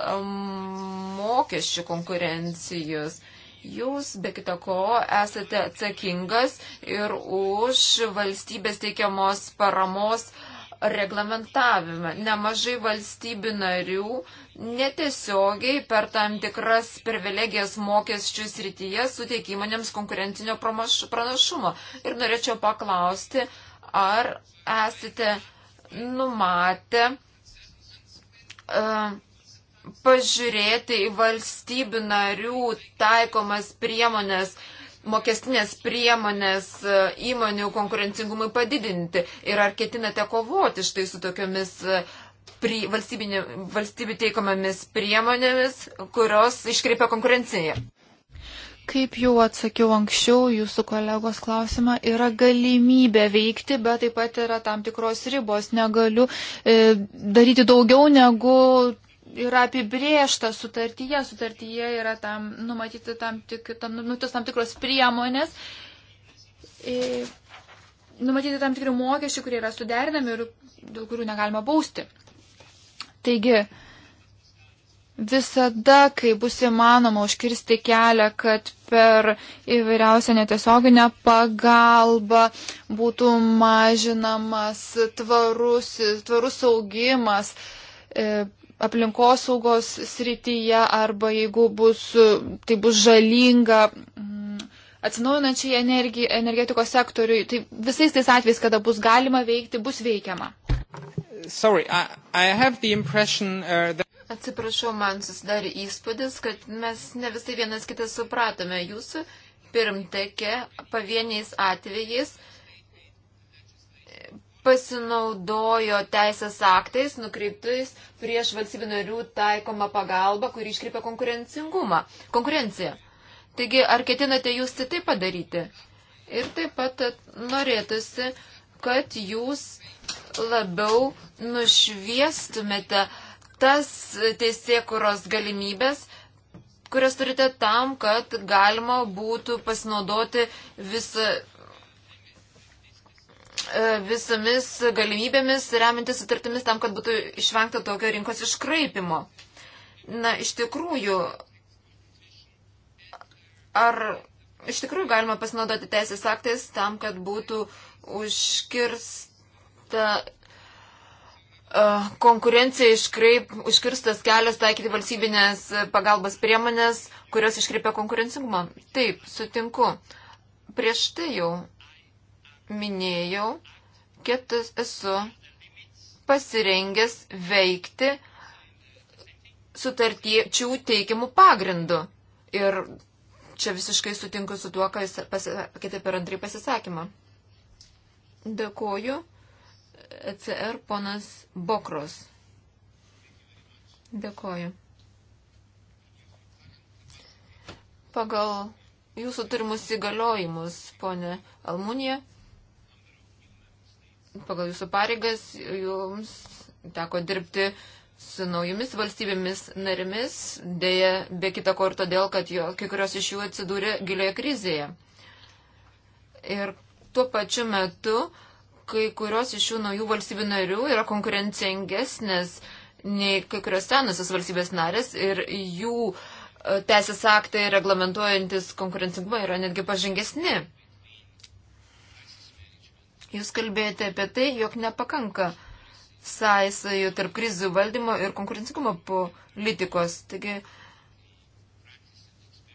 mokesčių konkurencijos Jūs, be kita ko, esate atsakingas ir už valstybės teikiamos paramos reglamentavimą. Nemažai valstybių narių netiesiogiai per tam tikras privilegijas mokesčių srityje suteikia įmonėms konkurencinio pranašumo. Ir norėčiau paklausti, ar esate numatę uh, pažiūrėti į valstybių narių taikomas priemonės, mokestinės priemonės e, įmonių konkurencingumui padidinti ir ar ketinate kovoti štai su tokiomis e, pri, valstybių teikomomis priemonėmis, kurios iškreipia konkurenciją. Kaip jau atsakiau anksčiau, jūsų kolegos klausimą yra galimybė veikti, bet taip pat yra tam tikros ribos. Negaliu e, daryti daugiau negu yra apibriešta sutartyje, sutartyje yra tam numatyti tam, tik, tam, numatytos tam tikros priemonės, numatyti tam tikri mokesčiai, kurie yra suderinami ir dėl kurių negalima bausti. Taigi, visada, kai bus įmanoma užkirsti kelią, kad per įvairiausią netiesioginę pagalbą būtų mažinamas tvarus, tvarus augimas, aplinkosaugos srityje arba jeigu bus, tai bus žalinga mm, atsinaujinančiai energi, energetikos sektoriui. Tai visais tais atvejais, kada bus galima veikti, bus veikiama. Sorry, I, I impression, uh, that... Atsiprašau, man susidarė įspūdis, kad mes ne visai vienas kitą supratome. Jūsų pirmtekė pavieniais atvejais uh, pasinaudojo teisės aktais nukreiptais prieš valstybių narių taikomą pagalbą, kuri iškreipia konkurencingumą, konkurenciją. Taigi, ar ketinate jūs tai padaryti? Ir taip pat norėtųsi, kad jūs labiau nušviestumėte tas teisėkuros galimybės, kurias turite tam, kad galima būtų pasinaudoti visą E, visomis galimybėmis remintis sutartimis tam, kad būtų išvengta tokio rinkos iškraipimo. Na, iš tikrųjų, ar iš tikrųjų galima pasinaudoti teisės aktais tam, kad būtų užkirsta uh, konkurencija iškreip, užkirstas kelias taikyti valstybinės pagalbos priemonės, kurios iškreipia konkurencingumą. Taip, sutinku. Prieš tai jau minėjau, kad esu pasirengęs veikti sutartiečių teikimų pagrindu. Ir čia visiškai sutinku su tuo, ką jūs pasakėte per antrį pasisakymą. Dėkoju. ECR ponas Bokros. Dėkoju. Pagal jūsų turimus įgaliojimus, ponė Almunija, pagal jūsų pareigas jums teko dirbti su naujomis valstybėmis narimis, dėja be kita ko ir todėl, kad jo, kai kurios iš jų atsidūrė gilioje krizėje. Ir tuo pačiu metu kai kurios iš šių naujų valstybių narių yra konkurencingesnės nei kai kurios senosios valstybės narės ir jų e, teisės aktai reglamentuojantis konkurencingumą yra netgi pažangesni. Jūs kalbėjote apie tai, jog nepakanka sąsajų tarp krizių valdymo ir konkurencingumo politikos. Taigi,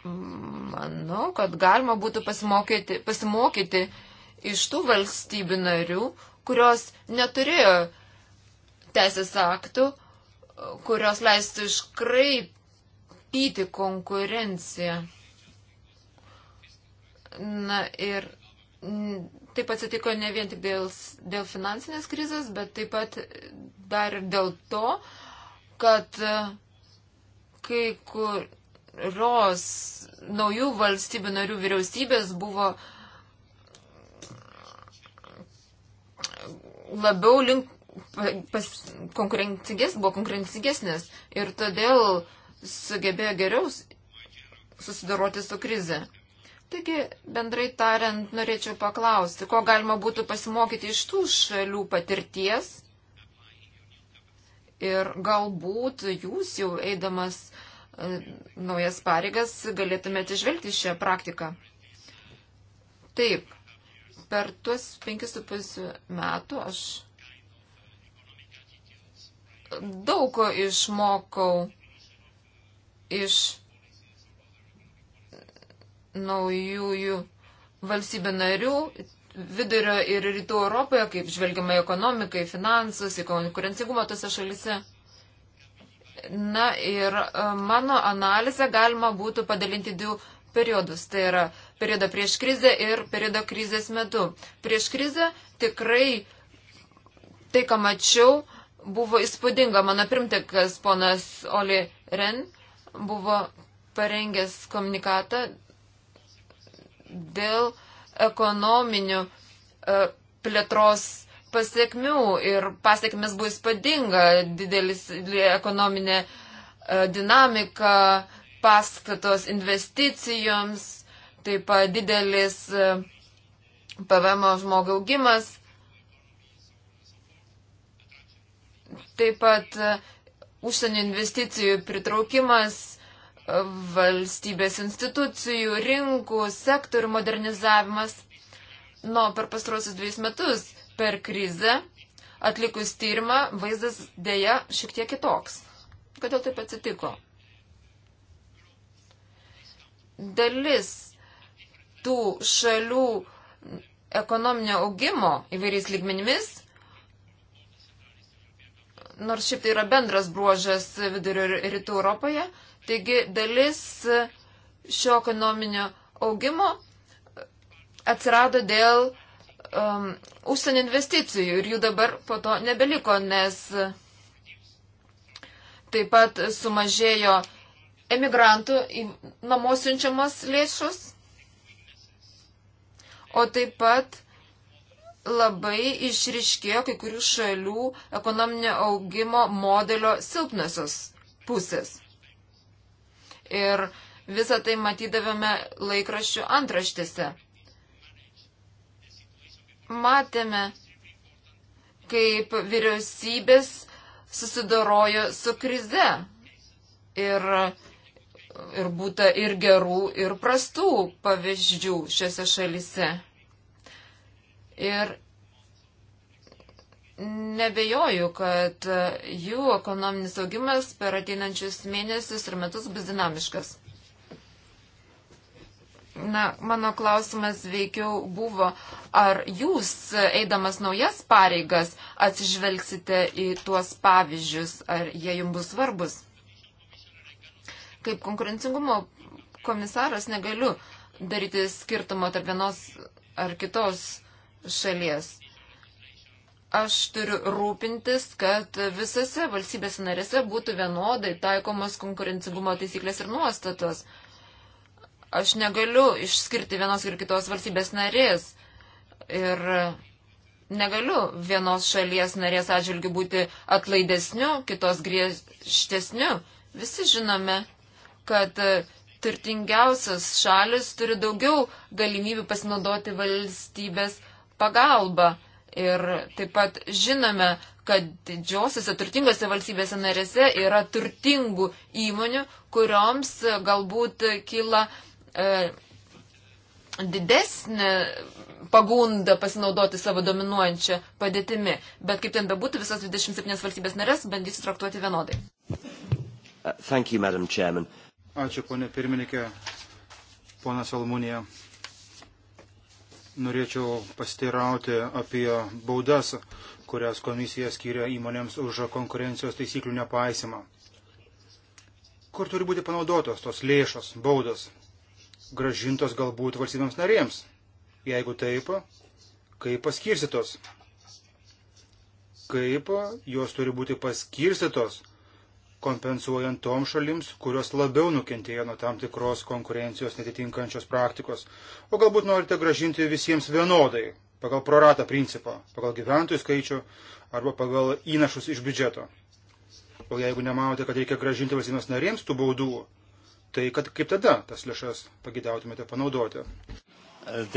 manau, kad galima būtų pasimokyti, pasimokyti iš tų valstybių narių, kurios neturėjo teisės aktų, kurios leistų iškraipyti konkurenciją. Na ir Taip atsitiko ne vien tik dėl, dėl finansinės krizės, bet taip pat dar ir dėl to, kad e, kai kurios naujų valstybių narių vyriausybės buvo labiau link konkurencingesnės, buvo konkurencingesnės ir todėl sugebėjo geriau susidoroti su krize. Taigi, bendrai tariant, norėčiau paklausti, ko galima būtų pasimokyti iš tų šalių patirties ir galbūt jūs jau eidamas e, naujas pareigas galėtumėte žvelgti šią praktiką. Taip, per tuos penkis su pusę metų aš daug ko išmokau iš naujųjų valstybių narių vidurio ir rytų Europoje, kaip žvelgiama į ekonomiką, į finansus, į konkurencingumą tose šalise. Na ir e, mano analizę galima būtų padalinti du periodus. Tai yra periodą prieš krizę ir periodą krizės metu. Prieš krizę tikrai tai, ką mačiau, buvo įspūdinga. Mano primtikas ponas Oli Ren buvo parengęs komunikatą dėl ekonominių e, plėtros pasiekmių ir pasiekmes buvo įspūdinga, didelis ekonominė e, dinamika, paskatos investicijoms, taip pat didelis e, PVM žmogų augimas, taip pat užsienio investicijų pritraukimas valstybės institucijų, rinkų, sektorių modernizavimas. Nuo per pastrosius dviejus metus per krizę atlikus tyrimą vaizdas dėja šiek tiek kitoks. Kodėl taip atsitiko? Dalis tų šalių ekonominio augimo įvairiais lygmenimis, nors šiaip tai yra bendras bruožas vidurio rytų Europoje, Taigi dalis šio ekonominio augimo atsirado dėl um, užsienio investicijų ir jų dabar po to nebeliko, nes taip pat sumažėjo emigrantų į namo siunčiamas lėšus, o taip pat labai išriškėjo kai kurių šalių ekonominio augimo modelio silpnosios pusės ir visą tai matydavome laikraščių antraštėse. Matėme, kaip vyriausybės susidorojo su krize. Ir, ir būta ir gerų, ir prastų pavyzdžių šiuose šalise. Ir Nebejoju, kad jų ekonominis augimas per ateinančius mėnesius ir metus bus dinamiškas. Na, mano klausimas veikiau buvo, ar jūs, eidamas naujas pareigas, atsižvelgsite į tuos pavyzdžius, ar jie jums bus svarbus? Kaip konkurencingumo komisaras negaliu daryti skirtumo tarp vienos ar kitos šalies aš turiu rūpintis, kad visose valstybės narėse būtų vienodai taikomas konkurencingumo taisyklės ir nuostatos. Aš negaliu išskirti vienos ir kitos valstybės narės. Ir negaliu vienos šalies narės atžvilgių būti atlaidesniu, kitos griežtesniu. Visi žinome, kad turtingiausias šalis turi daugiau galimybių pasinaudoti valstybės pagalbą. Ir taip pat žinome, kad didžiosiose turtingose valstybėse narėse yra turtingų įmonių, kurioms galbūt kyla e, didesnė pagunda pasinaudoti savo dominuojančią padėtimi. Bet kaip ten bebūtų, visas 27 valstybės narės bandysiu traktuoti vienodai. Thank you, Madam Chairman. Ačiū, ponė pirmininkė, ponas Almunija. Norėčiau pasteirauti apie baudas, kurias komisija skiria įmonėms už konkurencijos taisyklių nepaisimą. Kur turi būti panaudotos tos lėšos, baudos? Gražintos galbūt valstybėms narėms. Jeigu taip, kaip paskirstytos? Kaip jos turi būti paskirstytos? kompensuojant tom šalims, kurios labiau nukentėjo nuo tam tikros konkurencijos netitinkančios praktikos, o galbūt norite gražinti visiems vienodai, pagal proratą principą, pagal gyventojų skaičių arba pagal įnašus iš biudžeto. O jeigu nemanote, kad reikia gražinti valstybės narėms tų baudų, tai kad kaip tada tas lėšas pagidautumėte panaudoti?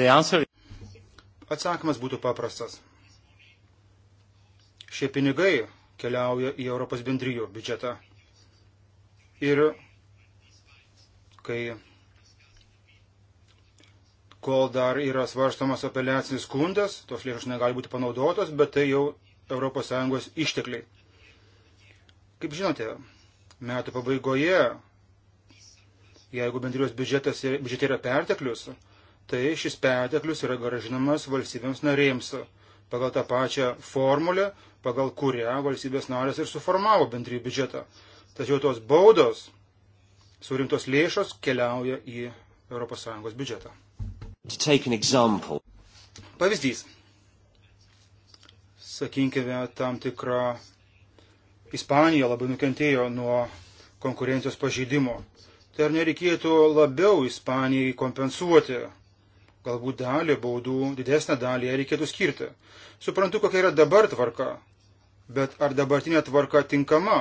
Answer... Atsakymas būtų paprastas. Šie pinigai keliauja į Europos bendrijų biudžetą. Ir kai kol dar yra svarstamas apeliacinis skundas, tos lėšos negali būti panaudotos, bet tai jau ES ištekliai. Kaip žinote, metų pabaigoje, jeigu bendrijos biudžetas biudžete yra perteklius, tai šis perteklius yra gražinamas valstybėms narėms pagal tą pačią formulę, pagal kurią valstybės narės ir suformavo bendrijų biudžetą. Tačiau tos baudos, surimtos lėšos keliauja į ES biudžetą. Pavyzdys. Sakinkime, tam tikra Ispanija labai nukentėjo nuo konkurencijos pažeidimo. Tai ar nereikėtų labiau Ispanijai kompensuoti? Galbūt dalį baudų, didesnę dalį ją reikėtų skirti. Suprantu, kokia yra dabar tvarka, bet ar dabartinė tvarka tinkama?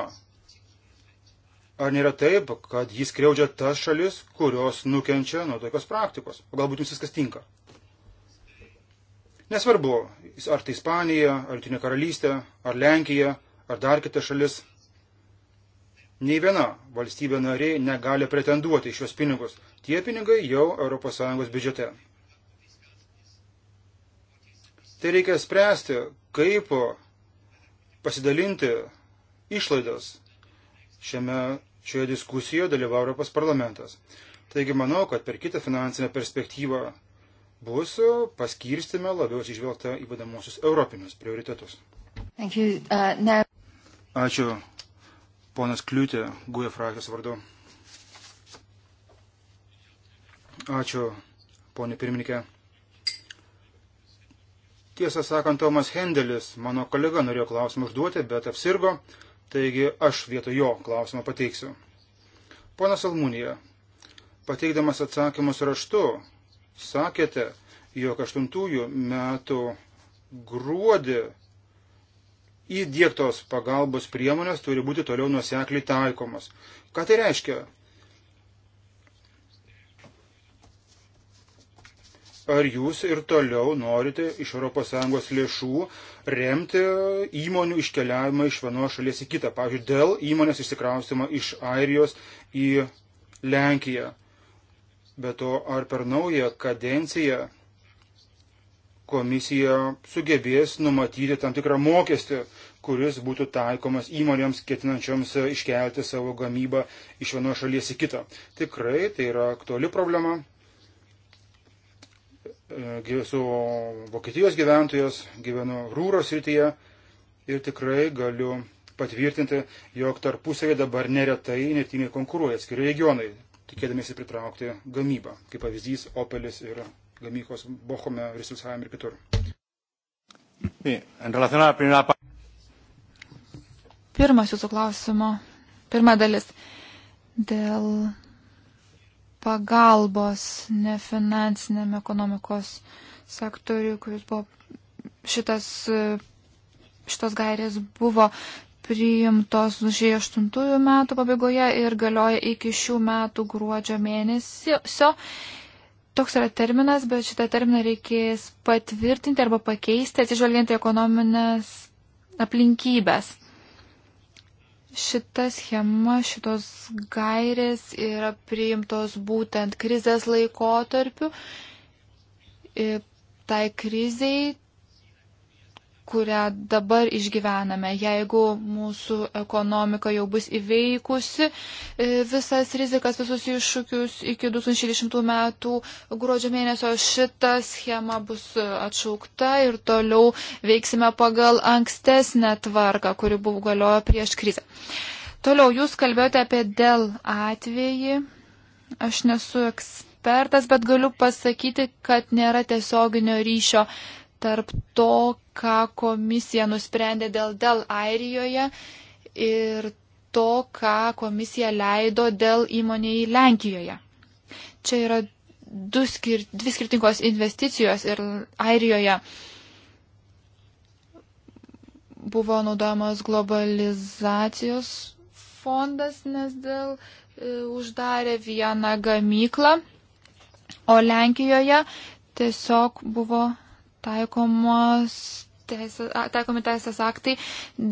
Ar nėra taip, kad jis kreudžia tas šalis, kurios nukenčia nuo tokios praktikos? O galbūt jums viskas tinka? Nesvarbu, ar tai Ispanija, ar Jungtinė karalystė, ar Lenkija, ar dar kita šalis. Nei viena valstybė narė negali pretenduoti šios pinigus. Tie pinigai jau ES biudžete. Tai reikia spręsti, kaip pasidalinti išlaidas šiame Šioje diskusijoje dalyvavo Europos parlamentas. Taigi manau, kad per kitą finansinę perspektyvą bus paskirstime labiau atsižvelgta į vadamosius europinius prioritetus. Uh, now... Ačiū, ponas Kliūtė, Guja frakcijos vardu. Ačiū, ponė pirmininkė. Tiesą sakant, Tomas Hendelis, mano kolega, norėjo klausimą užduoti, bet apsirgo. Taigi aš vietoj jo klausimą pateiksiu. Ponas Almūnija, pateikdamas atsakymus raštu, sakėte, jog aštuntųjų metų gruodį įdėktos pagalbos priemonės turi būti toliau nuosekliai taikomos. Ką tai reiškia? Ar jūs ir toliau norite iš ES lėšų remti įmonių iškeliavimą iš vienos šalies į kitą, pavyzdžiui, dėl įmonės išsikraustimą iš Airijos į Lenkiją? Be to, ar per naują kadenciją komisija sugebės numatyti tam tikrą mokestį, kuris būtų taikomas įmonėms ketinančioms iškelti savo gamybą iš vienos šalies į kitą. Tikrai tai yra aktuali problema su Vokietijos gyventojos, gyvenu Rūros rytyje ir tikrai galiu patvirtinti, jog tarpusavį dabar neretai netimiai konkuruoja atskiri regionai, tikėdamėsi pritraukti gamybą, kaip pavyzdys Opelis ir gamyklos Bochome, Ristusheim ir kitur. Pirmas jūsų klausimo, pirma dalis dėl pagalbos nefinansiniam ekonomikos sektoriui, kuris buvo šitas, šitos gairės buvo priimtos 2008 metų pabaigoje ir galioja iki šių metų gruodžio mėnesio. Toks yra terminas, bet šitą terminą reikės patvirtinti arba pakeisti atsižvelgiant į ekonominės aplinkybės. Šita schema, šitos gairės yra priimtos būtent krizės laikotarpiu. Tai kriziai kurią dabar išgyvename, jeigu mūsų ekonomika jau bus įveikusi e, visas rizikas, visus iššūkius iki 2020 metų gruodžio mėnesio šita schema bus atšaukta ir toliau veiksime pagal ankstesnę tvarką, kuri buvo galiojo prieš krizę. Toliau jūs kalbėjote apie dėl atvejį. Aš nesu ekspertas, bet galiu pasakyti, kad nėra tiesioginio ryšio tarp to, ką komisija nusprendė dėl dėl Airijoje ir to, ką komisija leido dėl įmoniai Lenkijoje. Čia yra du skir dvi skirtingos investicijos ir Airijoje buvo naudojamas globalizacijos fondas, nes dėl e, uždarė vieną gamyklą, o Lenkijoje tiesiog buvo taikomos teisės, taikomi teisės aktai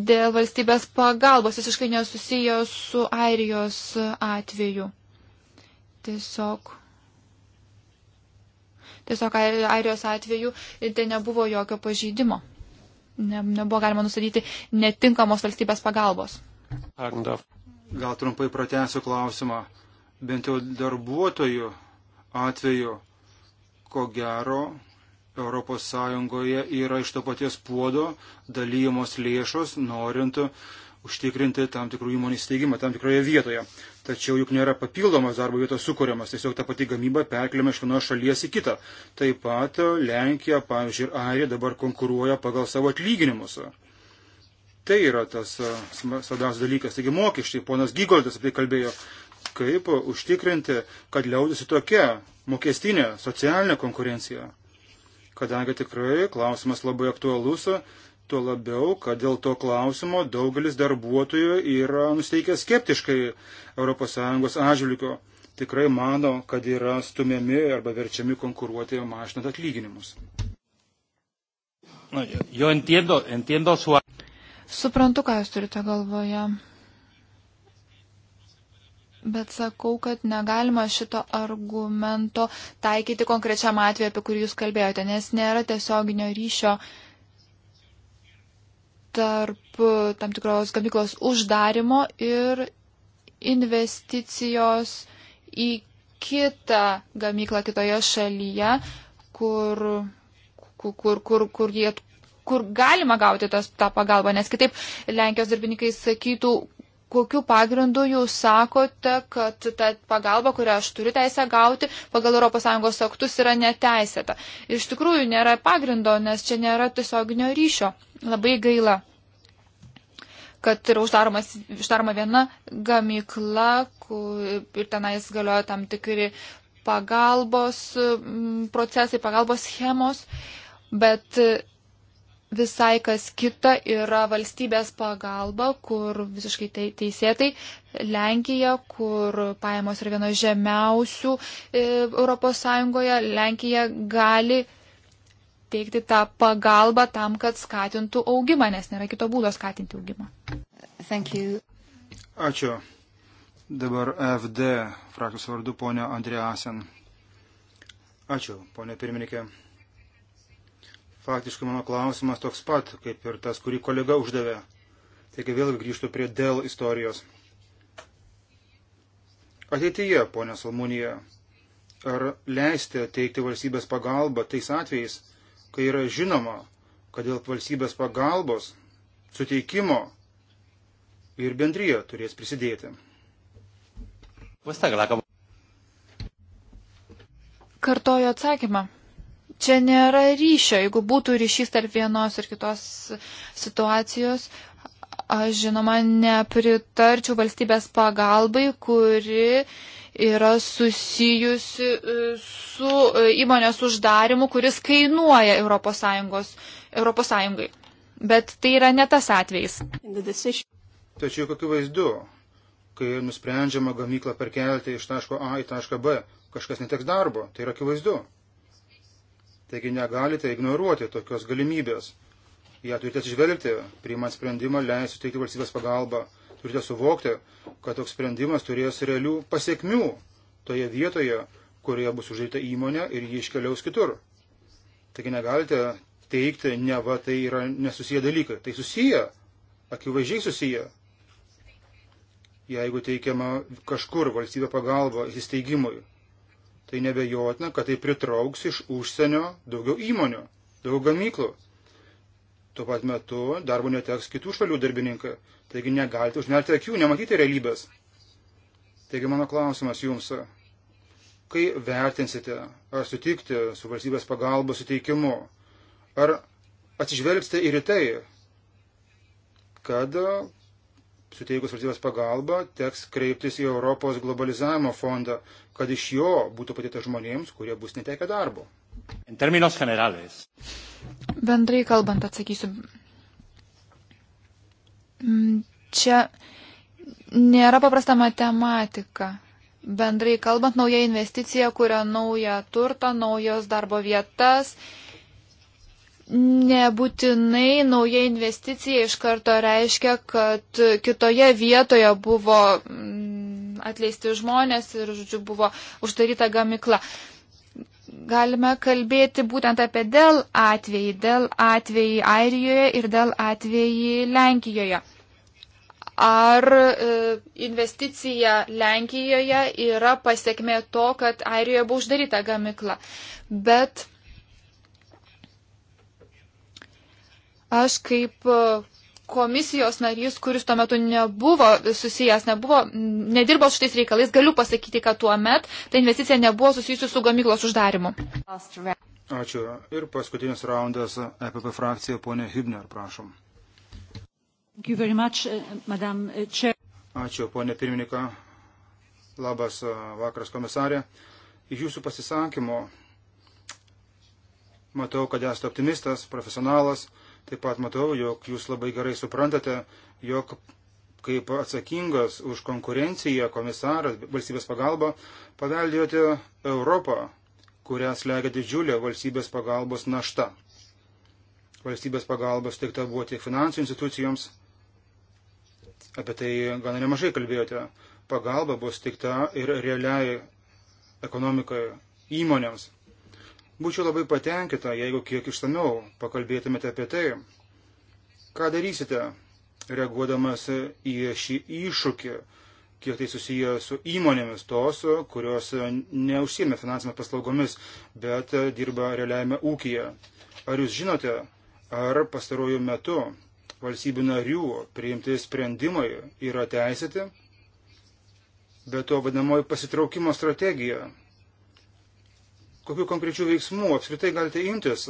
dėl valstybės pagalbos visiškai nesusiję su Airijos atveju. Tiesiog. Tiesiog Airijos atveju tai nebuvo jokio pažeidimo. Ne, nebuvo galima nustatyti netinkamos valstybės pagalbos. Gal trumpai pratęsiu klausimą. Bent jau darbuotojų atveju, ko gero, ES yra iš to paties puodo dalyjamos lėšos, norint užtikrinti tam tikrų įmonių įsteigimą tam tikroje vietoje. Tačiau juk nėra papildomas darbo vietos sukūriamas, tiesiog ta pati gamyba perkeliama iš vienos šalies į kitą. Taip pat Lenkija, pavyzdžiui, ir Airija dabar konkuruoja pagal savo atlyginimus. Tai yra tas svarbiausias dalykas. Taigi mokesčiai, ponas Gygoldas apie tai kalbėjo, kaip užtikrinti, kad liaudėsi tokia mokestinė, socialinė konkurencija kadangi tikrai klausimas labai aktualus, tuo labiau, kad dėl to klausimo daugelis darbuotojų yra nusteikę skeptiškai ES atžvilgiu. Tikrai mano, kad yra stumiami arba verčiami konkuruoti mažinant atlyginimus. Suprantu, ką jūs turite galvoje. Bet sakau, kad negalima šito argumento taikyti konkrečiam atveju, apie kurį jūs kalbėjote, nes nėra tiesioginio ryšio tarp uh, tam tikros gamyklos uždarimo ir investicijos į kitą gamyklą kitoje šalyje, kur, kur, kur, kur, kur jie kur galima gauti tos, tą pagalbą, nes kitaip Lenkijos darbininkai sakytų, kokiu pagrindu jūs sakote, kad ta pagalba, kurią aš turiu teisę gauti pagal ES aktus, yra neteisėta. Iš tikrųjų nėra pagrindo, nes čia nėra tiesioginio ryšio. Labai gaila kad yra uždaroma viena gamykla kur, ir tenais galioja tam tikri pagalbos procesai, pagalbos schemos, bet visai kas kita yra valstybės pagalba, kur visiškai teisėtai Lenkija, kur pajamos yra vienos žemiausių ES, Lenkija gali teikti tą pagalbą tam, kad skatintų augimą, nes nėra kito būdo skatinti augimą. Ačiū. Dabar FD frakcijos vardu ponia Andrija Asen. Ačiū, ponia pirmininkė. Faktiškai mano klausimas toks pat, kaip ir tas, kurį kolega uždavė. Taigi vėl grįžtų prie dėl istorijos. Ateityje, ponė Salmunija, ar leisti teikti valstybės pagalbą tais atvejais, kai yra žinoma, kad dėl valstybės pagalbos suteikimo ir bendryje turės prisidėti? Kartoju atsakymą čia nėra ryšio. Jeigu būtų ryšys tarp vienos ir kitos situacijos, aš žinoma nepritarčiau valstybės pagalbai, kuri yra susijusi e, su e, įmonės uždarimu, kuris kainuoja ES, ES. Bet tai yra ne tas atvejis. Tačiau kokiu vaizdu, kai nusprendžiama gamyklą perkelti iš taško A į tašką B, kažkas neteks darbo, tai yra akivaizdu. Taigi negalite ignoruoti tokios galimybės. Ja turite atsižvelgti, priimant sprendimą, leisti suteikti valstybės pagalbą. Turite suvokti, kad toks sprendimas turės realių pasiekmių toje vietoje, kurioje bus uždaryta įmonė ir ji iškeliaus kitur. Taigi negalite teikti, ne va, tai yra nesusiję dalykai. Tai susiję, akivaizdžiai susiję. Jeigu teikiama kažkur valstybė pagalba įsteigimui, tai nebejotina, kad tai pritrauks iš užsienio daugiau įmonių, daugiau gamyklų. Tuo pat metu darbo neteks kitų šalių darbininkai, taigi negalite užmerkti akių, nematyti realybės. Taigi mano klausimas jums, kai vertinsite, ar sutikti su valstybės pagalbos suteikimu, ar atsižvelgsite ir į tai, kad suteikus valstybės pagalbą, teks kreiptis į Europos globalizavimo fondą, kad iš jo būtų padėta žmonėms, kurie bus netekę darbo. Bendrai kalbant, atsakysiu. Mm, čia nėra paprasta matematika. Bendrai kalbant, nauja investicija kuria naują turtą, naujos darbo vietas, Nebūtinai nauja investicija iš karto reiškia, kad kitoje vietoje buvo mm, atleisti žmonės ir, žodžiu, buvo uždaryta gamikla. Galime kalbėti būtent apie dėl atvejį, dėl atvejį Airijoje ir dėl atvejį Lenkijoje. Ar e, investicija Lenkijoje yra pasiekmė to, kad Airijoje buvo uždaryta gamikla. Bet Aš kaip e, komisijos narys, kuris tuo metu nebuvo susijęs, nebuvo, nedirbo šitais reikalais, galiu pasakyti, kad tuo met ta investicija nebuvo susijusi su gamyklos uždarimu. Ačiū. Ir paskutinis raundas EPP frakcija, ponė Hübner, prašom. Much, uh, uh, Ačiū, ponė pirmininką. Labas uh, vakaras, komisarė. Iš jūsų pasisakymo matau, kad esate optimistas, profesionalas Taip pat matau, jog jūs labai gerai suprantate, jog kaip atsakingas už konkurenciją komisaras valstybės pagalba paveldėjote Europą, kurią slegia didžiulė valstybės pagalbos našta. Valstybės pagalbos teikta buvo tiek finansų institucijoms, apie tai gana nemažai kalbėjote. Pagalba bus teikta ir realiai ekonomikai įmonėms. Būčiau labai patenkinta, jeigu kiek išsameu pakalbėtumėte apie tai, ką darysite, reaguodamas į šį iššūkį, kiek tai susiję su įmonėmis tos, kurios neužsiemė finansinėmis paslaugomis, bet dirba realiajame ūkija. Ar jūs žinote, ar pastarojų metu valstybių narių priimti sprendimai yra teisėti? Be to vadinamoji pasitraukimo strategija kokiu konkrečiu veiksmu apskritai galite imtis,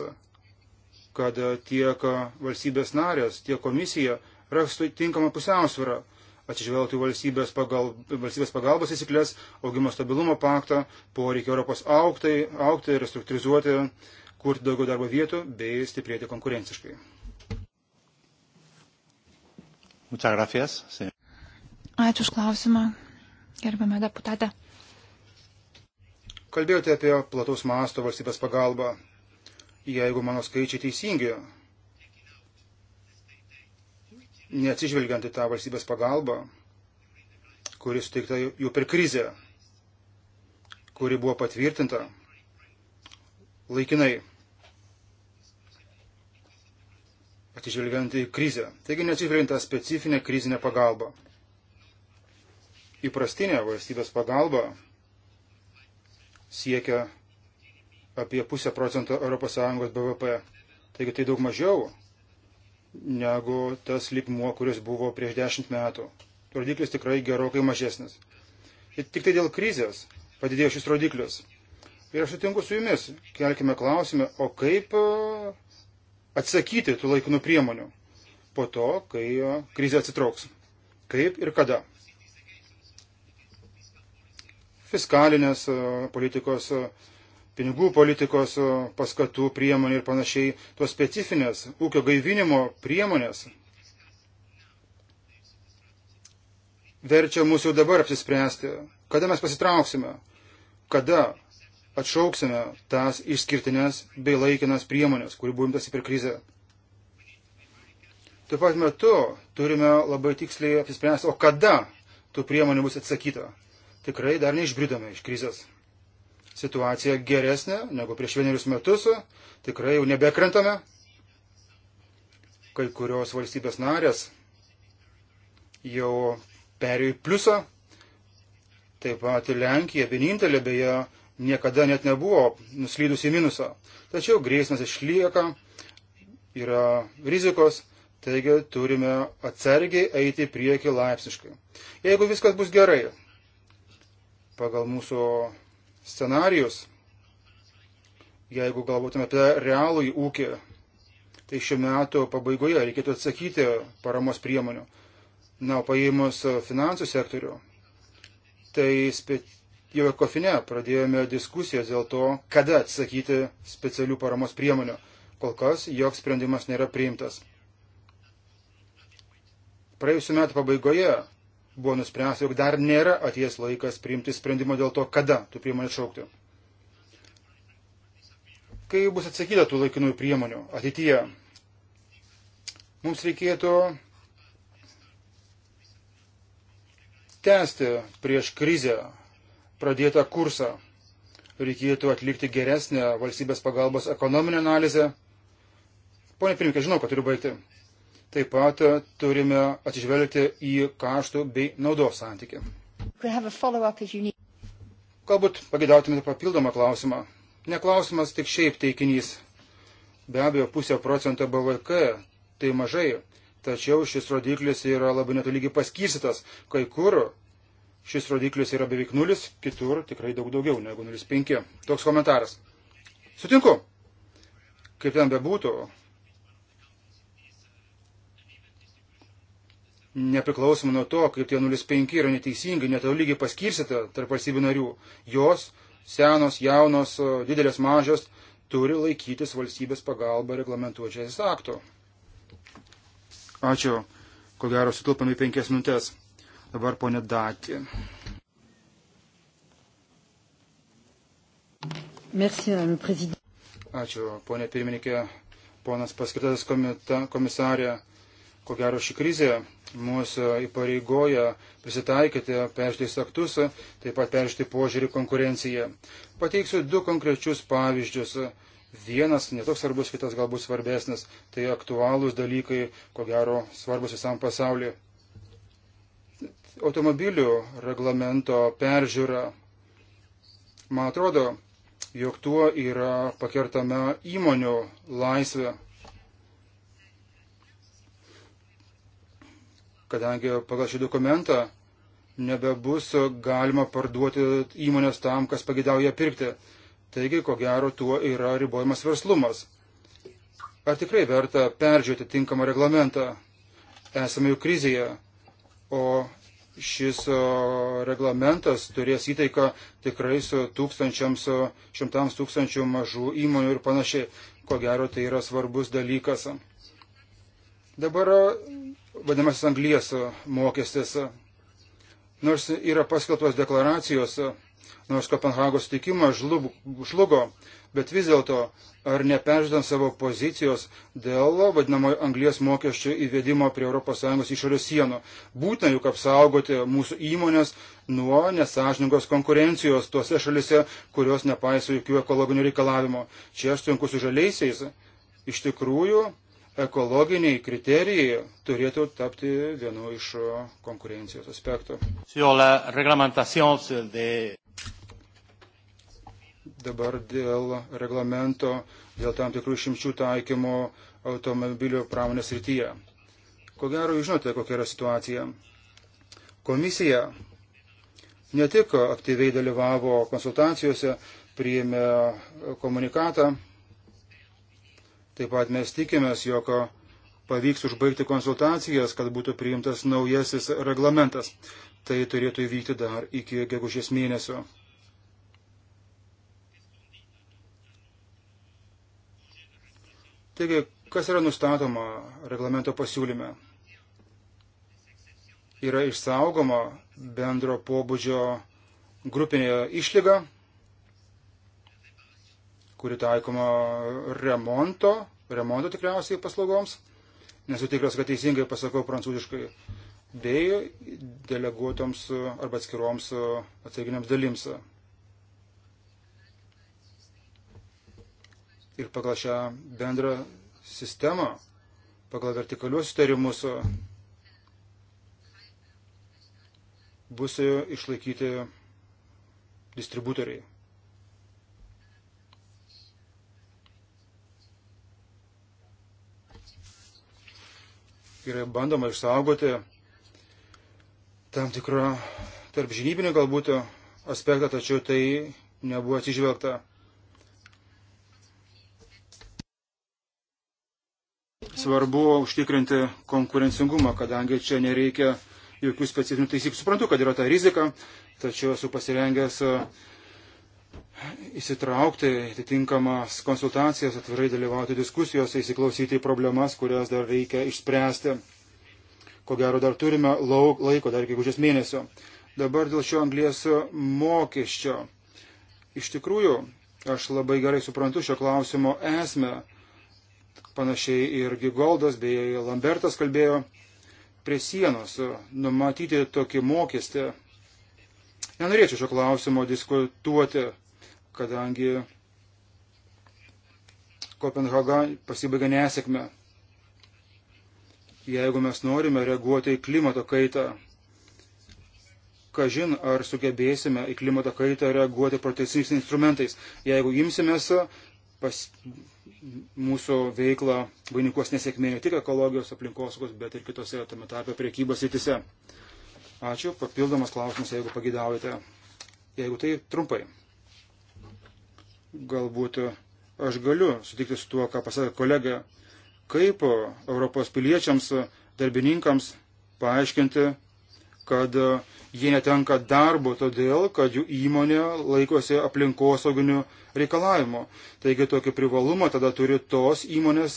kad e, tiek e, valstybės narės, tiek komisija rastų tinkamą pusiausvyrą, atsižvelgtų valstybės, pagal, valstybės pagalbos įsiklės, augimo stabilumo paktą, poreikį Europos auktai, aukti, restruktūrizuoti, kurti daugiau darbo vietų bei stiprėti konkurenciškai. Ačiū už klausimą, gerbėme deputate. Kalbėjote apie plataus masto valstybės pagalbą. Jeigu mano skaičiai teisingi, neatsižvelgiant į tą valstybės pagalbą, kuri suteikta jau per krizę, kuri buvo patvirtinta laikinai, atsižvelgiant į krizę. Taigi neatsižvelgiant tą specifinę krizinę pagalbą. Įprastinė valstybės pagalba siekia apie pusę procento ES BVP. Taigi tai daug mažiau negu tas lygmuo, kuris buvo prieš dešimt metų. Rodiklis tikrai gerokai mažesnis. Ir tik tai dėl krizės padidėjo šis rodiklis. Ir aš sutinku su jumis, kelkime klausimą, o kaip e, atsakyti tų laikinų priemonių po to, kai e, krizė atsitrauks. Kaip ir kada fiskalinės e, politikos, e, pinigų politikos e, paskatų priemonių ir panašiai, tos specifinės ūkio gaivinimo priemonės verčia mūsų jau dabar apsispręsti, kada mes pasitrauksime, kada atšauksime tas išskirtinės bei laikinas priemonės, kurių buvom tasi per krizę. Tuo pat metu turime labai tiksliai apsispręsti, o kada tų priemonių bus atsakyta tikrai dar neišbridome iš krizės. Situacija geresnė negu prieš vienerius metus, tikrai jau nebekrentame. Kai kurios valstybės narės jau perėjo į pliusą. Taip pat Lenkija vienintelė beje niekada net nebuvo nuslydusi į minusą. Tačiau grėsmės išlieka, yra rizikos, taigi turime atsargiai eiti į priekį laipsniškai. Jeigu viskas bus gerai, pagal mūsų scenarius, jeigu galvotume apie realų ūkį, tai šiuo metu pabaigoje reikėtų atsakyti paramos priemonių. Na, paėmus finansų sektorių, tai jau ekofine pradėjome diskusijas dėl to, kada atsakyti specialių paramos priemonių. Kol kas joks sprendimas nėra priimtas. Praėjusiu metu pabaigoje buvo nuspręsta, jog dar nėra atėjęs laikas priimti sprendimą dėl to, kada tų priemonių atšaukti. Kai bus atsakyta tų laikinųjų priemonių ateityje, mums reikėtų tęsti prieš krizę pradėtą kursą. Reikėtų atlikti geresnę valstybės pagalbos ekonominę analizę. Pone Pirmininkė, žinau, kad turiu baigti. Taip pat turime atsižvelgti į kaštų bei naudos santykį. Galbūt pagėdautumėte papildomą klausimą. Neklausimas tik šiaip teikinys. Be abejo, pusė procento BVK tai mažai, tačiau šis rodiklis yra labai netolygiai paskirstytas. Kai kur šis rodiklis yra beveik nulis, kitur tikrai daug daugiau negu 0,5. Toks komentaras. Sutinku. Kaip ten bebūtų, nepriklausomai nuo to, kaip tie 0,5 yra neteisingai, netolygiai paskirstyta tarp valstybių narių, jos, senos, jaunos, didelės, mažos, turi laikytis valstybės pagalba reglamentuočiais akto. Ačiū. Ko gero, sutilpame į penkias minutės. Dabar ponė Dati. Merci, Ačiū, ponė pirmininkė, ponas paskirtas komisarė. Ko gero, ši krizė mūsų įpareigoja prisitaikyti peržiūrės aktus, taip pat peržiūrėti požiūrį konkurenciją. Pateiksiu du konkrečius pavyzdžius. Vienas netoks svarbus, kitas galbūt svarbesnis. Tai aktualūs dalykai, ko gero, svarbus visam pasauliu. Automobilių reglamento peržiūra. Man atrodo, jog tuo yra pakertama įmonių laisvė kadangi pagal šį dokumentą nebebus galima parduoti įmonės tam, kas pagidauja pirkti. Taigi, ko gero, tuo yra ribojamas verslumas. Ar tikrai verta peržiūrėti tinkamą reglamentą? Esame jau krizėje, o šis reglamentas turės įtaiką tikrai su tūkstančiams, šimtams tūkstančių mažų įmonių ir panašiai. Ko gero, tai yra svarbus dalykas. Dabar vadinamasis anglijas mokestis. Nors yra paskelbtos deklaracijos, nors Kopenhagos tikimas žlugo, bet vis dėlto ar neperždant savo pozicijos dėl vadinamojo anglijas mokesčio įvedimo prie ES išorės sienų. Būtina juk apsaugoti mūsų įmonės nuo nesažningos konkurencijos tuose šalise, kurios nepaiso jokių ekologinių reikalavimų. Čia aš sutinku su žaliaisiais. Iš tikrųjų, ekologiniai kriterijai turėtų tapti vienu iš konkurencijos aspektų. Dabar dėl reglamento, dėl tam tikrų išimčių taikymo automobilių pramonės rytyje. Ko gero, jūs žinote, kokia yra situacija. Komisija ne tik aktyviai dalyvavo konsultacijose, priėmė komunikatą Taip pat mes tikimės, jog pavyks užbaigti konsultacijas, kad būtų priimtas naujasis reglamentas. Tai turėtų įvykti dar iki gegužės mėnesio. Taigi, kas yra nustatoma reglamento pasiūlyme? Yra išsaugoma bendro pobūdžio grupinė išlyga kuri taikoma remonto, remonto tikriausiai paslaugoms. Nesu tikras, kad teisingai pasakau prancūziškai. Bei deleguotoms arba atskiroms atsarginiams dalims. Ir pagal šią bendrą sistemą, pagal vertikalius sutarimus bus išlaikyti distributoriai. yra bandoma išsaugoti tam tikrą tarp žinybinį galbūt aspektą, tačiau tai nebuvo atsižvelgta. Svarbu užtikrinti konkurencingumą, kadangi čia nereikia jokių specifinių taisyklių. Suprantu, kad yra ta rizika, tačiau esu pasirengęs uh, įsitraukti atitinkamas konsultacijas, atvirai dalyvauti diskusijose, įsiklausyti į problemas, kurias dar reikia išspręsti. Ko gero dar turime lauk, laiko, dar iki gužės mėnesio. Dabar dėl šio anglės mokesčio. Iš tikrųjų, aš labai gerai suprantu šio klausimo esmę. Panašiai ir Gigoldas bei Lambertas kalbėjo prie sienos numatyti tokį mokestį. Nenorėčiau šio klausimo diskutuoti kadangi Kopenhaga pasibaiga nesėkme. Jeigu mes norime reaguoti į klimato kaitą, kažin ar sugebėsime į klimato kaitą reaguoti protestiniais instrumentais. Jeigu imsimės, pas, mūsų veiklą vainikuos nesėkmė ne tik ekologijos, aplinkosaugos, bet ir kitose tame tarpe priekybos rytise. Ačiū, papildomas klausimas, jeigu pagidaujate. Jeigu tai trumpai galbūt e, aš galiu sutikti su tuo, ką pasakė kolega, kaip e, Europos piliečiams, darbininkams paaiškinti kad e, jie netenka darbo todėl, kad jų įmonė laikosi aplinkosauginių reikalavimų. Taigi tokį privalumą tada turi tos įmonės,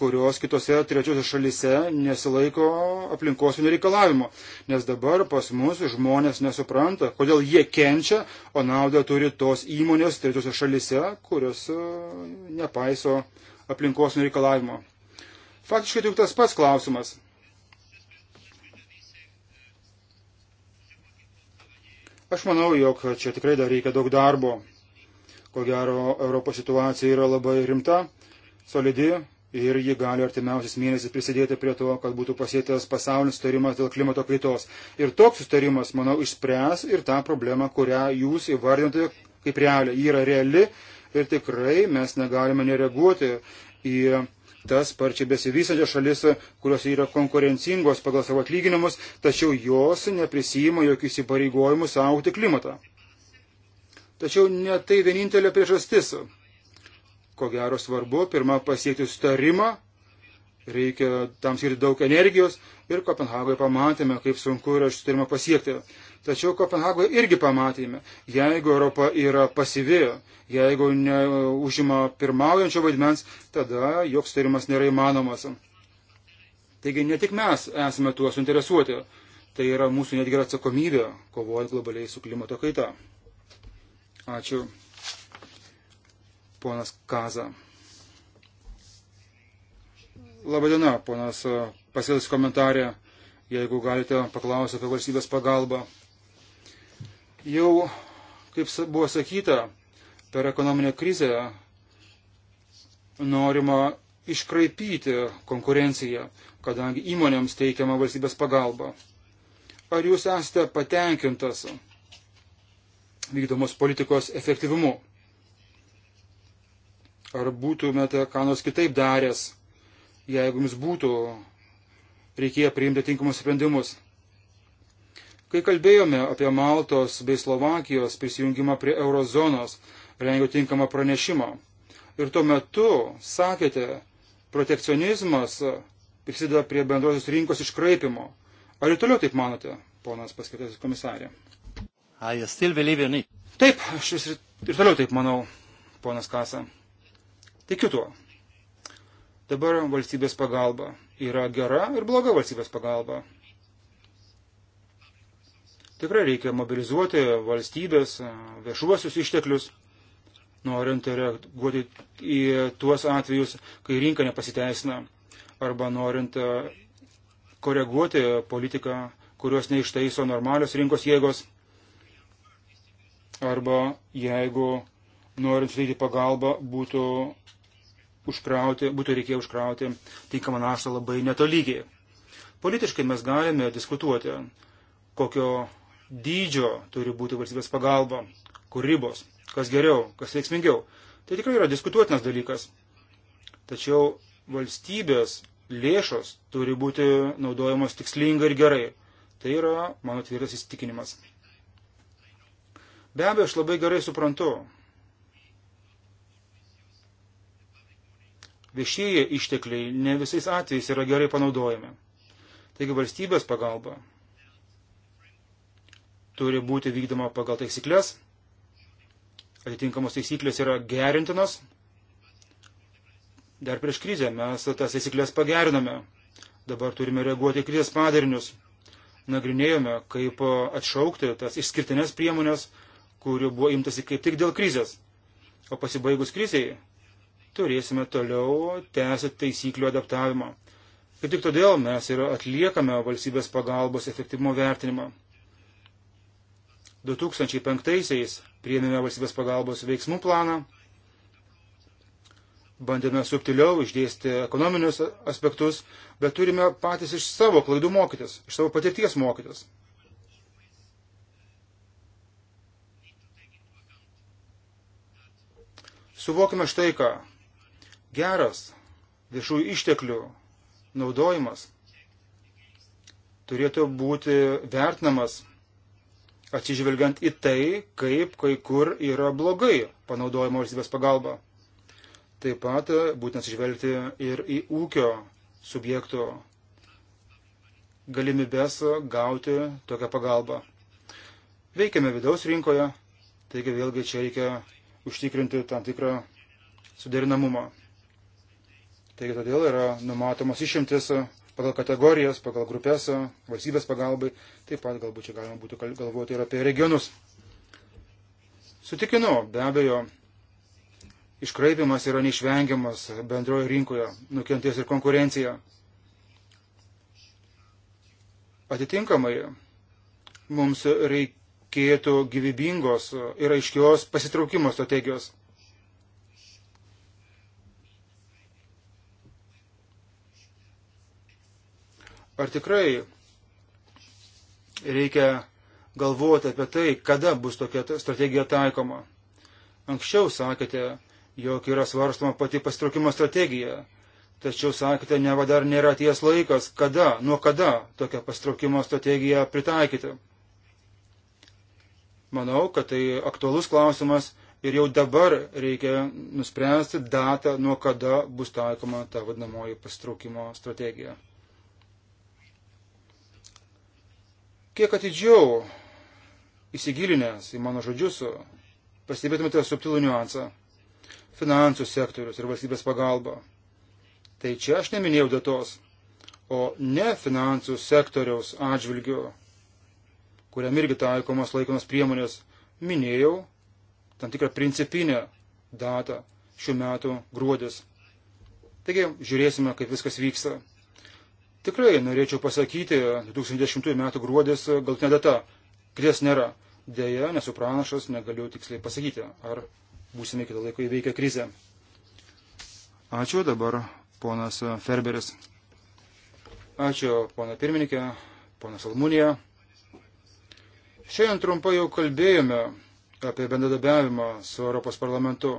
kurios kitose trečiose šalise nesilaiko aplinkosauginių reikalavimų. Nes dabar pas mus žmonės nesupranta, kodėl jie kenčia, o naudą turi tos įmonės trečiose šalise, kurios e, nepaiso aplinkosauginių reikalavimų. Faktiškai tai juk tas pats klausimas. Aš manau, jog čia tikrai dar reikia daug darbo. Ko gero, Europos situacija yra labai rimta, solidi ir ji gali artimiausias mėnesis prisidėti prie to, kad būtų pasėtas pasaulinis sutarimas dėl klimato kaitos. Ir toks sutarimas, manau, išspręs ir tą problemą, kurią jūs įvardinate kaip realią. Ji yra reali ir tikrai mes negalime nereaguoti į tas sparčiai besivysančias šalis, kurios yra konkurencingos pagal savo atlyginimus, tačiau jos neprisima jokių įsipareigojimų saugoti klimatą. Tačiau ne tai vienintelė priežastis. Ko gero svarbu, pirmą pasiekti sutarimą, reikia tam skirti daug energijos ir Kopenhagoje pamatėme, kaip sunku yra šį sutarimą pasiekti. Tačiau Kopenhagoje irgi pamatėme, jeigu Europa yra pasyvi, jeigu neužima pirmaujančio vaidmens, tada joks tarimas nėra įmanomas. Taigi ne tik mes esame tuo suinteresuoti, tai yra mūsų netgi atsakomybė kovojant globaliai su klimato kaita. Ačiū. Ponas Kaza. Labadiena, ponas Pasilis komentarė. Jeigu galite, paklausę apie valstybės pagalbą. Jau, kaip buvo sakyta, per ekonominę krizę norima iškraipyti konkurenciją, kadangi įmonėms teikiama valstybės pagalba. Ar jūs esate patenkintas vykdomos politikos efektyvumu? Ar būtumėte ką nors kitaip daręs, jeigu jums būtų reikėję priimti tinkamus sprendimus? Kai kalbėjome apie Maltos bei Slovakijos prisijungimą prie eurozonos, rengiau tinkamą pranešimą. Ir tuo metu sakėte, protekcionizmas prisideda prie bendrosios rinkos iškraipimo. Ar ir toliau taip manote, ponas paskirtasis komisarė? Ah, taip, aš vis ir toliau taip manau, ponas Kasa. Tikiu tuo. Dabar valstybės pagalba yra gera ir bloga valstybės pagalba. Tikrai reikia mobilizuoti valstybės e, viešuosius išteklius, norint reaguoti į tuos atvejus, kai rinka nepasiteisina, arba norint e, koreguoti politiką, kurios neištaiso normalios rinkos jėgos, arba jeigu norint suteikti pagalbą būtų, užkrauti, būtų reikėję užkrauti tinkamą naštą labai netolygiai. Politiškai mes galime diskutuoti, kokio dydžio turi būti valstybės pagalba, kur ribos, kas geriau, kas veiksmingiau. Tai tikrai yra diskutuotinas dalykas. Tačiau valstybės lėšos turi būti naudojamos tikslingai ir gerai. Tai yra mano tvirtas įsitikinimas. Be abejo, aš labai gerai suprantu. Viešieji ištekliai ne visais atvejais yra gerai panaudojami. Taigi valstybės pagalba turi būti vykdoma pagal taisyklės. Atitinkamos taisyklės yra gerintinos. Dar prieš krizę mes tas taisyklės pagerinome. Dabar turime reaguoti į krizės padarinius. Nagrinėjome, kaip atšaukti tas išskirtinės priemonės, kurių buvo imtasi kaip tik dėl krizės. O pasibaigus kriziai turėsime toliau tęsti taisyklių adaptavimą. Kaip tik todėl mes ir atliekame valstybės pagalbos efektyvumo vertinimą. 2005-aisiais priėmėme valstybės pagalbos veiksmų planą, bandėme subtiliau išdėsti ekonominius aspektus, bet turime patys iš savo klaidų mokytis, iš savo patirties mokytis. Suvokime štai ką. Geras viešųjų išteklių naudojimas turėtų būti vertinamas atsižvelgiant į tai, kaip kai kur yra blogai panaudojama valstybės pagalba. Taip pat e, būtent atsižvelgti ir į ūkio subjektų galimybės gauti tokią pagalbą. Veikiame vidaus rinkoje, taigi vėlgi čia reikia užtikrinti tam tikrą suderinamumą. Taigi todėl yra numatomas išimtis pagal kategorijas, pagal grupės, valstybės pagalbai. Taip pat galbūt čia galima būtų galvoti ir apie regionus. Sutikinu, be abejo, iškraipimas yra neišvengiamas bendroje rinkoje, nukentės ir konkurencija. Atitinkamai mums reikėtų gyvybingos ir aiškios pasitraukimo strategijos. Ar tikrai reikia galvoti apie tai, kada bus tokia strategija taikoma? Anksčiau sakėte, jog yra svarstoma pati pasitraukimo strategija, tačiau sakėte, neva dar nėra ties laikas, kada, nuo kada tokią pasitraukimo strategiją pritaikyti. Manau, kad tai aktualus klausimas ir jau dabar reikia nuspręsti datą, nuo kada bus taikoma ta vadinamoji pasitraukimo strategija. Kiek atidžiau įsigilinęs į mano žodžius, pastebėtumėte subtilų niuansą - finansų sektorius ir valstybės pagalba. Tai čia aš neminėjau datos, o ne finansų sektoriaus atžvilgiu, kuriam irgi taikomos laikomos priemonės, minėjau tam tikrą principinę datą šių metų gruodis. Taigi žiūrėsime, kaip viskas vyksta. Tikrai norėčiau pasakyti, 2010 m. gruodis e, galtinė data. Kries nėra. Deja, nesu pranašas, negaliu tiksliai pasakyti, ar būsime kitą laiką įveikę krizę. Ačiū dabar, ponas Ferberis. Ačiū, pona pirmininkė, ponas Almunija. Šiandien trumpai jau kalbėjome apie bendradabiavimą su Europos parlamentu.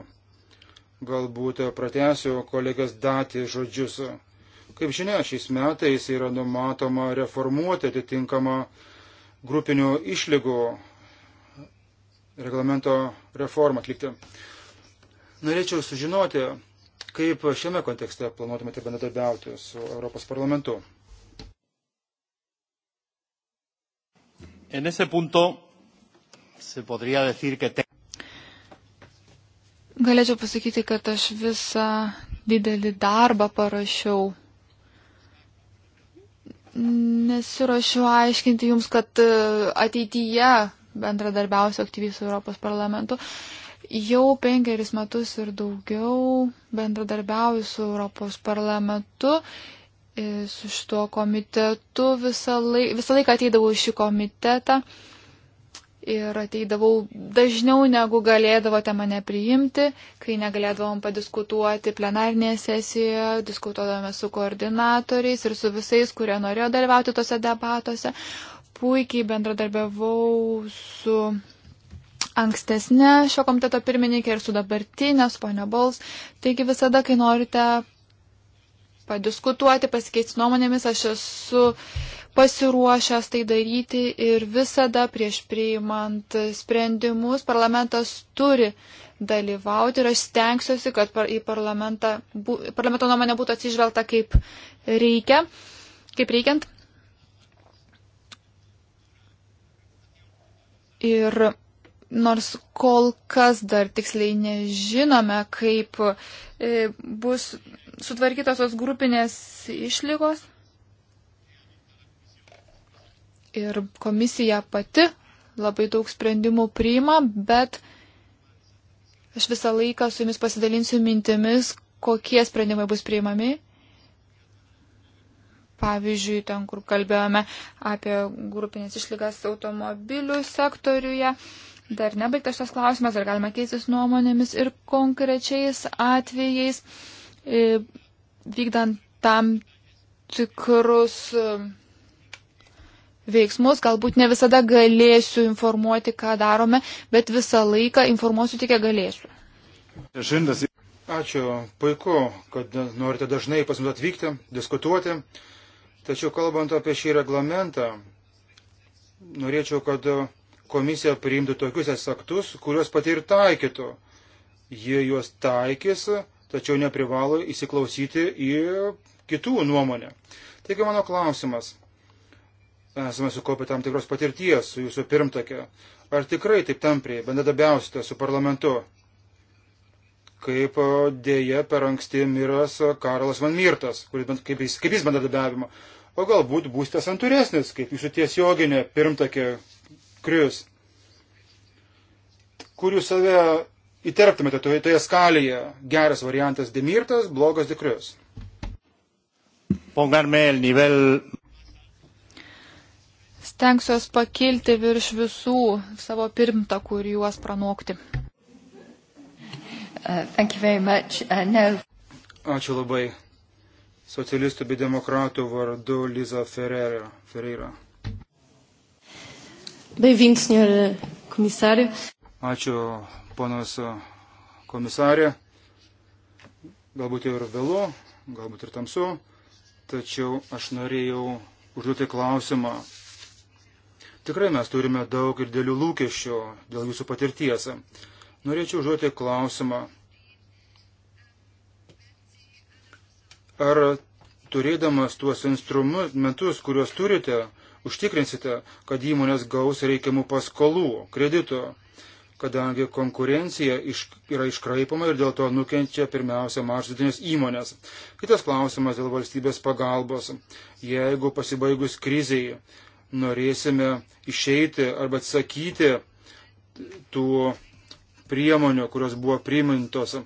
Galbūt pratęsiu kolegas datį žodžius Kaip žinia, šiais metais yra numatoma reformuoti atitinkamą grupinių išlygų reglamento reformą atlikti. Norėčiau sužinoti, kaip šiame kontekste planuotumėte bendradarbiauti su Europos parlamentu. En ese punto se podría decir que te... Galėčiau pasakyti, kad aš visą didelį darbą parašiau Nesirašiau aiškinti jums, kad e, ateityje bendradarbiausiu aktyviai su Europos parlamentu. Jau penkeris metus ir daugiau bendradarbiauju su Europos parlamentu, e, su šituo komitetu. Visą, laik, visą laiką ateidavau į šį komitetą. Uh, ir ateidavau dažniau negu galėdavote mane priimti, kai negalėdavom padiskutuoti plenarinėje sesijoje, diskutuodavome su koordinatoriais ir su visais, kurie norėjo dalyvauti tose debatuose. Puikiai bendradarbiavau su ankstesnė šio komiteto pirmininkė ir su dabartinė, su ponio Bols. Taigi visada, kai norite padiskutuoti, pasikeisti nuomonėmis, aš esu pasiruošęs tai daryti ir visada prieš priimant sprendimus parlamentas turi dalyvauti ir aš stengsiuosi, kad į parlamentą, parlamento nuomonę būtų atsižvelgta kaip reikia, kaip reikiant. Ir nors kol kas dar tiksliai nežinome, kaip e, bus sutvarkytos tos grupinės išlygos ir komisija pati labai daug sprendimų priima, bet aš visą laiką su jumis pasidalinsiu mintimis, kokie sprendimai bus priimami. Pavyzdžiui, ten, kur kalbėjome apie grupinės išlygas automobilių sektoriuje, dar nebaigtas šitas klausimas, ar galima keistis nuomonėmis ir konkrečiais atvejais, e, vykdant tam tikrus veiksmus, galbūt ne visada galėsiu informuoti, ką darome, bet visą laiką informuosiu tik, kiek galėsiu. Ačiū, puiku, kad norite dažnai pas mus atvykti, diskutuoti. Tačiau kalbant apie šį reglamentą, norėčiau, kad komisija priimtų tokius aktus, kuriuos pati ir taikytų. Jie juos taikys, tačiau neprivalo įsiklausyti į kitų nuomonę. Taigi mano klausimas esame sukaupę tam tikros patirties su jūsų pirmtakė. Ar tikrai taip tampriai bendradabiausite su parlamentu? Kaip dėja per anksti miras Karolas Van Mirtas, kuris, kaip jis, kaip jis bendradabiavimo. O galbūt būsite santūresnis, kaip jūsų tiesioginė pirmtakė Krius. Kur jūs save įterptumėte toje, toje skalėje? Geras variantas Demirtas, blogas Dekrius. Pongarme el nivel stengsiuos pakilti virš visų savo pirmtakų ir juos pranokti. Uh, uh, no. Ačiū labai. Socialistų bei demokratų vardu Liza Ferreira. Ferreira. Bem-vindo, senhor comissário. Ačiū, ponas komisarė. Galbūt jau ir vėlu, galbūt ir tamsu, tačiau aš norėjau užduoti klausimą Tikrai mes turime daug ir dėlių lūkesčių dėl jūsų patirties. Norėčiau užduoti klausimą. Ar turėdamas tuos instrumentus, kuriuos turite, užtikrinsite, kad įmonės gaus reikiamų paskolų, kredito, kadangi konkurencija iš, yra iškraipama ir dėl to nukenčia pirmiausia maršrutinės įmonės. Kitas klausimas dėl valstybės pagalbos. Jeigu pasibaigus kriziai norėsime išeiti arba atsakyti tų priemonių, kurios buvo primintos.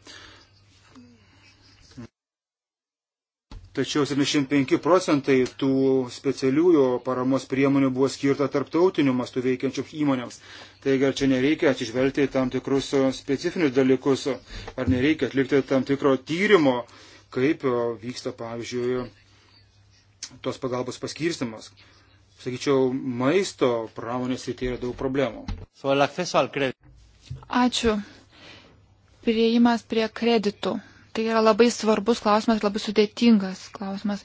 Tačiau 75 procentai tų specialiųjų paramos priemonių buvo skirta tarptautiniu mastu veikiančių įmonėms. Taigi ar čia nereikia atsižvelgti į tam tikrus specifinius dalykus, ar nereikia atlikti tam tikro tyrimo, kaip vyksta, pavyzdžiui, tos pagalbos paskirstimas, sakyčiau, maisto pramonės rytyje yra daug problemų. Ačiū. Prieimas prie kreditų. Tai yra labai svarbus klausimas, labai sudėtingas klausimas.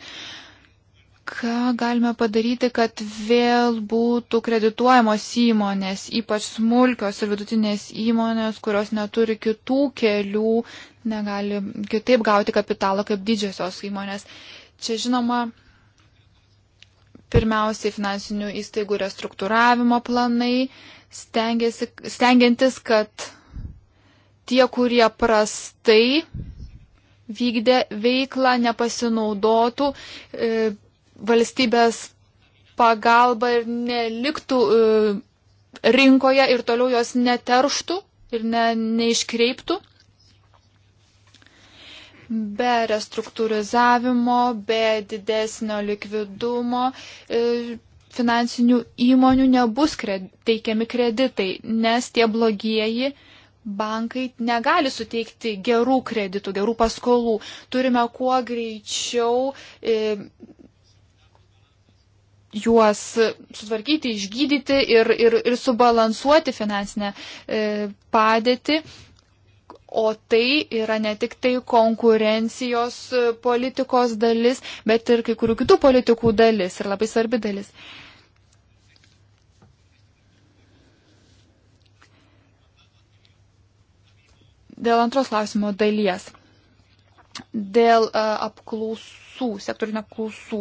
Ką galime padaryti, kad vėl būtų kredituojamos įmonės, ypač smulkios ir vidutinės įmonės, kurios neturi kitų kelių, negali kitaip gauti kapitalą kaip didžiosios įmonės. Čia žinoma, Pirmiausiai finansinių įstaigų restruktūravimo planai, stengiantis, kad tie, kurie prastai vykdė veiklą, nepasinaudotų e, valstybės pagalba ir neliktų e, rinkoje ir toliau jos neterštų ir ne, neiškreiptų be restruktūrizavimo, be didesnio likvidumo e, finansinių įmonių nebus kred, teikiami kreditai, nes tie blogieji bankai negali suteikti gerų kreditų, gerų paskolų. Turime kuo greičiau e, juos sutvarkyti, išgydyti ir, ir, ir subalansuoti finansinę e, padėtį O tai yra ne tik tai konkurencijos e, politikos dalis, bet ir kai kurių kitų politikų dalis ir labai svarbi dalis. Dėl antros klausimo dalies. Dėl e, apklausų, sektorinio apklausų.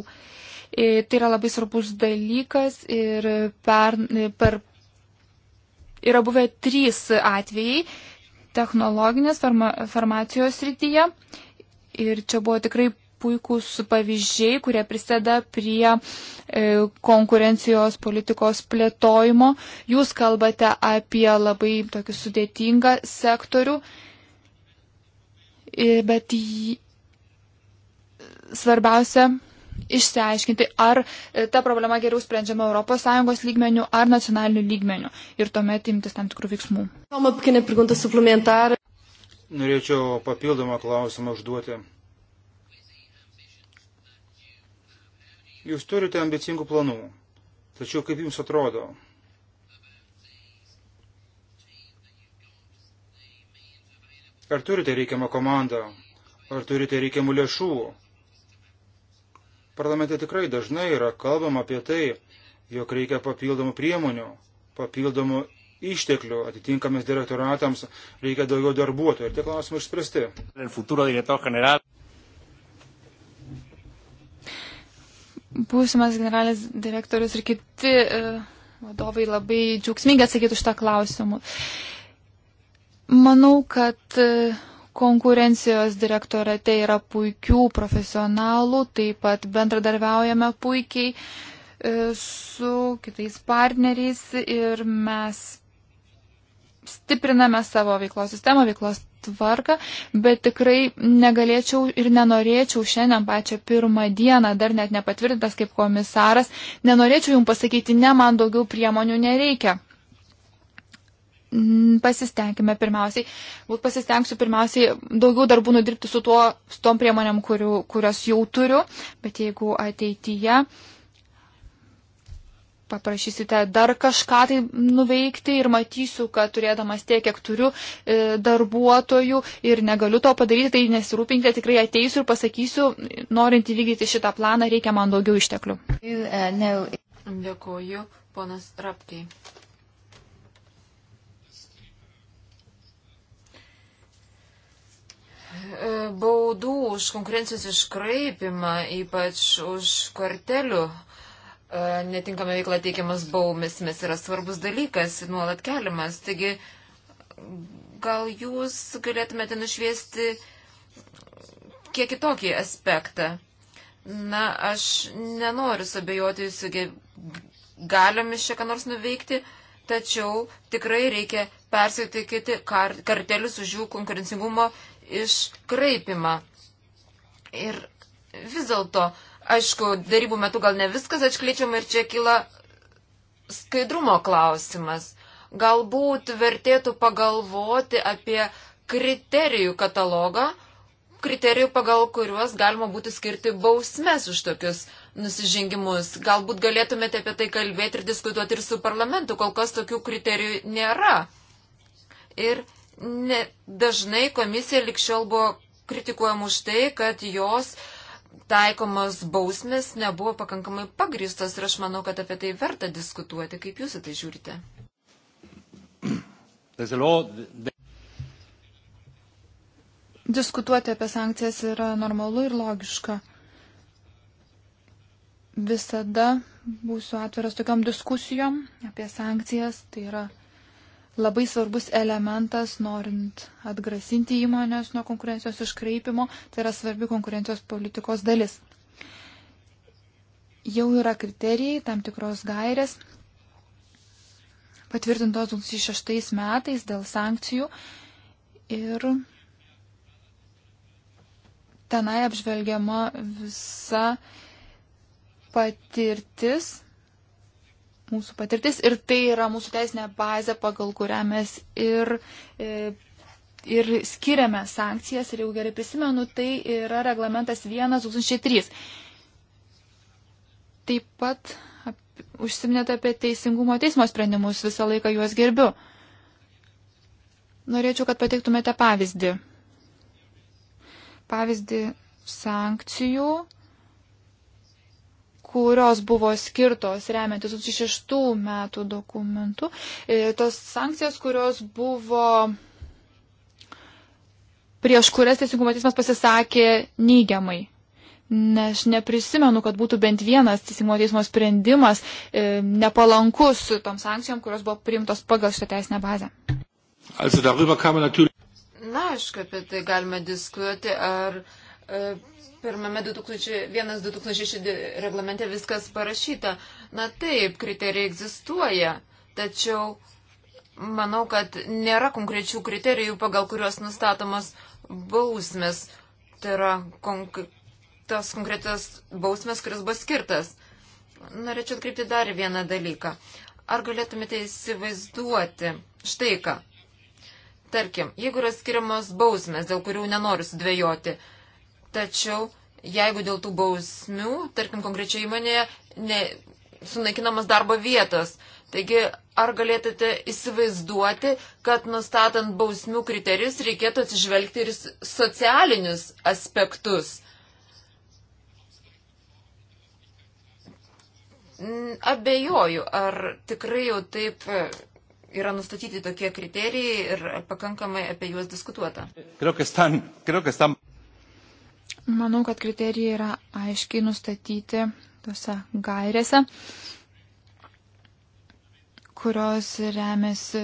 E, tai yra labai svarbus dalykas ir per, per yra buvę trys atvejai, technologinės farma, farmacijos rytyje. Ir čia buvo tikrai puikūs pavyzdžiai, kurie prisėda prie e, konkurencijos politikos plėtojimo. Jūs kalbate apie labai tokį sudėtingą sektorių, bet jį... svarbiausia išsiaiškinti, ar e, ta problema geriau sprendžiama ES lygmenių ar nacionalinių lygmenių ir tuomet imtis tam tikrų veiksmų. Norėčiau papildomą klausimą užduoti. Jūs turite ambicingų planų, tačiau kaip jums atrodo? Ar turite reikiamą komandą? Ar turite reikiamų lėšų? Parlamente tikrai dažnai yra kalbama apie tai, jog reikia papildomų priemonių, papildomų išteklių atitinkamės direktoratams, reikia daugiau darbuotojų ir tie klausimai išspręsti. Būsimas generalinis direktorius ir kiti e, vadovai labai džiaugsmingai atsakytų šitą klausimą. Manau, kad e, Konkurencijos direktorate yra puikių profesionalų, taip pat bendradarbiaujame puikiai e, su kitais partneriais ir mes stipriname savo veiklos sistemą, veiklos tvarką, bet tikrai negalėčiau ir nenorėčiau šiandien pačią pirmą dieną, dar net nepatvirtintas kaip komisaras, nenorėčiau jums pasakyti, ne, man daugiau priemonių nereikia. Mm, pasistengime pirmiausiai, būt pasistengsiu pirmiausiai daugiau darbų nudirbti su, tuo, su tom priemonėm, kuriu, kurias jau turiu, bet jeigu ateityje paprašysite dar kažką tai nuveikti ir matysiu, kad turėdamas tiek, kiek turiu e, darbuotojų ir negaliu to padaryti, tai nesirūpinkite, tikrai ateisiu ir pasakysiu, norint įvykdyti šitą planą, reikia man daugiau išteklių. Uh, Dėkuoju, ponas Raptai. E, baudų už konkurencijos iškraipimą, ypač už kartelių e, netinkamą veiklą teikiamas baumis, mes yra svarbus dalykas, nuolat keliamas. Taigi, gal jūs galėtumėte nušviesti kiek kitokį aspektą. Na, aš nenoriu sabėjoti jūsų galiomis čia ką nors nuveikti, tačiau tikrai reikia persitikyti kar kartelius už jų konkurencingumo iškraipimą. Ir vis dėlto, aišku, darybų metu gal ne viskas atskleidžiama ir čia kyla skaidrumo klausimas. Galbūt vertėtų pagalvoti apie kriterijų katalogą, kriterijų, pagal kuriuos galima būtų skirti bausmes už tokius nusižengimus. Galbūt galėtumėte apie tai kalbėti ir diskutuoti ir su parlamentu, kol kas tokių kriterijų nėra. Ir ne, dažnai komisija likščiol buvo kritikuojama už tai, kad jos taikomas bausmės nebuvo pakankamai pagristos ir aš manau, kad apie tai verta diskutuoti. Kaip jūs į tai žiūrite? Diskutuoti apie sankcijas yra normalu ir logiška. Visada būsiu atviras tokiam diskusijom apie sankcijas. Tai yra labai svarbus elementas, norint atgrasinti įmonės nuo konkurencijos iškreipimo, tai yra svarbi konkurencijos politikos dalis. Jau yra kriterijai, tam tikros gairės, patvirtintos 2006 metais dėl sankcijų ir tenai apžvelgiama visa patirtis mūsų patirtis ir tai yra mūsų teisinė bazė, pagal kurią mes ir, e, ir skiriame sankcijas ir jau gerai prisimenu, tai yra reglamentas 1.2003. Taip pat ap, užsiminėte apie teisingumo teismo sprendimus, visą laiką juos gerbiu. Norėčiau, kad pateiktumėte pavyzdį. Pavyzdį sankcijų kurios buvo skirtos remiantis 2006 metų dokumentu, e, tos sankcijos, kurios buvo prieš kurias teisingumo teismas pasisakė neigiamai. Ne, aš neprisimenu, kad būtų bent vienas teisingumo teismo sprendimas e, nepalankus tom sankcijom, kurios buvo priimtos pagal šitą teisinę bazę. Na, aišku, apie tai galime diskutuoti, ar e, pirmame 2001-2006 reglamente viskas parašyta. Na taip, kriterijai egzistuoja, tačiau manau, kad nėra konkrečių kriterijų, pagal kuriuos nustatomas bausmės. Tai yra konk tos konkretos bausmės, kuris buvo skirtas. Norėčiau atkreipti dar vieną dalyką. Ar galėtumėte įsivaizduoti štai ką? Tarkim, jeigu yra skiriamos bausmės, dėl kurių nenoriu sudvėjoti, Tačiau jeigu dėl tų bausmių, tarkim, konkrečioje įmonėje ne, sunaikinamas darbo vietos. Taigi, ar galėtumėte įsivaizduoti, kad nustatant bausmių kriterijus reikėtų atsižvelgti ir socialinius aspektus? Abejoju, ar tikrai jau taip yra nustatyti tokie kriterijai ir pakankamai apie juos diskutuota. Creo que están, creo que están... Manau, kad kriterijai yra aiškiai nustatyti tose gairėse, kurios remiasi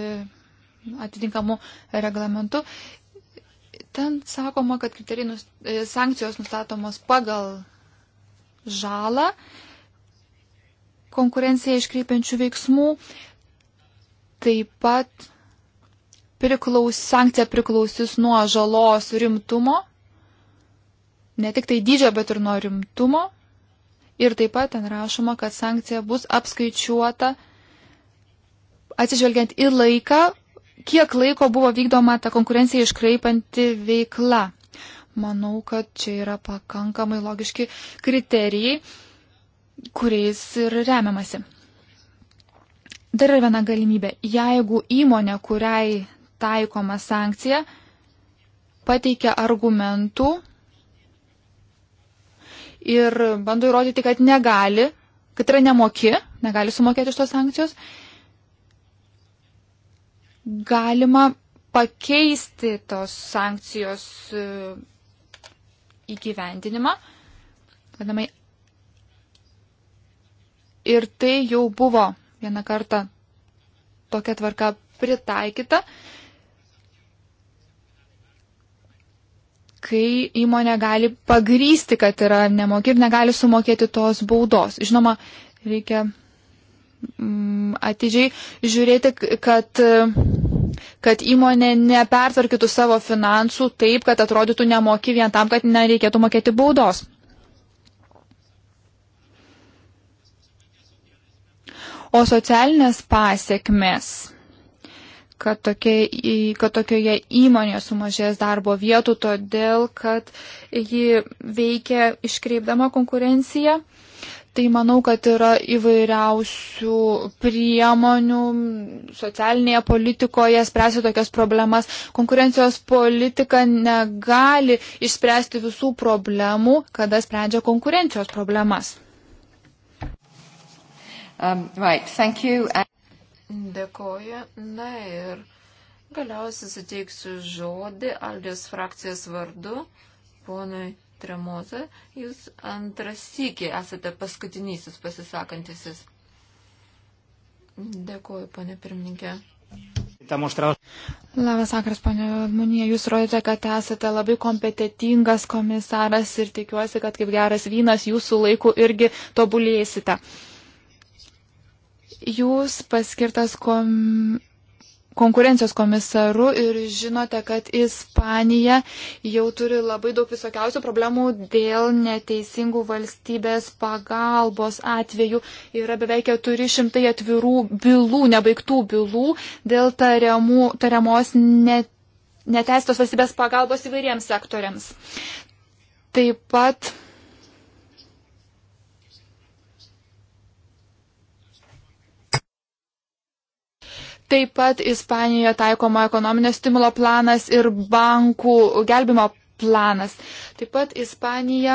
atitinkamu reglamentu. Ten sakoma, kad nust, e, sankcijos nustatomos pagal žalą, konkurenciją iškreipiančių veiksmų, taip pat priklaus, sankcija priklausys nuo žalos rimtumo ne tik tai dydžio, bet ir nuo rimtumo. Ir taip pat ten rašoma, kad sankcija bus apskaičiuota atsižvelgiant į laiką, kiek laiko buvo vykdoma ta konkurencija iškraipanti veikla. Manau, kad čia yra pakankamai logiški kriterijai, kuriais ir remiamasi. Dar yra viena galimybė. Jeigu įmonė, kuriai taikoma sankcija, pateikia argumentų, ir bando įrodyti, kad negali, kad yra nemoki, negali sumokėti iš tos sankcijos, galima pakeisti tos sankcijos e, įgyvendinimą, vadinamai. Ir tai jau buvo vieną kartą tokia tvarka pritaikyta, kai įmonė gali pagrysti, kad yra nemoki ir negali sumokėti tos baudos. Žinoma, reikia mm, atidžiai žiūrėti, kad, kad įmonė nepertvarkytų savo finansų taip, kad atrodytų nemoki vien tam, kad nereikėtų mokėti baudos. O socialinės pasiekmes kad, tokie, kad tokioje įmonėje sumažės darbo vietų, todėl kad ji veikia iškreipdama konkurenciją. Tai manau, kad yra įvairiausių priemonių socialinėje politikoje spręsti tokias problemas. Konkurencijos politika negali išspręsti visų problemų, kada sprendžia konkurencijos problemas. Um, right, thank you. Dėkoju. Na ir galiausiai suteiksiu žodį Aldės frakcijos vardu, ponui Tremozė. Jūs antras sykį esate paskutinysis pasisakantisis. Dėkoju, ponė pirmininkė. Labas vakaras, ponė Munija, jūs rodėte, kad esate labai kompetitingas komisaras ir tikiuosi, kad kaip geras vynas jūsų laiku irgi tobulėsite. Uh, Jūs paskirtas kom... konkurencijos komisaru ir žinote, kad Ispanija jau turi labai daug visokiausių problemų dėl neteisingų valstybės pagalbos atvejų. Yra beveik 400 atvirų bylų, nebaigtų bylų dėl tariamų, tariamos net, neteistos valstybės pagalbos įvairiems sektoriams. Taip pat Taip pat Ispanijoje taikoma ekonominio stimulo planas ir bankų gelbimo planas. Taip pat Ispanija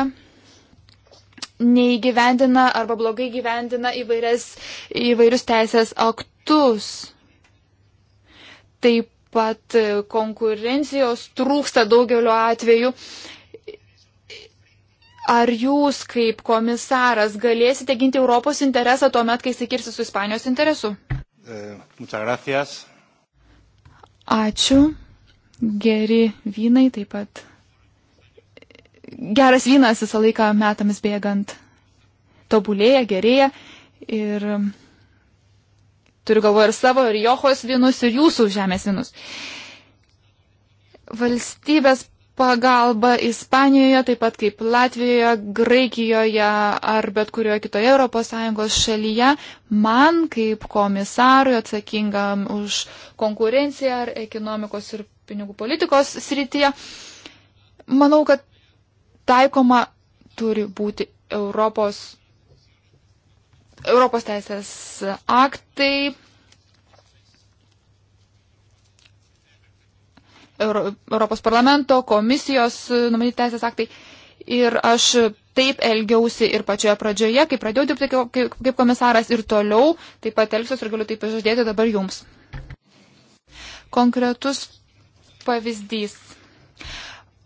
neįgyvendina arba blogai gyvendina įvairias, įvairius teisės aktus. Taip pat konkurencijos trūksta daugeliu atveju. Ar jūs kaip komisaras galėsite ginti Europos interesą tuo met, kai įsikirsi su Ispanijos interesu? Eh, muchas gracias. Ačiū. Geri vynai taip pat. Geras vynas visą laiką metams bėgant tobulėja, gerėja. Ir turiu galvoje ir savo, ir Johos vynus, ir jūsų žemės vynus. Valstybės pagalba Ispanijoje, taip pat kaip Latvijoje, Graikijoje ar bet kurioje kitoje ES šalyje, man kaip komisarui atsakingam už konkurenciją ar ekonomikos ir pinigų politikos srityje, manau, kad taikoma turi būti Europos, Europos teisės aktai Euro, Europos parlamento, komisijos e, numatyti teisės aktai. Ir aš taip elgiausi ir pačioje pradžioje, kai pradėjau dirbti kaip, kaip komisaras ir toliau, taip pat elgsiuosi ir galiu tai pažadėti dabar jums. Konkretus pavyzdys.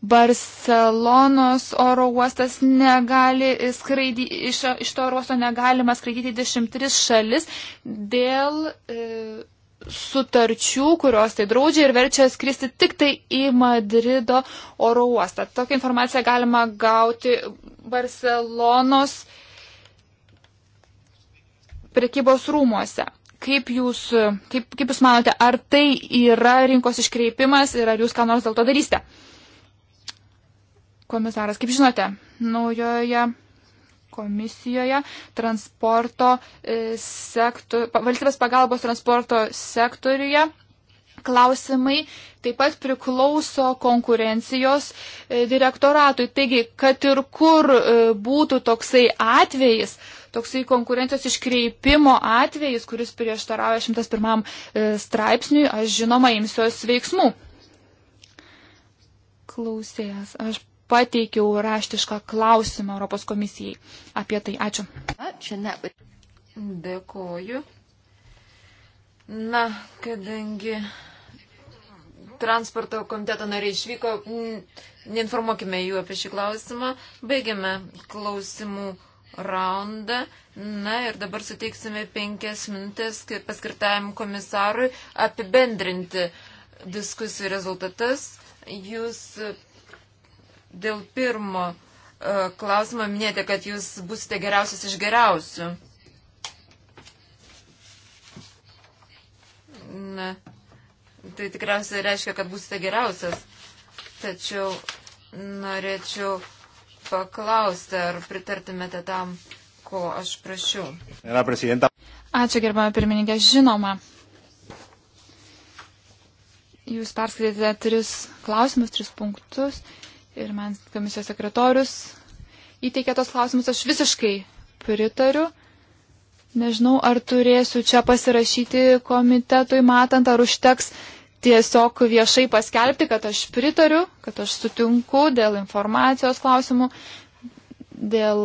Barcelonos oro uostas negali skraidyti, iš, iš to oro uosto negalima skraidyti 23 šalis dėl e, sutarčių, kurios tai draudžia ir verčia skristi tik tai į Madrido oro uostą. Tokią informaciją galima gauti Barcelonos prekybos rūmuose. Kaip jūs, kaip, kaip jūs manote, ar tai yra rinkos iškreipimas ir ar jūs ką nors dėl to darysite? Komisaras, kaip žinote, naujoje komisijoje transporto e, sektor, valstybės pagalbos transporto sektoriuje. Klausimai taip pat priklauso konkurencijos e, direktoratui. Taigi, kad ir kur e, būtų toksai atvejis, toksai konkurencijos iškreipimo atvejis, kuris prieštarauja 101 straipsniui, aš žinoma imsiuos veiksmų. Klausėjas, aš pateikiau raštišką klausimą Europos komisijai apie tai. Ačiū. Dėkoju. Na, kadangi transporto komiteto nariai išvyko, neinformuokime jų apie šį klausimą. Baigiame klausimų raundą. Na ir dabar suteiksime penkias minutės paskirtajam komisarui apibendrinti diskusijų rezultatas. Jūs Dėl pirmo e, klausimo minėjote, kad jūs busite geriausias iš geriausių. Na, tai tikriausiai reiškia, kad būsite geriausias. Tačiau norėčiau paklausti, ar pritartumėte tam, ko aš prašiau. Ačiū, gerbama pirmininkė. Žinoma, jūs perskaitėte tris klausimus, tris punktus ir man komisijos sekretorius įteikė tos klausimus, aš visiškai pritariu. Nežinau, ar turėsiu čia pasirašyti komitetui matant, ar užteks tiesiog viešai paskelbti, kad aš pritariu, kad aš sutinku dėl informacijos klausimų, dėl,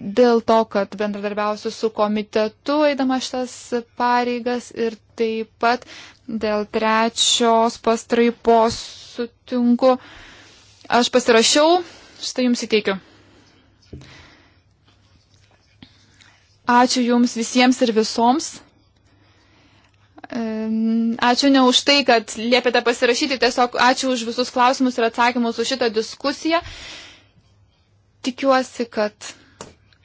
dėl to, kad bendradarbiausiu su komitetu, eidama šitas pareigas ir taip pat Dėl trečios pastraipos sutinku. Aš pasirašiau, štai jums įteikiu. Ačiū jums visiems ir visoms. Ačiū ne už tai, kad liepėte pasirašyti, tiesiog ačiū už visus klausimus ir atsakymus už šitą diskusiją. Tikiuosi, kad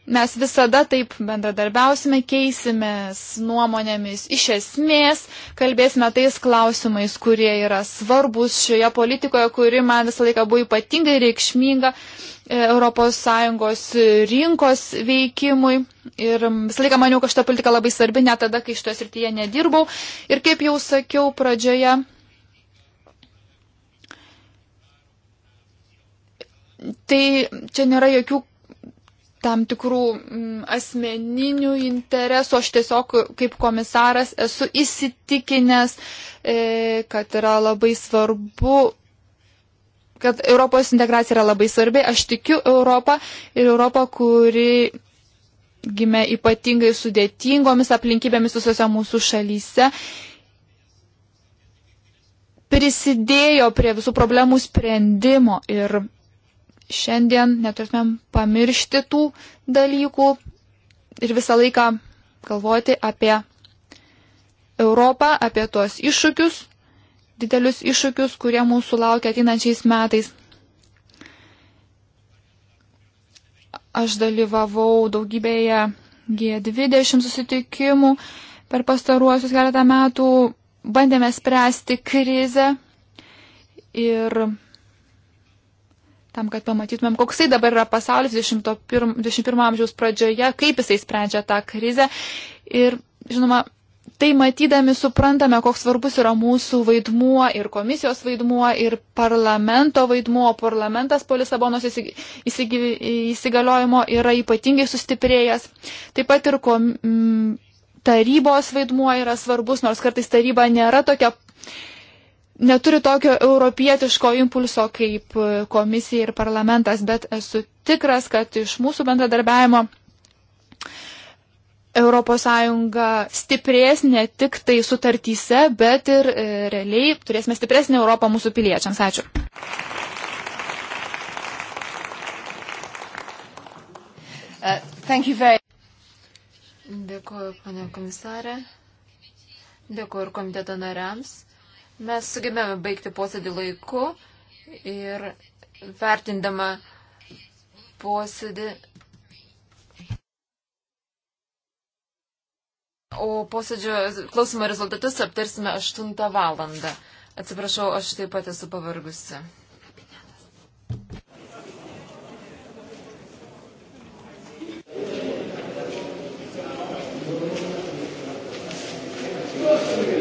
Mes visada taip bendradarbiausime, keisimės nuomonėmis iš esmės, kalbėsime tais klausimais, kurie yra svarbus šioje politikoje, kuri man visą laiką buvo ypatingai reikšminga ES rinkos veikimui. Ir visą laiką maniau, kad šita politika labai svarbi, net tada, kai šitoje srityje nedirbau. Ir kaip jau sakiau pradžioje, tai čia nėra jokių tam tikrų mm, asmeninių interesų. Aš tiesiog kaip komisaras esu įsitikinęs, e, kad yra labai svarbu kad Europos integracija yra labai svarbi. Aš tikiu Europą ir Europą, kuri gimė ypatingai sudėtingomis aplinkybėmis visose mūsų šalyse prisidėjo prie visų problemų sprendimo ir šiandien neturėtumėm pamiršti tų dalykų ir visą laiką galvoti apie Europą, apie tuos iššūkius, didelius iššūkius, kurie mūsų laukia ateinančiais metais. Aš dalyvavau daugybėje G20 susitikimų per pastaruosius keletą metų, bandėme spręsti krizę ir tam, kad pamatytumėm, koksai dabar yra pasaulis 21, 21 amžiaus pradžioje, kaip jisai sprendžia tą krizę. Ir, žinoma, tai matydami suprantame, koks svarbus yra mūsų vaidmuo ir komisijos vaidmuo ir parlamento vaidmuo. Parlamentas po Lisabonos įsigaliojimo yra ypatingai sustiprėjęs. Taip pat ir kom, tarybos vaidmuo yra svarbus, nors kartais taryba nėra tokia neturi tokio europietiško impulso kaip komisija ir parlamentas, bet esu tikras, kad iš mūsų bendradarbiavimo ES stiprės ne tik tai sutartyse, bet ir e, realiai turėsime stipresnį Europą mūsų piliečiams. Ačiū. Uh, very... Dėkuoju, pane komisarė. Dėkuoju ir komiteto nariams. Mes sugebėjome baigti posėdį laiku ir vertindama posėdį. O posėdžio klausimo rezultatus aptarsime 8 valandą. Atsiprašau, aš taip pat esu pavargusi. Thank you.